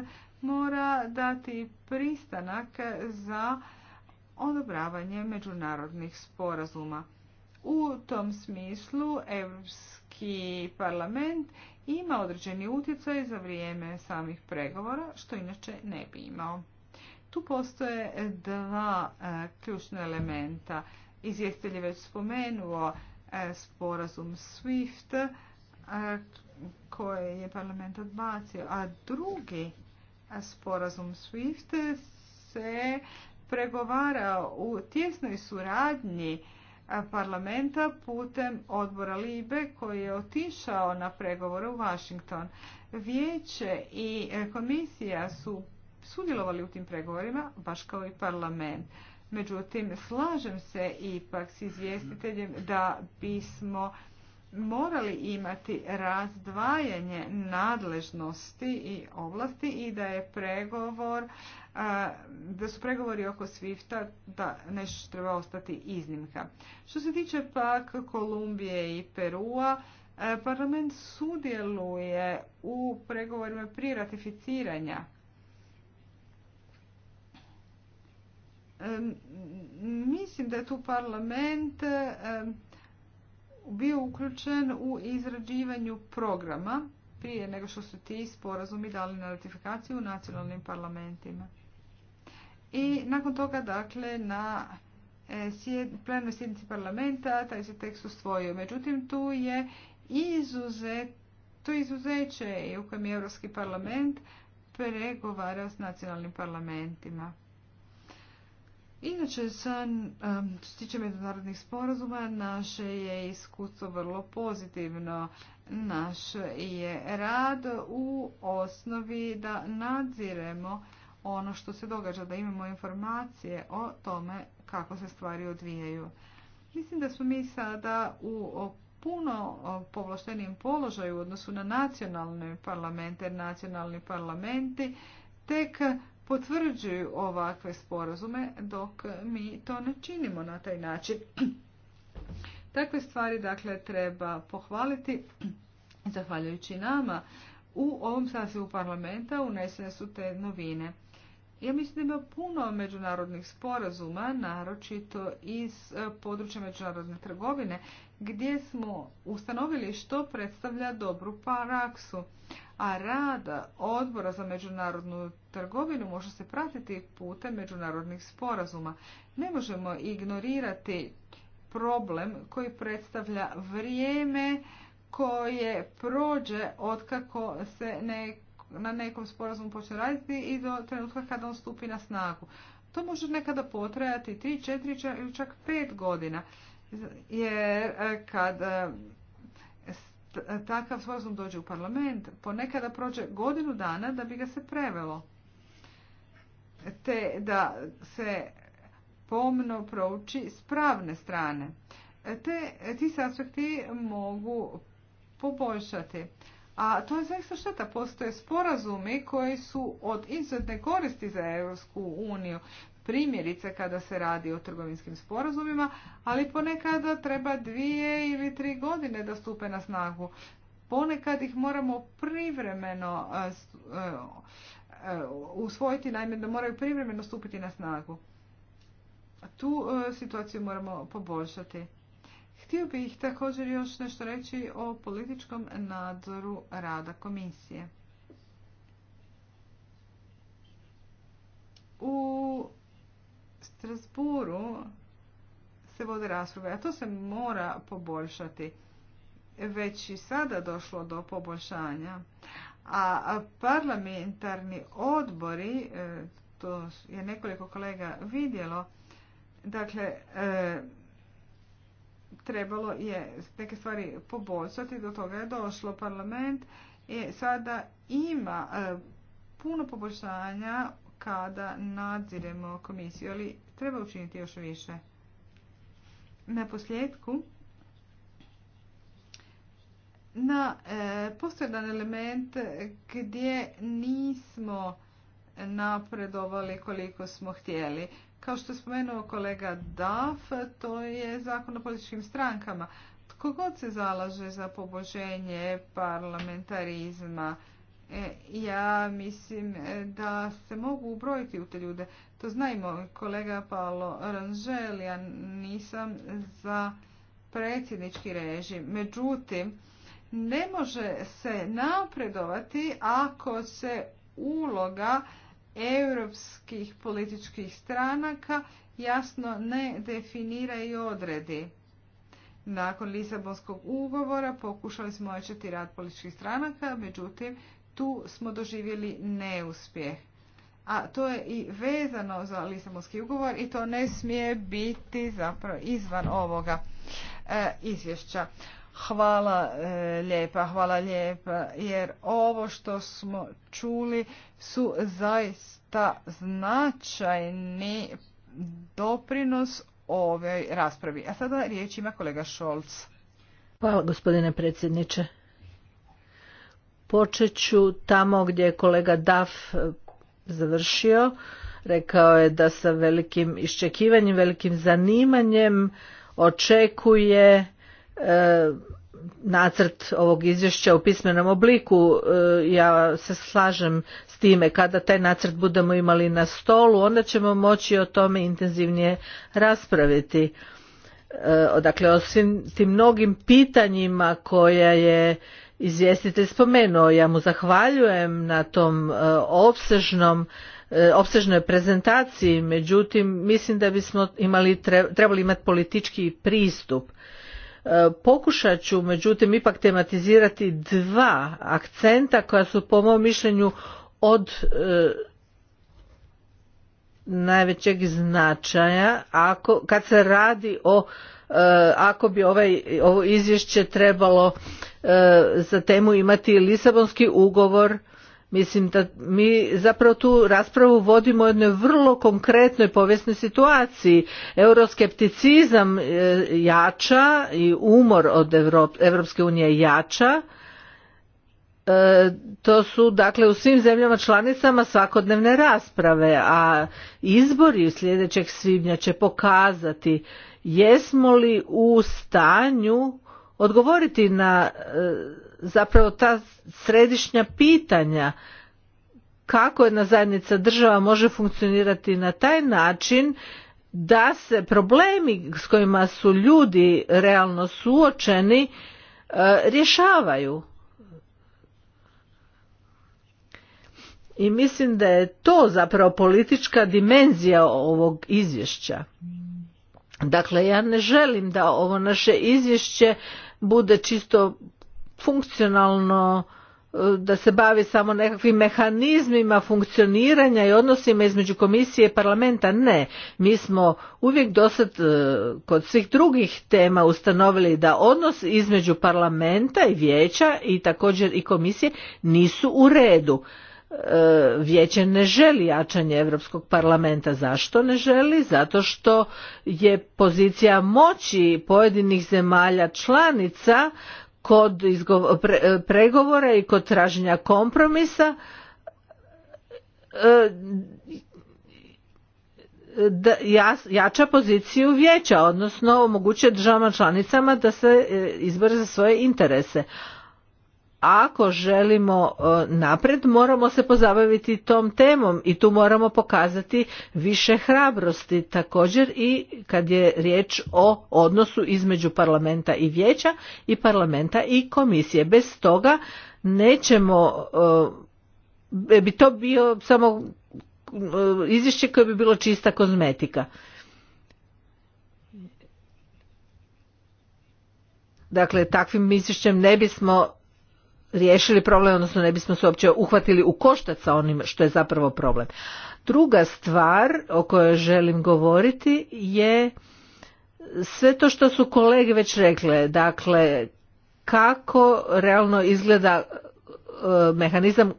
B: mora dati pristanak za odobravanje međunarodnih sporazuma. U tom smislu Europski parlament ima određeni utjecaj za vrijeme samih pregovora, što inače ne bi imao. Tu postoje dva e, ključna elementa. Izvjestitelj je već spomenuo e, sporazum SWIFT e, koje je parlament odbacio, a drugi sporazum SWIFT se pregovara u tjesnoj suradnji parlamenta putem odbora Libe koji je otišao na pregovore u Washington. Vijeće i komisija su sudjelovali u tim pregovorima, baš kao i parlament. Međutim, slažem se ipak s izvjestiteljem da bismo morali imati razdvajanje nadležnosti i ovlasti i da je pregovor da su pregovori oko Swifta da nešto treba ostati iznimka. Što se tiče pak Kolumbije i Perua, parlament sudjeluje u pregovorima prije ratificiranja Mislim da je tu parlament bio uključen u izrađivanju programa prije nego što su ti sporazumi dali na ratifikaciju u nacionalnim parlamentima. I nakon toga, dakle, na e, plenoj sjednici parlamenta taj se tekst usvojio. Međutim, tu je izuzet, to izuzeće u kojem je Europski parlament pregovara s nacionalnim parlamentima. Inače, sa tiče međunarodnih sporazuma, naše je iskustvo vrlo pozitivno. Naš je rad u osnovi da nadziremo ono što se događa, da imamo informacije o tome kako se stvari odvijaju. Mislim da smo mi sada u puno povlaštenijem položaju u odnosu na nacionalne parlamente, nacionalni parlamenti tek potvrđuju ovakve sporazume dok mi to ne činimo na taj način. (clears throat) Takve stvari dakle treba pohvaliti (clears throat) zahvaljujući nama. U ovom sazivu parlamenta unesene su te novine. Ja mislim da ima puno međunarodnih sporazuma, naročito iz područja međunarodne trgovine, gdje smo ustanovili što predstavlja dobru paraksu. A rad odbora za međunarodnu trgovinu može se pratiti putem međunarodnih sporazuma. Ne možemo ignorirati problem koji predstavlja vrijeme koje prođe otkako se na nekom sporazumu počne raditi i do trenutka kada on stupi na snagu. To može nekada potrajati 3, 4, čak 5 godina jer e, kad e, takav sporazum dođe u parlament, ponekada prođe godinu dana da bi ga se prevelo. Te da se pomno prouči s pravne strane. Te, ti se aspekti mogu poboljšati. A to je zaista šteta. Postoje sporazumi koji su od izuzetne koristi za Europsku uniju primjerice kada se radi o trgovinskim sporazumima, ali ponekada treba dvije ili tri godine da stupe na snagu. Ponekad ih moramo privremeno e, e, e, usvojiti, naime da moraju privremeno stupiti na snagu. Tu situaciju moramo poboljšati. Htio bih također još nešto reći o političkom nadzoru rada komisije. U Strasburu se vode rasprave, a to se mora poboljšati. Već i sada došlo do poboljšanja, a parlamentarni odbori, e, to je nekoliko kolega vidjelo, dakle, e, trebalo je neke stvari poboljšati, do toga je došlo parlament i sada ima e, puno poboljšanja kada nadziremo komisiju, ali Treba učiniti još više. Na posljedku, na, e, posljedan element gdje nismo napredovali koliko smo htjeli. Kao što je spomenuo kolega Daf, to je zakon o političkim strankama. Tko god se zalaže za poboženje parlamentarizma, e, ja mislim e, da se mogu ubrojiti u te ljude. To znajmo, kolega Paolo Ranžel, ja nisam za predsjednički režim. Međutim, ne može se napredovati ako se uloga europskih političkih stranaka jasno ne definira i odredi. Nakon Lisabonskog ugovora pokušali smo ojačati rad političkih stranaka, međutim tu smo doživjeli neuspjeh a to je i vezano za Lisabonski ugovor i to ne smije biti zapravo izvan ovoga e, izvješća. Hvala e, lijepa, hvala lijepa, jer ovo što smo čuli su zaista značajni doprinos ove raspravi. A sada riječ ima kolega Šolc.
A: Hvala gospodine predsjedniče. Počet ću tamo gdje je kolega Daf završio. Rekao je da sa velikim iščekivanjem, velikim zanimanjem očekuje e, nacrt ovog izvješća u pismenom obliku. E, ja se slažem s time kada taj nacrt budemo imali na stolu, onda ćemo moći o tome intenzivnije raspraviti. E, dakle, o svim tim mnogim pitanjima koja je izvjestitelj spomenuo. Ja mu zahvaljujem na tom e, opsežnom e, opsežnoj prezentaciji, međutim mislim da bismo imali, trebali imati politički pristup. E, pokušat ću međutim ipak tematizirati dva akcenta koja su po mom mišljenju od najvećeg značaja ako, kad se radi o E, ako bi ovaj, ovo izvješće trebalo e, za temu imati Lisabonski ugovor Mislim da mi zapravo tu raspravu vodimo u jednoj vrlo konkretnoj povijesnoj situaciji. Euroskepticizam e, jača i umor od Europske unije jača. to su dakle u svim zemljama članicama svakodnevne rasprave, a izbori sljedećeg svibnja će pokazati jesmo li u stanju odgovoriti na e, zapravo ta središnja pitanja kako jedna zajednica država može funkcionirati na taj način da se problemi s kojima su ljudi realno suočeni e, rješavaju. I mislim da je to zapravo politička dimenzija ovog izvješća. Dakle, ja ne želim da ovo naše izvješće bude čisto funkcionalno e, da se bavi samo nekakvim mehanizmima funkcioniranja i odnosima između komisije i parlamenta. Ne, mi smo uvijek dosad e, kod svih drugih tema ustanovili da odnos između parlamenta i vijeća i također i komisije nisu u redu. E, vijeće ne želi jačanje Europskog parlamenta. Zašto ne želi? Zato što je pozicija moći pojedinih zemalja članica kod pregovora i kod traženja kompromisa e, da jača poziciju vijeća, odnosno omogućuje državama članicama da se e, izbore za svoje interese ako želimo e, napred moramo se pozabaviti tom temom i tu moramo pokazati više hrabrosti također i kad je riječ o odnosu između parlamenta i vijeća i parlamenta i komisije bez toga nećemo e, e, bi to bio samo izvješće koje bi bilo čista kozmetika dakle takvim izvješćem ne bismo riješili problem, odnosno ne bismo se uopće uhvatili u koštac sa onim što je zapravo problem. Druga stvar o kojoj želim govoriti je sve to što su kolege već rekle, dakle kako realno izgleda e, mehanizam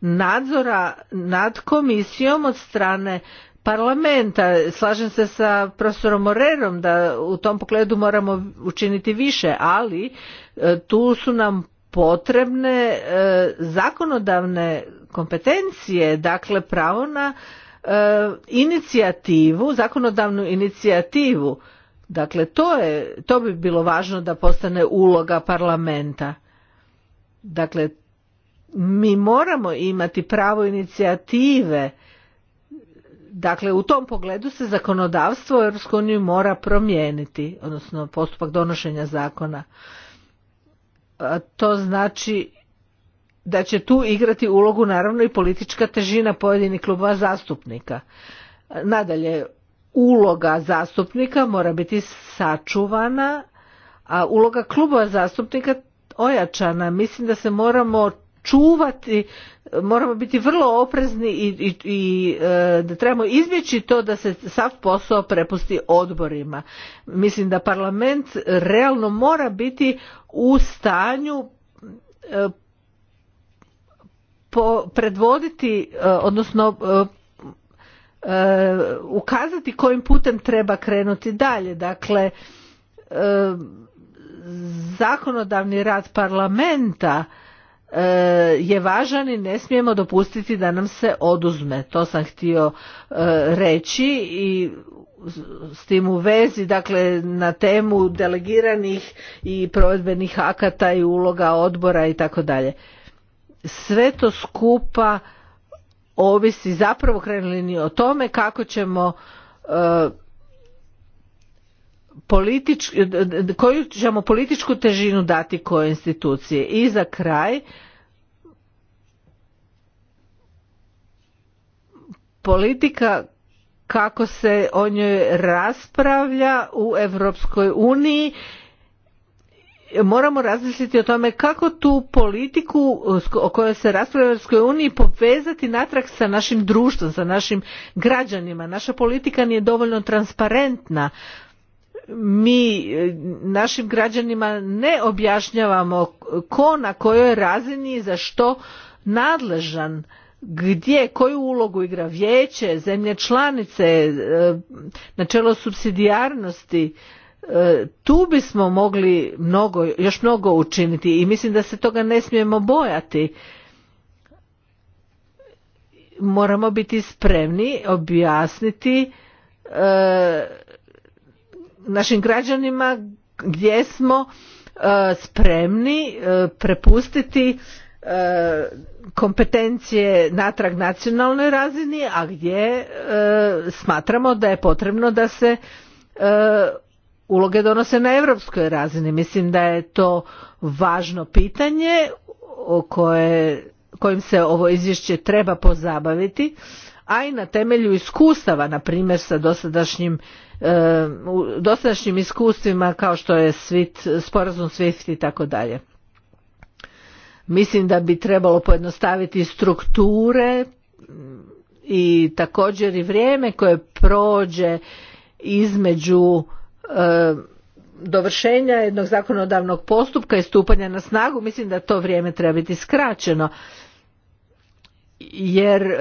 A: nadzora nad komisijom od strane parlamenta. Slažem se sa profesorom Morerom da u tom pogledu moramo učiniti više, ali e, tu su nam potrebne e, zakonodavne kompetencije, dakle pravo na e, inicijativu, zakonodavnu inicijativu. Dakle, to, je, to bi bilo važno da postane uloga parlamenta. Dakle, mi moramo imati pravo inicijative. Dakle, u tom pogledu se zakonodavstvo u EU mora promijeniti, odnosno postupak donošenja zakona to znači da će tu igrati ulogu naravno i politička težina pojedinih klubova zastupnika. Nadalje, uloga zastupnika mora biti sačuvana, a uloga klubova zastupnika ojačana. Mislim da se moramo čuvati moramo biti vrlo oprezni i, i, e, da trebamo izbjeći to da se sav posao prepusti odborima mislim da parlament realno mora biti u stanju e, po, predvoditi e, odnosno ukazati kojim putem treba krenuti dalje dakle zakonodavni rad parlamenta E, je važan i ne smijemo dopustiti da nam se oduzme. To sam htio e, reći i s tim u vezi, dakle na temu delegiranih i provedbenih akata i uloga odbora i tako dalje. Sve to skupa ovisi zapravo krenuli o tome kako ćemo e, koju ćemo političku težinu dati koje institucije. I za kraj politika kako se o njoj raspravlja u Europskoj uniji moramo razmisliti o tome kako tu politiku o kojoj se raspravlja u Europskoj uniji povezati natrag sa našim društvom, sa našim građanima. Naša politika nije dovoljno transparentna mi e, našim građanima ne objašnjavamo ko na kojoj razini i za što nadležan gdje koju ulogu igra vijeće zemlje članice e, načelo supsidijarnosti e, tu bismo mogli mnogo, još mnogo učiniti i mislim da se toga ne smijemo bojati moramo biti spremni objasniti našim građanima gdje smo e, spremni e, prepustiti e, kompetencije natrag nacionalnoj razini, a gdje smatramo da je potrebno da se uloge donose na europskoj razini. Mislim da je to važno pitanje o kojim se ovo izvješće treba pozabaviti a i na temelju iskustava na primjer sa dosadašnjim e, dosadašnjim iskustvima kao što je svit, sporazum SWIFT i tako dalje. Mislim da bi trebalo pojednostaviti strukture i također i vrijeme koje prođe između e, dovršenja jednog zakonodavnog postupka i stupanja na snagu mislim da to vrijeme treba biti skraćeno jer e,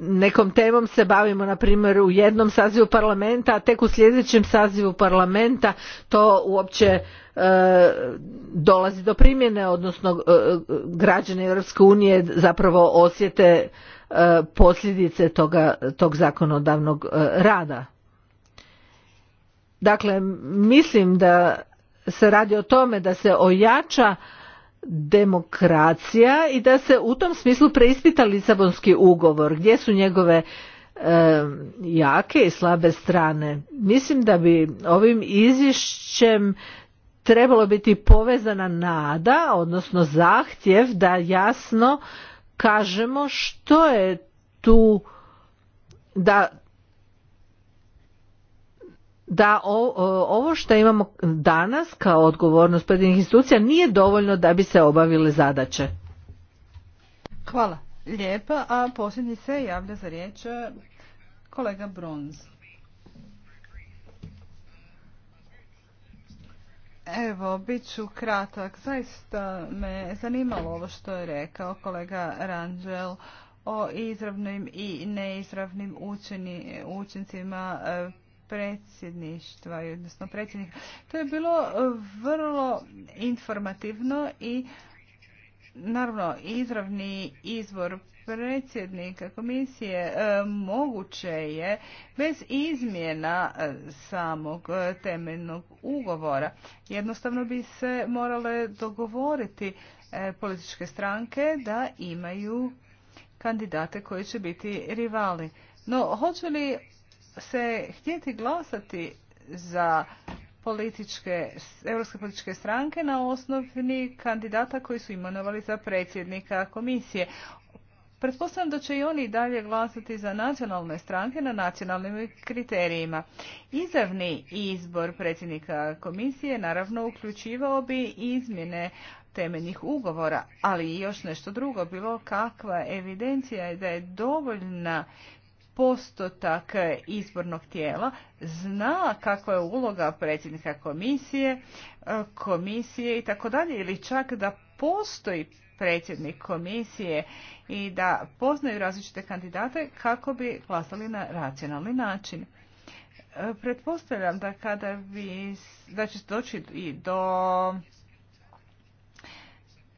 A: nekom temom se bavimo na primjer u jednom sazivu parlamenta a tek u sljedećem sazivu parlamenta to uopće e, dolazi do primjene odnosno e, građani Europske unije zapravo osjete e, posljedice toga, tog zakonodavnog rada. Dakle, mislim da se radi o tome da se ojača demokracija i da se u tom smislu preispita Lisabonski ugovor, gdje su njegove jake i slabe strane. Mislim da bi ovim izvješćem trebalo biti povezana nada, odnosno zahtjev da jasno kažemo što je tu da da ovo što imamo danas kao odgovornost pojedinih institucija nije dovoljno da bi se obavile zadaće.
B: Hvala. Lijepa, a posljednji se javlja za riječ e, kolega Bronz. Evo, bit ću kratak. Zaista me zanimalo ovo što je rekao kolega Ranđel o izravnim i neizravnim učini, učincima e, predsjedništva, odnosno predsjednika. To je bilo e, vrlo informativno i naravno izravni izvor predsjednika komisije e, moguće je bez izmjena e, samog temeljnog ugovora. Jednostavno bi se morale dogovoriti političke stranke da imaju kandidate koji će biti rivali. No, hoće li se htjeti glasati za političke, europske političke stranke na osnovni kandidata koji su imenovali za predsjednika komisije. Pretpostavljam da će i oni dalje glasati za nacionalne stranke na nacionalnim kriterijima. Izravni izbor predsjednika komisije naravno uključivao bi izmjene temeljnih ugovora, ali i još nešto drugo, bilo kakva evidencija je da je dovoljna postotak izbornog tijela zna kakva je uloga predsjednika komisije, e, komisije i tako dalje ili čak da postoji predsjednik komisije i da poznaju različite kandidate kako bi glasali na racionalni način. E, pretpostavljam da kada bi, da će doći i do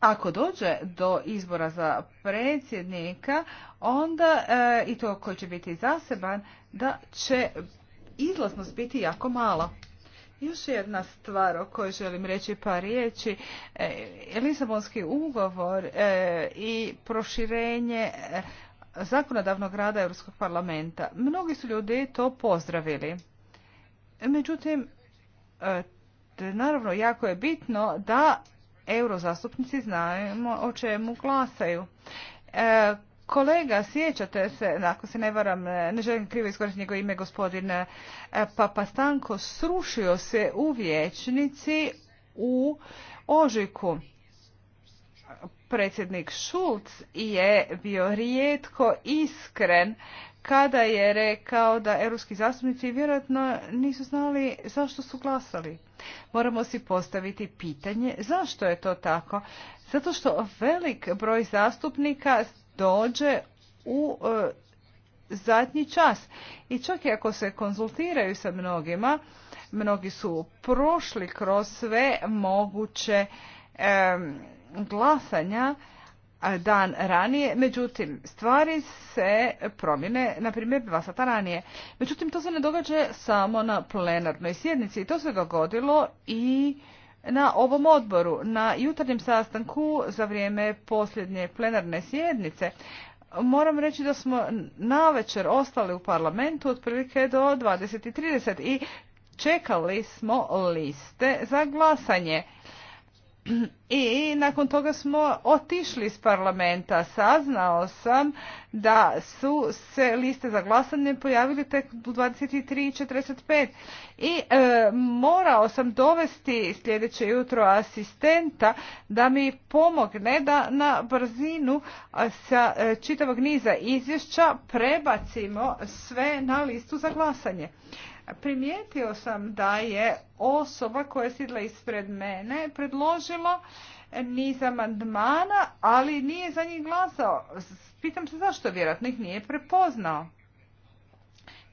B: ako dođe do izbora za predsjednika, onda e, i to koji će biti zaseban, da će izlaznost biti jako mala. Još jedna stvar o kojoj želim reći par riječi. E, Lisabonski ugovor e, i proširenje e, zakonodavnog rada Europskog parlamenta. Mnogi su ljudi to pozdravili. Međutim, naravno jako je bitno da eurozastupnici znamo o čemu glasaju. E, kolega, sjećate se, ako se ne varam, e, ne želim krivo iskoristiti njegovo ime, gospodin e, Papastanko, srušio se u vječnici u Ožiku. Predsjednik Šulc je bio rijetko iskren kada je rekao da europski zastupnici vjerojatno nisu znali zašto su glasali. Moramo si postaviti pitanje zašto je to tako. Zato što velik broj zastupnika dođe u e, zadnji čas. I čak i ako se konzultiraju sa mnogima, mnogi su prošli kroz sve moguće glasanja dan ranije, međutim stvari se promjene na primjer dva sata ranije. Međutim to se ne događa samo na plenarnoj sjednici i to se dogodilo i na ovom odboru, na jutarnjem sastanku za vrijeme posljednje plenarne sjednice. Moram reći da smo navečer ostali u parlamentu otprilike do 20.30 i čekali smo liste za glasanje i nakon toga smo otišli iz parlamenta. Saznao sam da su se liste za glasanje pojavili tek u 23.45 i e, morao sam dovesti sljedeće jutro asistenta da mi pomogne da na brzinu sa e, čitavog niza izvješća prebacimo sve na listu za glasanje primijetio sam da je osoba koja je sidla ispred mene predložila niz amandmana, ali nije za njih glasao. Pitam se zašto vjerojatno ih nije prepoznao.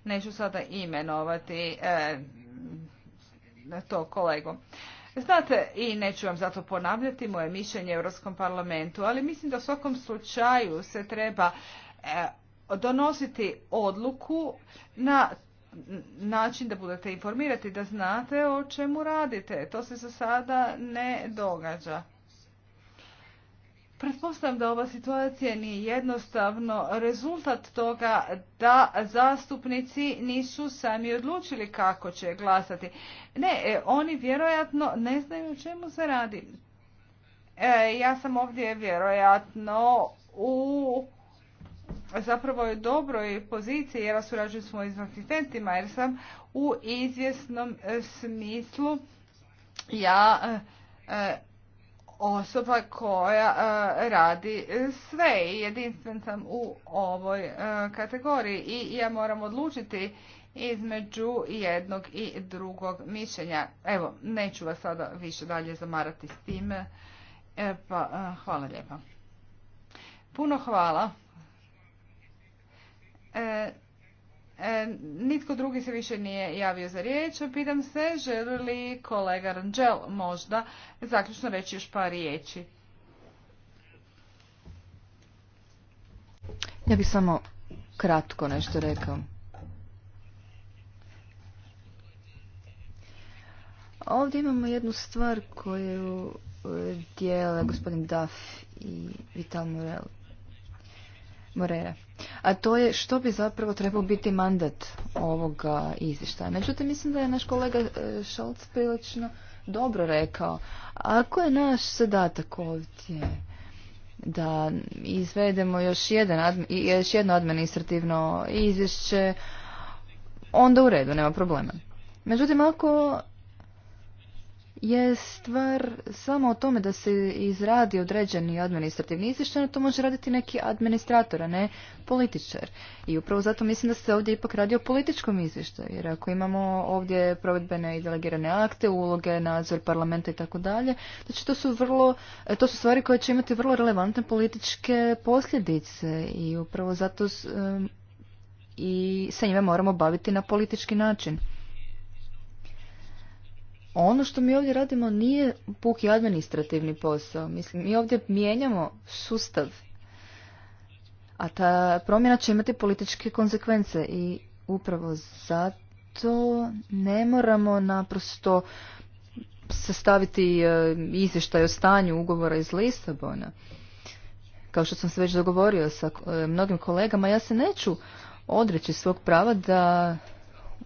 B: Neću sada imenovati e, to kolegu. Znate, i neću vam zato ponavljati moje mišljenje u Europskom parlamentu, ali mislim da u svakom slučaju se treba e, donositi odluku na način da budete informirati, da znate o čemu radite. To se za sada ne događa. Pretpostavljam da ova situacija nije jednostavno rezultat toga da zastupnici nisu sami odlučili kako će glasati. Ne, e, oni vjerojatno ne znaju o čemu se radi. E, ja sam ovdje vjerojatno u zapravo je dobroj poziciji jer ja surađujem s mojim asistentima jer sam u izvjesnom e, smislu ja e, e, osoba koja radi sve i jedinstven sam u ovoj kategoriji i ja moram odlučiti između jednog i drugog mišljenja. Evo, neću vas sada više dalje zamarati s time. pa, hvala lijepa. Puno hvala. E, e, nitko drugi se više nije javio za riječ. Pitam se, želi li kolega Rangel možda zaključno reći još par riječi?
C: Ja bih samo kratko nešto rekao. Ovdje imamo jednu stvar koju dijele gospodin Duff i Vital Morelli. Morera. A to je što bi zapravo trebao biti mandat ovoga izvještaja. Međutim, mislim da je naš kolega e, Šolc prilično dobro rekao. Ako je naš zadatak ovdje da izvedemo još, jedan, još jedno administrativno izvješće, onda u redu, nema problema. Međutim, ako je stvar samo o tome da se izradi određeni administrativni izvještaj, to može raditi neki administrator, a ne političar. I upravo zato mislim da se ovdje ipak radi o političkom izvještaju, jer ako imamo ovdje provedbene i delegirane akte, uloge, nadzor parlamenta i tako dalje, znači to su vrlo, to su stvari koje će imati vrlo relevantne političke posljedice i upravo zato i sa njima moramo baviti na politički način ono što mi ovdje radimo nije puki administrativni posao. Mislim, mi ovdje mijenjamo sustav, a ta promjena će imati političke konsekvence i upravo zato ne moramo naprosto sastaviti e, izvještaj o stanju ugovora iz Lisabona. Kao što sam se već dogovorio sa e, mnogim kolegama, ja se neću odreći svog prava da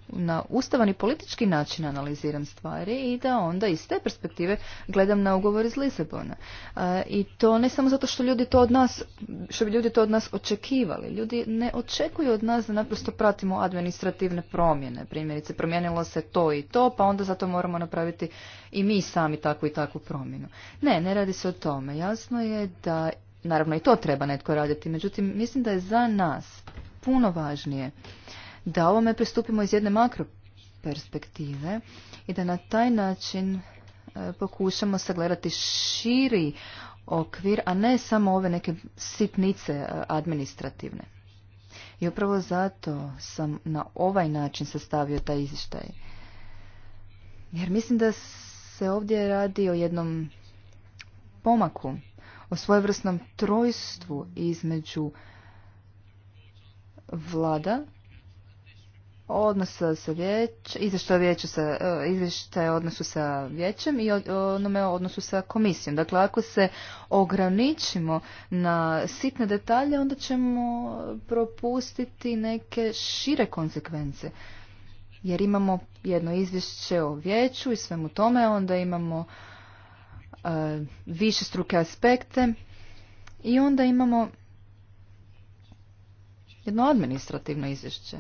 C: na ustavan i politički način analiziram stvari i da onda iz te perspektive gledam na ugovor iz Lisabona. E, I to ne samo zato što ljudi to od nas, što bi ljudi to od nas očekivali. Ljudi ne očekuju od nas da naprosto pratimo administrativne promjene. Primjerice, promijenilo se to i to, pa onda zato moramo napraviti i mi sami takvu i takvu promjenu. Ne, ne radi se o tome. Jasno je da, naravno i to treba netko raditi, međutim mislim da je za nas puno važnije da ovome pristupimo iz jedne makro perspektive i da na taj način e, pokušamo sagledati širi okvir, a ne samo ove neke sitnice e, administrativne. I upravo zato sam na ovaj način sastavio taj izvještaj. Jer mislim da se ovdje radi o jednom pomaku, o svojevrsnom trojstvu između vlada odnosa sa vijeć, izvještaj sa, e, izvještaj odnosu sa vijećem i onome odnosu sa komisijom. Dakle, ako se ograničimo na sitne detalje, onda ćemo propustiti neke šire konsekvence. Jer imamo jedno izvješće o vijeću i svemu tome, onda imamo uh, e, više struke aspekte i onda imamo jedno administrativno izvješće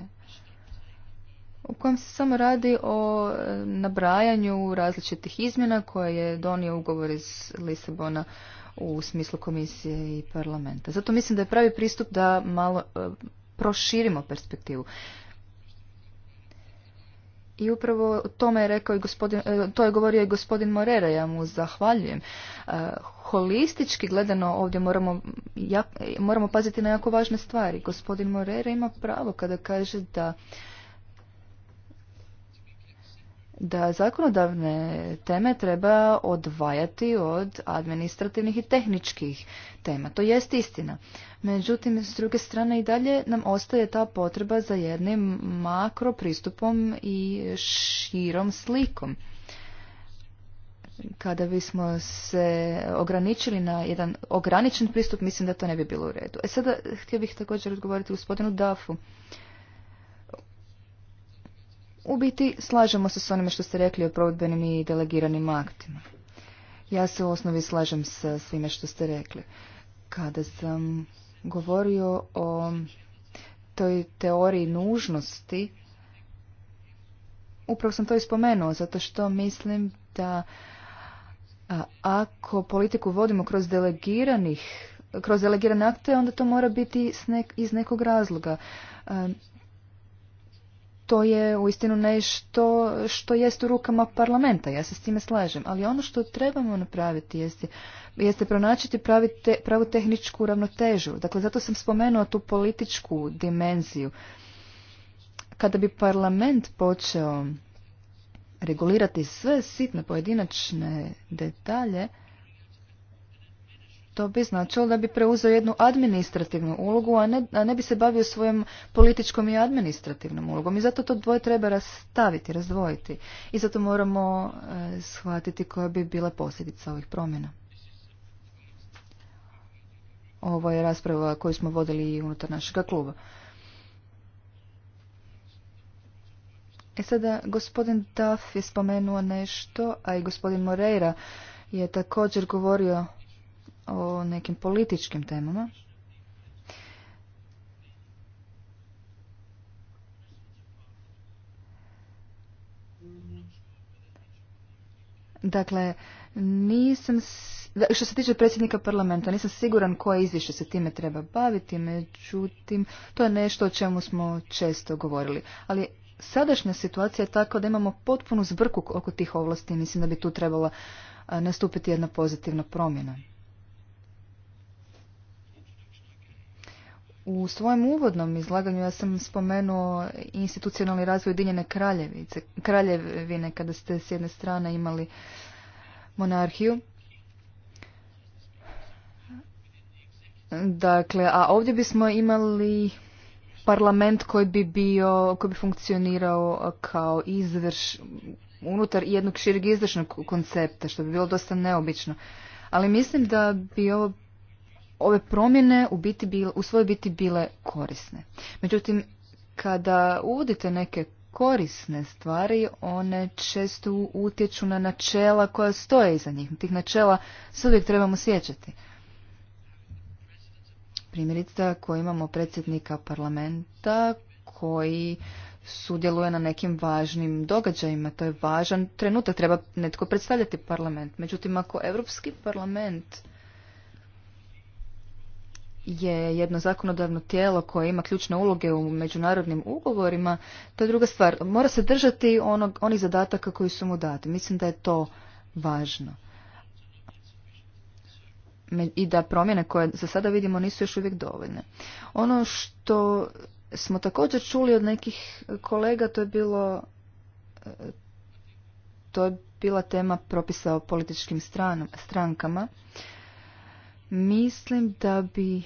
C: u kojem se samo radi o e, nabrajanju različitih izmjena koje je donio ugovor iz Lisabona u smislu komisije i parlamenta. Zato mislim da je pravi pristup da malo e, proširimo perspektivu. I upravo o tome je rekao i gospodin, e, to je govorio i gospodin Morera, ja mu zahvaljujem. Holistički gledano ovdje moramo, moramo paziti na jako važne stvari. Gospodin Morera ima pravo kada kaže da da zakonodavne teme treba odvajati od administrativnih i tehničkih tema. To jest istina. Međutim, s druge strane i dalje nam ostaje ta potreba za jednim makro pristupom i širom slikom. Kada bismo se ograničili na jedan ograničen pristup, mislim da to ne bi bilo u redu. E sada htio bih također odgovoriti gospodinu Dafu. U biti slažemo se s onime što ste rekli o provedbenim i delegiranim aktima. Ja se u osnovi slažem sa svime što ste rekli. Kada sam govorio o toj teoriji nužnosti, upravo sam to i spomenuo, zato što mislim da ako politiku vodimo kroz delegiranih kroz delegirane akte, onda to mora biti iz nekog razloga to je uistinu nešto što jest u rukama parlamenta, ja se s time slažem, ali ono što trebamo napraviti jeste, jeste pronačiti pravu tehničku ravnotežu. Dakle, zato sam spomenula tu političku dimenziju. Kada bi parlament počeo regulirati sve sitne pojedinačne detalje, to bi značilo da bi preuzeo jednu administrativnu ulogu, a ne, ne bi se bavio svojom političkom i administrativnom ulogom. I zato to dvoje treba rastaviti, razdvojiti. I zato moramo e, shvatiti koja bi bila posljedica ovih promjena. Ovo je rasprava koju smo vodili i unutar našega kluba. E sada, gospodin Duff je spomenuo nešto, a i gospodin Moreira je također govorio o nekim političkim temama. Dakle, nisam, što se tiče predsjednika parlamenta, nisam siguran koje izvješće se time treba baviti, međutim, to je nešto o čemu smo često govorili. Ali sadašnja situacija je tako da imamo potpunu zbrku oko tih ovlasti i mislim da bi tu trebala nastupiti jedna pozitivna promjena. U svojem uvodnom izlaganju ja sam spomenuo institucionalni razvoj Dinjene kraljevice, kraljevine kada ste s jedne strane imali monarhiju. Dakle, a ovdje bismo imali parlament koji bi bio, koji bi funkcionirao kao izvrš, unutar jednog širog izvršnog koncepta, što bi bilo dosta neobično. Ali mislim da bi ovo ove promjene u, biti u svojoj biti bile korisne. Međutim, kada uvodite neke korisne stvari, one često utječu na načela koja stoje iza njih. Tih načela se uvijek trebamo sjećati. Primjerice ako imamo predsjednika parlamenta koji sudjeluje na nekim važnim događajima. To je važan trenutak, treba netko predstavljati parlament. Međutim, ako Europski parlament je jedno zakonodavno tijelo koje ima ključne uloge u međunarodnim ugovorima, to je druga stvar. Mora se držati onog, onih zadataka koji su mu dati. Mislim da je to važno. I da promjene koje za sada vidimo nisu još uvijek dovoljne. Ono što smo također čuli od nekih kolega, to je bilo to je bila tema propisa o političkim strankama Mislim da bi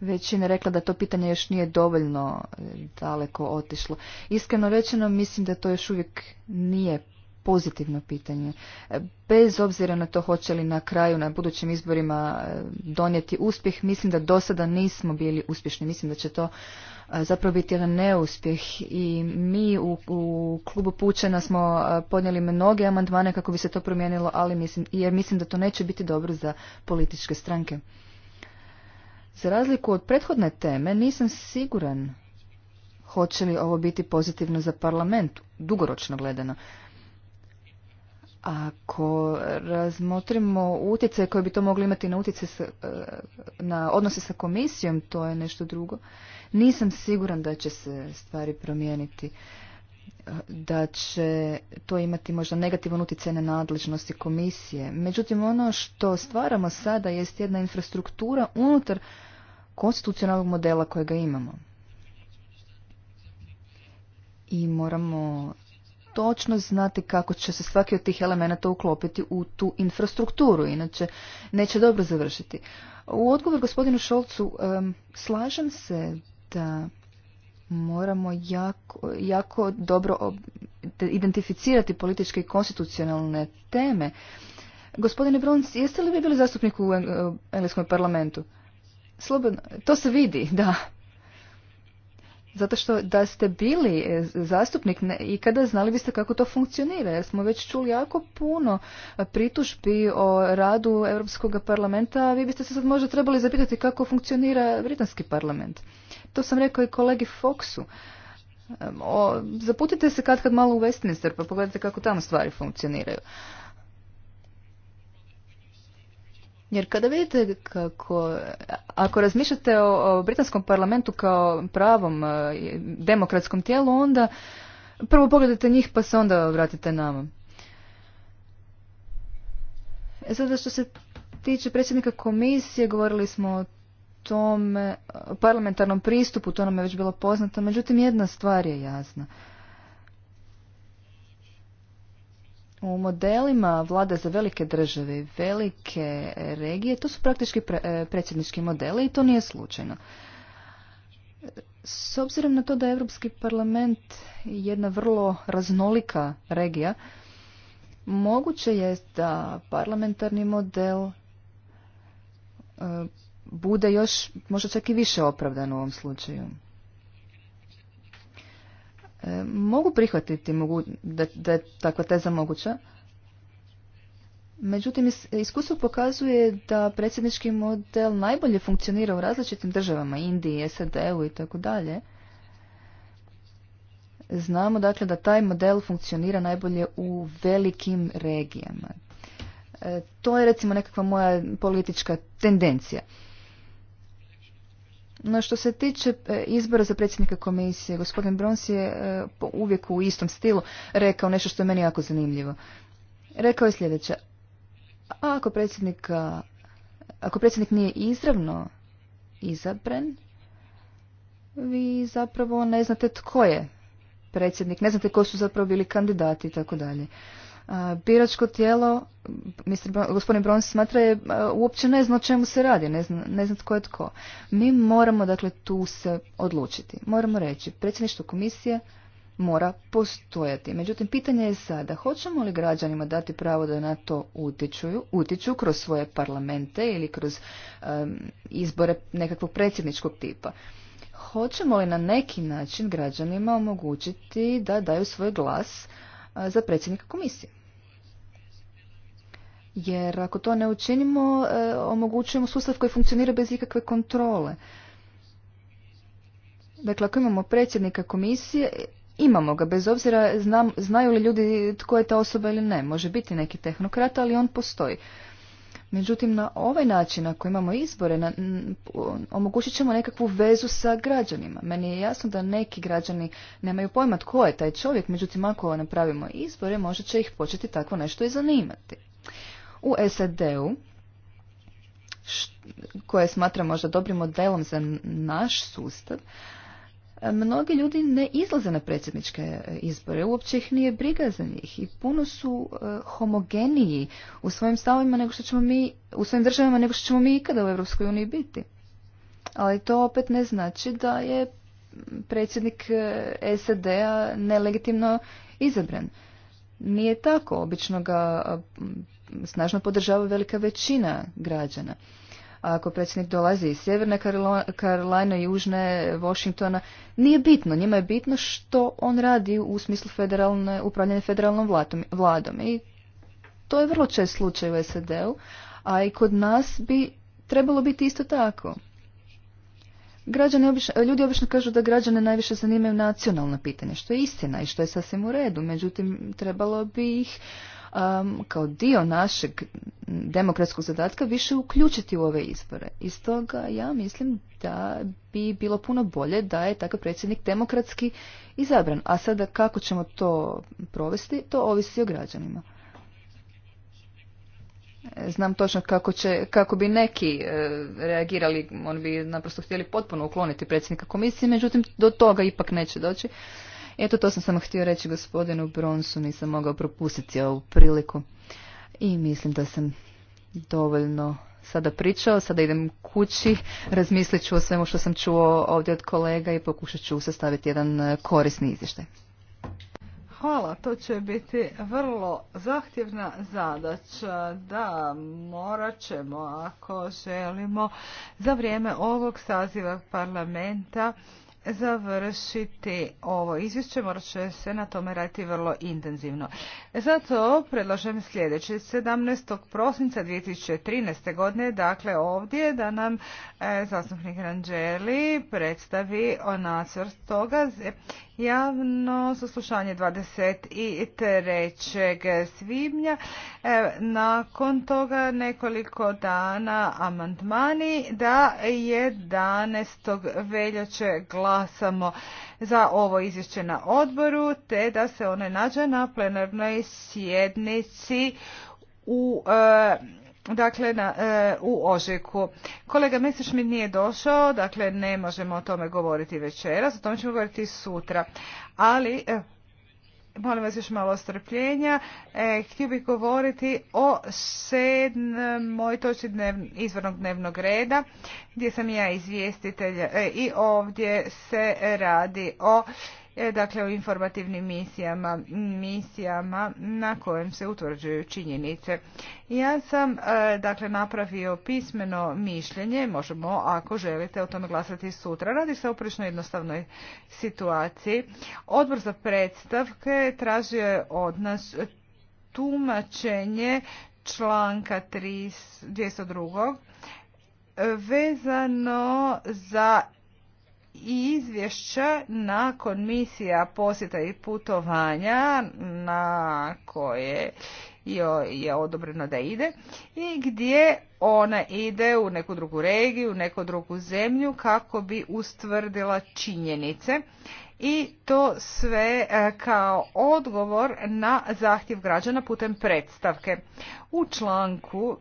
C: većina rekla da to pitanje još nije dovoljno e, daleko otišlo. Iskreno rečeno, mislim da to još uvijek nije pozitivno pitanje. E, bez obzira na to hoće li na kraju na budućim izborima e, donijeti uspjeh, mislim da do sada nismo bili uspješni. Mislim da će to zapravo biti jedan neuspjeh i mi u, u klubu Pučena smo podnijeli mnoge amandmane kako bi se to promijenilo, ali mislim, jer mislim da to neće biti dobro za političke stranke. Za razliku od prethodne teme nisam siguran hoće li ovo biti pozitivno za parlament, dugoročno gledano. Ako razmotrimo utjecaj koje bi to mogli imati na utjecaj e, na odnose sa komisijom, to je nešto drugo. Nisam siguran da će se stvari promijeniti da će to imati možda negativan utjecaj na nadležnosti komisije. Međutim, ono što stvaramo sada jest jedna infrastruktura unutar konstitucionalnog modela kojega imamo. I moramo točno znati kako će se svaki od tih elemenata uklopiti u tu infrastrukturu, inače neće dobro završiti. U odgovor gospodinu Šolcu slažem se da moramo jako, jako dobro identificirati političke i konstitucionalne teme. Gospodine Bruns, jeste li vi bili zastupnik u engleskom parlamentu? Slobodno, to se vidi, (laughs) da. Zato što da ste bili e, zastupnik i kada znali biste kako to funkcionira, jer smo već čuli jako puno e, pritužbi o radu Europskog parlamenta, vi biste se sad možda trebali zapitati kako funkcionira britanski parlament to sam rekao i kolegi Foxu. O, zaputite se kad kad malo u Westminster pa pogledajte kako tamo stvari funkcioniraju. Jer kada vidite kako, ako razmišljate o, britanskom parlamentu kao pravom e, demokratskom tijelu, onda prvo pogledajte njih pa se onda vratite nama. E sada što se tiče predsjednika komisije, govorili smo o tom eh, parlamentarnom pristupu, to nam je već bilo poznato, međutim jedna stvar je jasna. U modelima vlada za velike države i velike regije, to su praktički eh, predsjednički modeli i to nije slučajno. S obzirom na to da je Europski parlament jedna vrlo raznolika regija, moguće je da parlamentarni model eh, bude još možda čak i više opravdan u ovom slučaju. E, mogu prihvatiti mogu, da, da je takva teza moguća, međutim iskustvo pokazuje da predsjednički model najbolje funkcionira u različitim državama, Indiji, SAD-u i tako dalje. Znamo dakle da taj model funkcionira najbolje u velikim regijama. E, to je recimo nekakva moja politička tendencija. No što se tiče e, izbora za predsjednika komisije, gospodin Brons je e, uvijek u istom stilu rekao nešto što je meni jako zanimljivo. Rekao je sljedeće. Ako predsjednik, ako predsjednik nije izravno izabren, vi zapravo ne znate tko je predsjednik, ne znate ko su zapravo bili kandidati i tako dalje biračko tijelo, mislim, gospodin Brons smatra je uopće ne zna o čemu se radi, ne zna, ne tko je tko. Mi moramo dakle tu se odlučiti. Moramo reći, predsjedništvo komisije mora postojati. Međutim, pitanje je sada, hoćemo li građanima dati pravo da na to utičuju, utiču kroz svoje parlamente ili kroz izbore nekakvog predsjedničkog tipa? Hoćemo li na neki način građanima omogućiti da daju svoj glas za predsjednika komisije? Jer ako to ne učinimo, e, omogućujemo sustav koji funkcionira bez ikakve kontrole. Dakle, ako imamo predsjednika komisije, imamo ga, bez obzira znaju li ljudi tko je ta osoba ili ne. Može biti neki tehnokrat, ali on postoji. Međutim, na ovaj način, ako imamo izbore, na, omogućit ćemo nekakvu vezu sa građanima. Meni je jasno da neki građani nemaju pojma tko je taj čovjek, međutim, ako napravimo izbore, možda će ih početi takvo nešto i zanimati. U SAD-u, koje smatra možda dobrim modelom za naš sustav, mnogi ljudi ne izlaze na predsjedničke izbore, uopće ih nije briga za njih i puno su e, homogeniji u svojim stavovima nego što ćemo mi, u svojim državama nego što ćemo mi ikada u EU biti. Ali to opet ne znači da je predsjednik e, SAD-a nelegitimno izabran. Nije tako, obično ga e, snažno podržava velika većina građana. ako predsjednik dolazi iz Sjeverne Karolajne, Južne, Washingtona, nije bitno. Njima je bitno što on radi u smislu federalne, upravljanja federalnom vladom, vladom. I to je vrlo čest slučaj u SAD-u, a i kod nas bi trebalo biti isto tako. Građani obično, ljudi obično kažu da građane najviše zanimaju nacionalna pitanja, što je istina i što je sasvim u redu. Međutim, trebalo bi ih um, kao dio našeg demokratskog zadatka više uključiti u ove izbore. I stoga ja mislim da bi bilo puno bolje da je takav predsjednik demokratski izabran. A sada kako ćemo to provesti, to ovisi o građanima. Znam točno kako, će, kako bi neki e, reagirali, oni bi naprosto htjeli potpuno ukloniti predsjednika komisije, međutim do toga ipak neće doći. Eto, to sam sam htio reći gospodinu Bronsu, nisam mogao propustiti ovu priliku. I mislim da sam dovoljno sada pričao, sada idem kući, razmislit ću o svemu što sam čuo ovdje od kolega i pokušat ću sastaviti jedan e, korisni izvještaj.
B: Hvala, to će biti vrlo zahtjevna zadaća da morat ćemo ako želimo za vrijeme ovog saziva parlamenta završiti ovo izvješće, morat će se na tome raditi vrlo intenzivno. Zato predlažem sljedeće. 17. prosinca 2013. godine, dakle ovdje, da nam e, zastupnik Ranđeli predstavi o nacrt toga javno saslušanje 23. svibnja. E, nakon toga nekoliko dana amandmani da 11. veljače glas samo za ovo izvješće na odboru te da se one nađe na plenarnoj sjednici u e, dakle na, e, u ožujku. Kolega mi nije došao, dakle ne možemo o tome govoriti večeras, o tome ćemo govoriti sutra. Ali e, Molim vas još malo strpljenja. E, htio bih govoriti o sedmoj točki dnev, izvornog dnevnog reda gdje sam ja izvjestitelj e, i ovdje se radi o E, dakle o informativnim misijama, misijama na kojem se utvrđuju činjenice. Ja sam e, dakle napravio pismeno mišljenje, možemo ako želite o tome glasati sutra. Radi se o prilično jednostavnoj situaciji. Odbor za predstavke tražio je od nas tumačenje članka dvjesto 202. vezano za izvješća nakon misija posjeta i putovanja na koje je odobreno da ide i gdje ona ide u neku drugu regiju, u neku drugu zemlju kako bi ustvrdila činjenice i to sve e, kao odgovor na zahtjev građana putem predstavke. U članku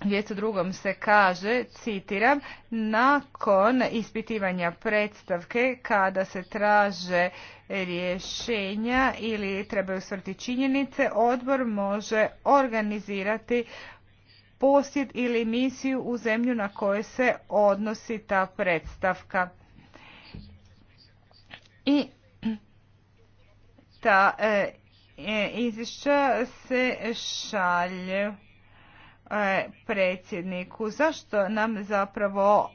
B: Vjecu drugom se kaže, citiram, nakon ispitivanja predstavke kada se traže rješenja ili trebaju svrti činjenice, odbor može organizirati posjed ili misiju u zemlju na koje se odnosi ta predstavka. I ta e, e izvješća se šalje E, predsjedniku. Zašto nam zapravo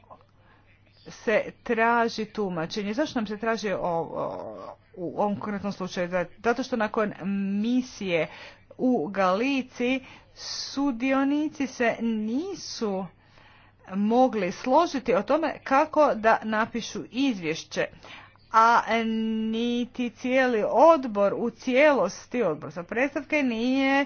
B: se traži tumačenje? Zašto nam se traži ovo u ovom konkretnom slučaju? Zato što nakon misije u Galici sudionici se nisu mogli složiti o tome kako da napišu izvješće a niti cijeli odbor u cijelosti odbor za predstavke nije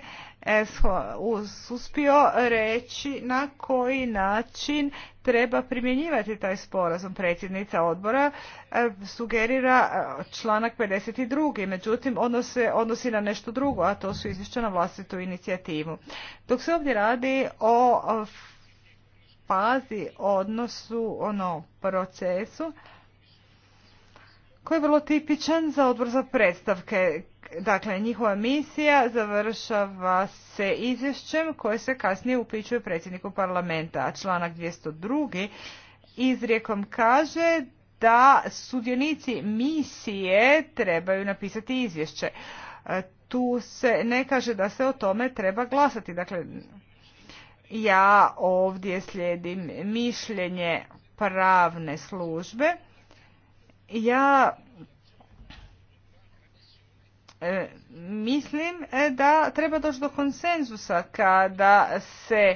B: uspio reći na koji način treba primjenjivati taj sporazum. Predsjednica odbora e, sugerira e, članak 52. Međutim, ono se odnosi na nešto drugo, a to su izvješća na vlastitu inicijativu. Dok se ovdje radi o fazi, odnosu, ono, procesu, koji je vrlo tipičan za odbor za predstavke Dakle, njihova misija završava se izvješćem koje se kasnije upičuje predsjedniku parlamenta. A članak 202. izrijekom kaže da sudionici misije trebaju napisati izvješće. E, tu se ne kaže da se o tome treba glasati. Dakle, ja ovdje slijedim mišljenje pravne službe. Ja E, mislim e, da treba doći do konsenzusa kada se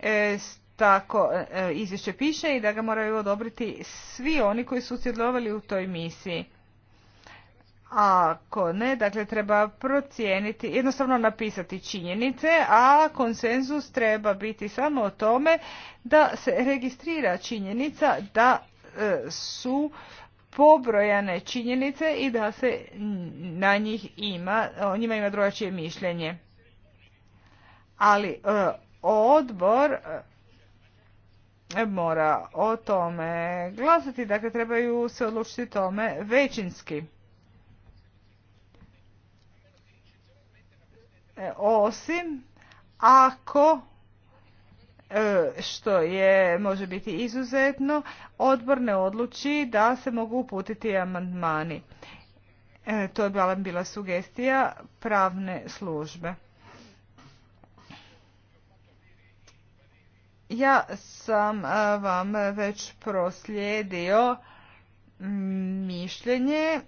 B: e, tako izvješće piše i da ga moraju odobriti svi oni koji su sudjelovali u toj misiji. Ako ne, dakle treba procijeniti, jednostavno napisati činjenice, a konsenzus treba biti samo o tome da se registrira činjenica da su pobrojane činjenice i da se na njih ima, o njima ima drugačije mišljenje. Ali e, odbor e, mora o tome glasati, dakle trebaju se odlučiti tome većinski. E, osim ako E, što je može biti izuzetno, odbor ne odluči da se mogu uputiti amandmani. E, to je bila sugestija pravne službe. Ja sam e, vam već proslijedio mišljenje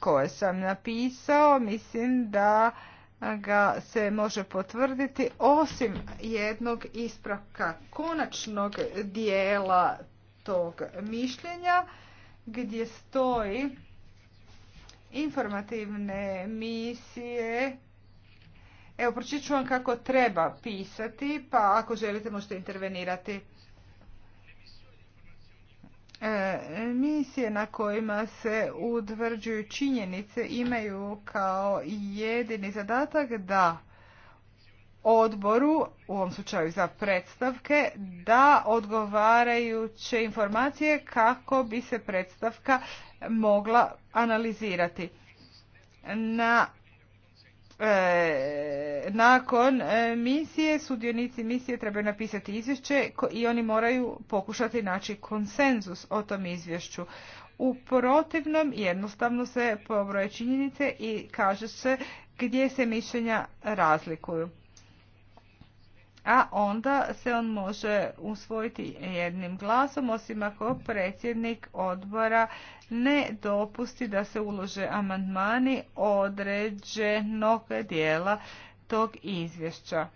B: koje sam napisao. Mislim da ga se može potvrditi osim jednog ispravka konačnog dijela tog mišljenja gdje stoji informativne misije Evo, pročit ću vam kako treba pisati, pa ako želite možete intervenirati. E, misije na kojima se utvrđuju činjenice imaju kao jedini zadatak da odboru, u ovom slučaju za predstavke, da odgovarajuće informacije kako bi se predstavka mogla analizirati. Na E, nakon e, misije, sudionici misije trebaju napisati izvješće i oni moraju pokušati naći konsenzus o tom izvješću. U protivnom jednostavno se pobroje činjenice i kaže se gdje se mišljenja razlikuju a onda se on može usvojiti jednim glasom, osim ako predsjednik odbora ne dopusti da se ulože amandmani određenog dijela tog izvješća.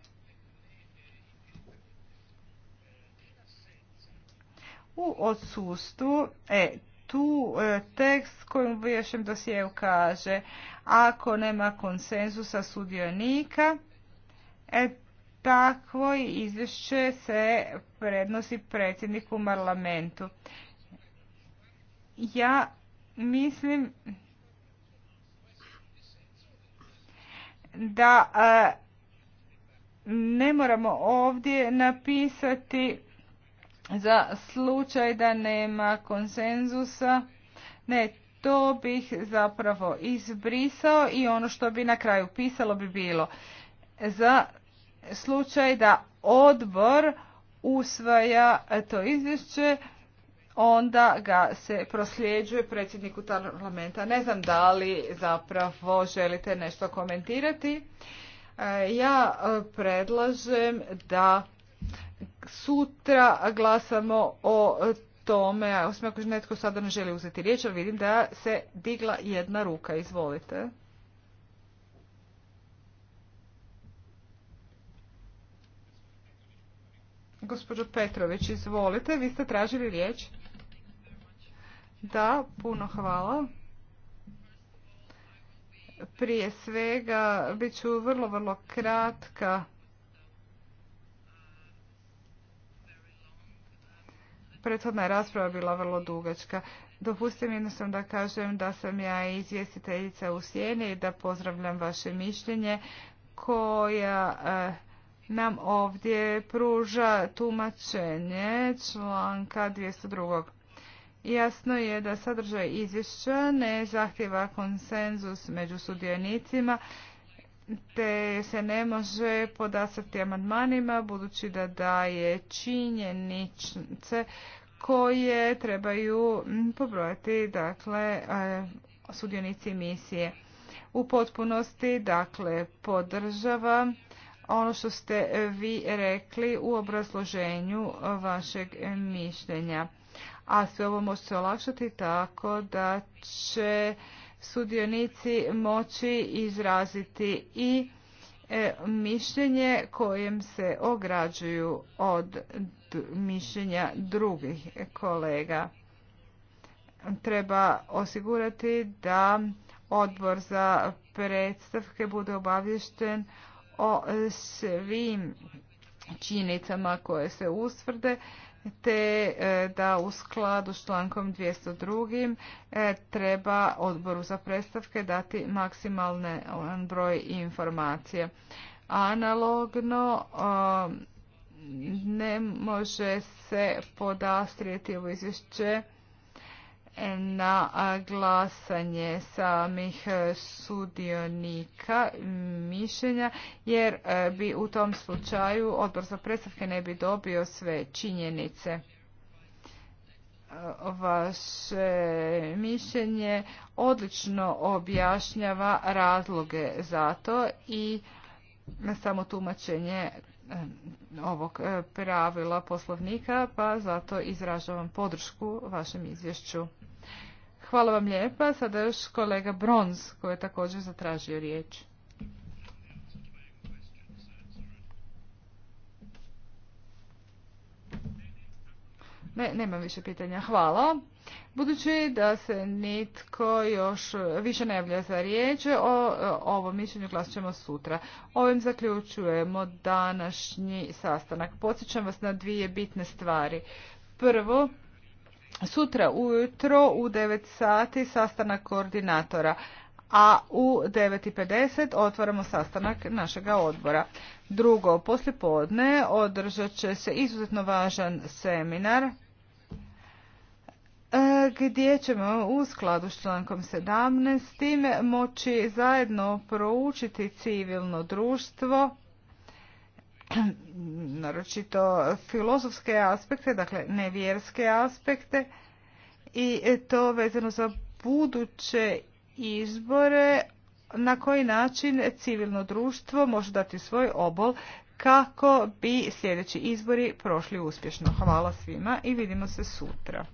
B: U odsustvu, e, tu e, tekst kojim u vješem dosijev kaže, ako nema konsenzusa sudionika, e, takvo izvješće se prednosi predsjedniku parlamentu. Ja mislim da e, ne moramo ovdje napisati za slučaj da nema konsenzusa. Ne, to bih zapravo izbrisao i ono što bi na kraju pisalo bi bilo za slučaj da odbor usvaja to izvješće, onda ga se prosljeđuje predsjedniku parlamenta. Ne znam da li zapravo želite nešto komentirati. E, ja e, predlažem da sutra glasamo o tome, osim ako netko sada ne želi uzeti riječ, ali vidim da se digla jedna ruka. Izvolite. Gospođo Petrović, izvolite, vi ste tražili riječ. Da, puno hvala. Prije svega, bit ću vrlo, vrlo kratka. Prethodna je rasprava bila vrlo dugačka. Dopustim jednostavno da kažem da sam ja izvjestiteljica u Sjeni i da pozdravljam vaše mišljenje koja eh, nam ovdje pruža tumačenje članka 202. Jasno je da sadržaj izvješća ne zahtjeva konsenzus među sudionicima, te se ne može podasati amandmanima budući da daje činjenice koje trebaju pobrojati dakle, sudionici misije. U potpunosti dakle, podržava ono što ste e, vi rekli u obrazloženju e, vašeg e, mišljenja. A sve ovo može se olakšati tako da će sudionici moći izraziti i mišljenje kojem se ograđuju od mišljenja drugih kolega. Treba osigurati da odbor za predstavke bude obavješten o svim činjenicama koje se ustvrde te e, da u skladu s člankom 202. E, treba odboru za predstavke dati maksimalne e, broj informacija. Analogno ne može se podastrijeti ovo izvješće na glasanje samih sudionika mišljenja jer e, bi u tom slučaju odbor za predstavke ne bi dobio sve činjenice. E, vaše mišljenje odlično objašnjava razloge za to i samo tumačenje Eh, ovog eh, pravila poslovnika, pa zato izražavam podršku vašem izvješću. Hvala vam lijepa. Sada još kolega Bronz koji je također zatražio riječ. Ne, nemam više pitanja. Hvala. Budući da se nitko još više ne javlja za riječ, o ovom mišljenju glas ćemo sutra. Ovim zaključujemo današnji sastanak. Podsjećam vas na dvije bitne stvari. Prvo, sutra ujutro u 9 sati sastanak koordinatora, a u 9.50 otvaramo sastanak našega odbora. Drugo, poslje podne održat će se izuzetno važan seminar E, gdje ćemo u skladu s člankom 17 time moći zajedno proučiti civilno društvo, (clears throat) naročito filozofske aspekte, dakle nevjerske aspekte i to vezano za buduće izbore na koji način civilno društvo može dati svoj obol kako bi sljedeći izbori prošli uspješno. Hvala svima i vidimo se sutra.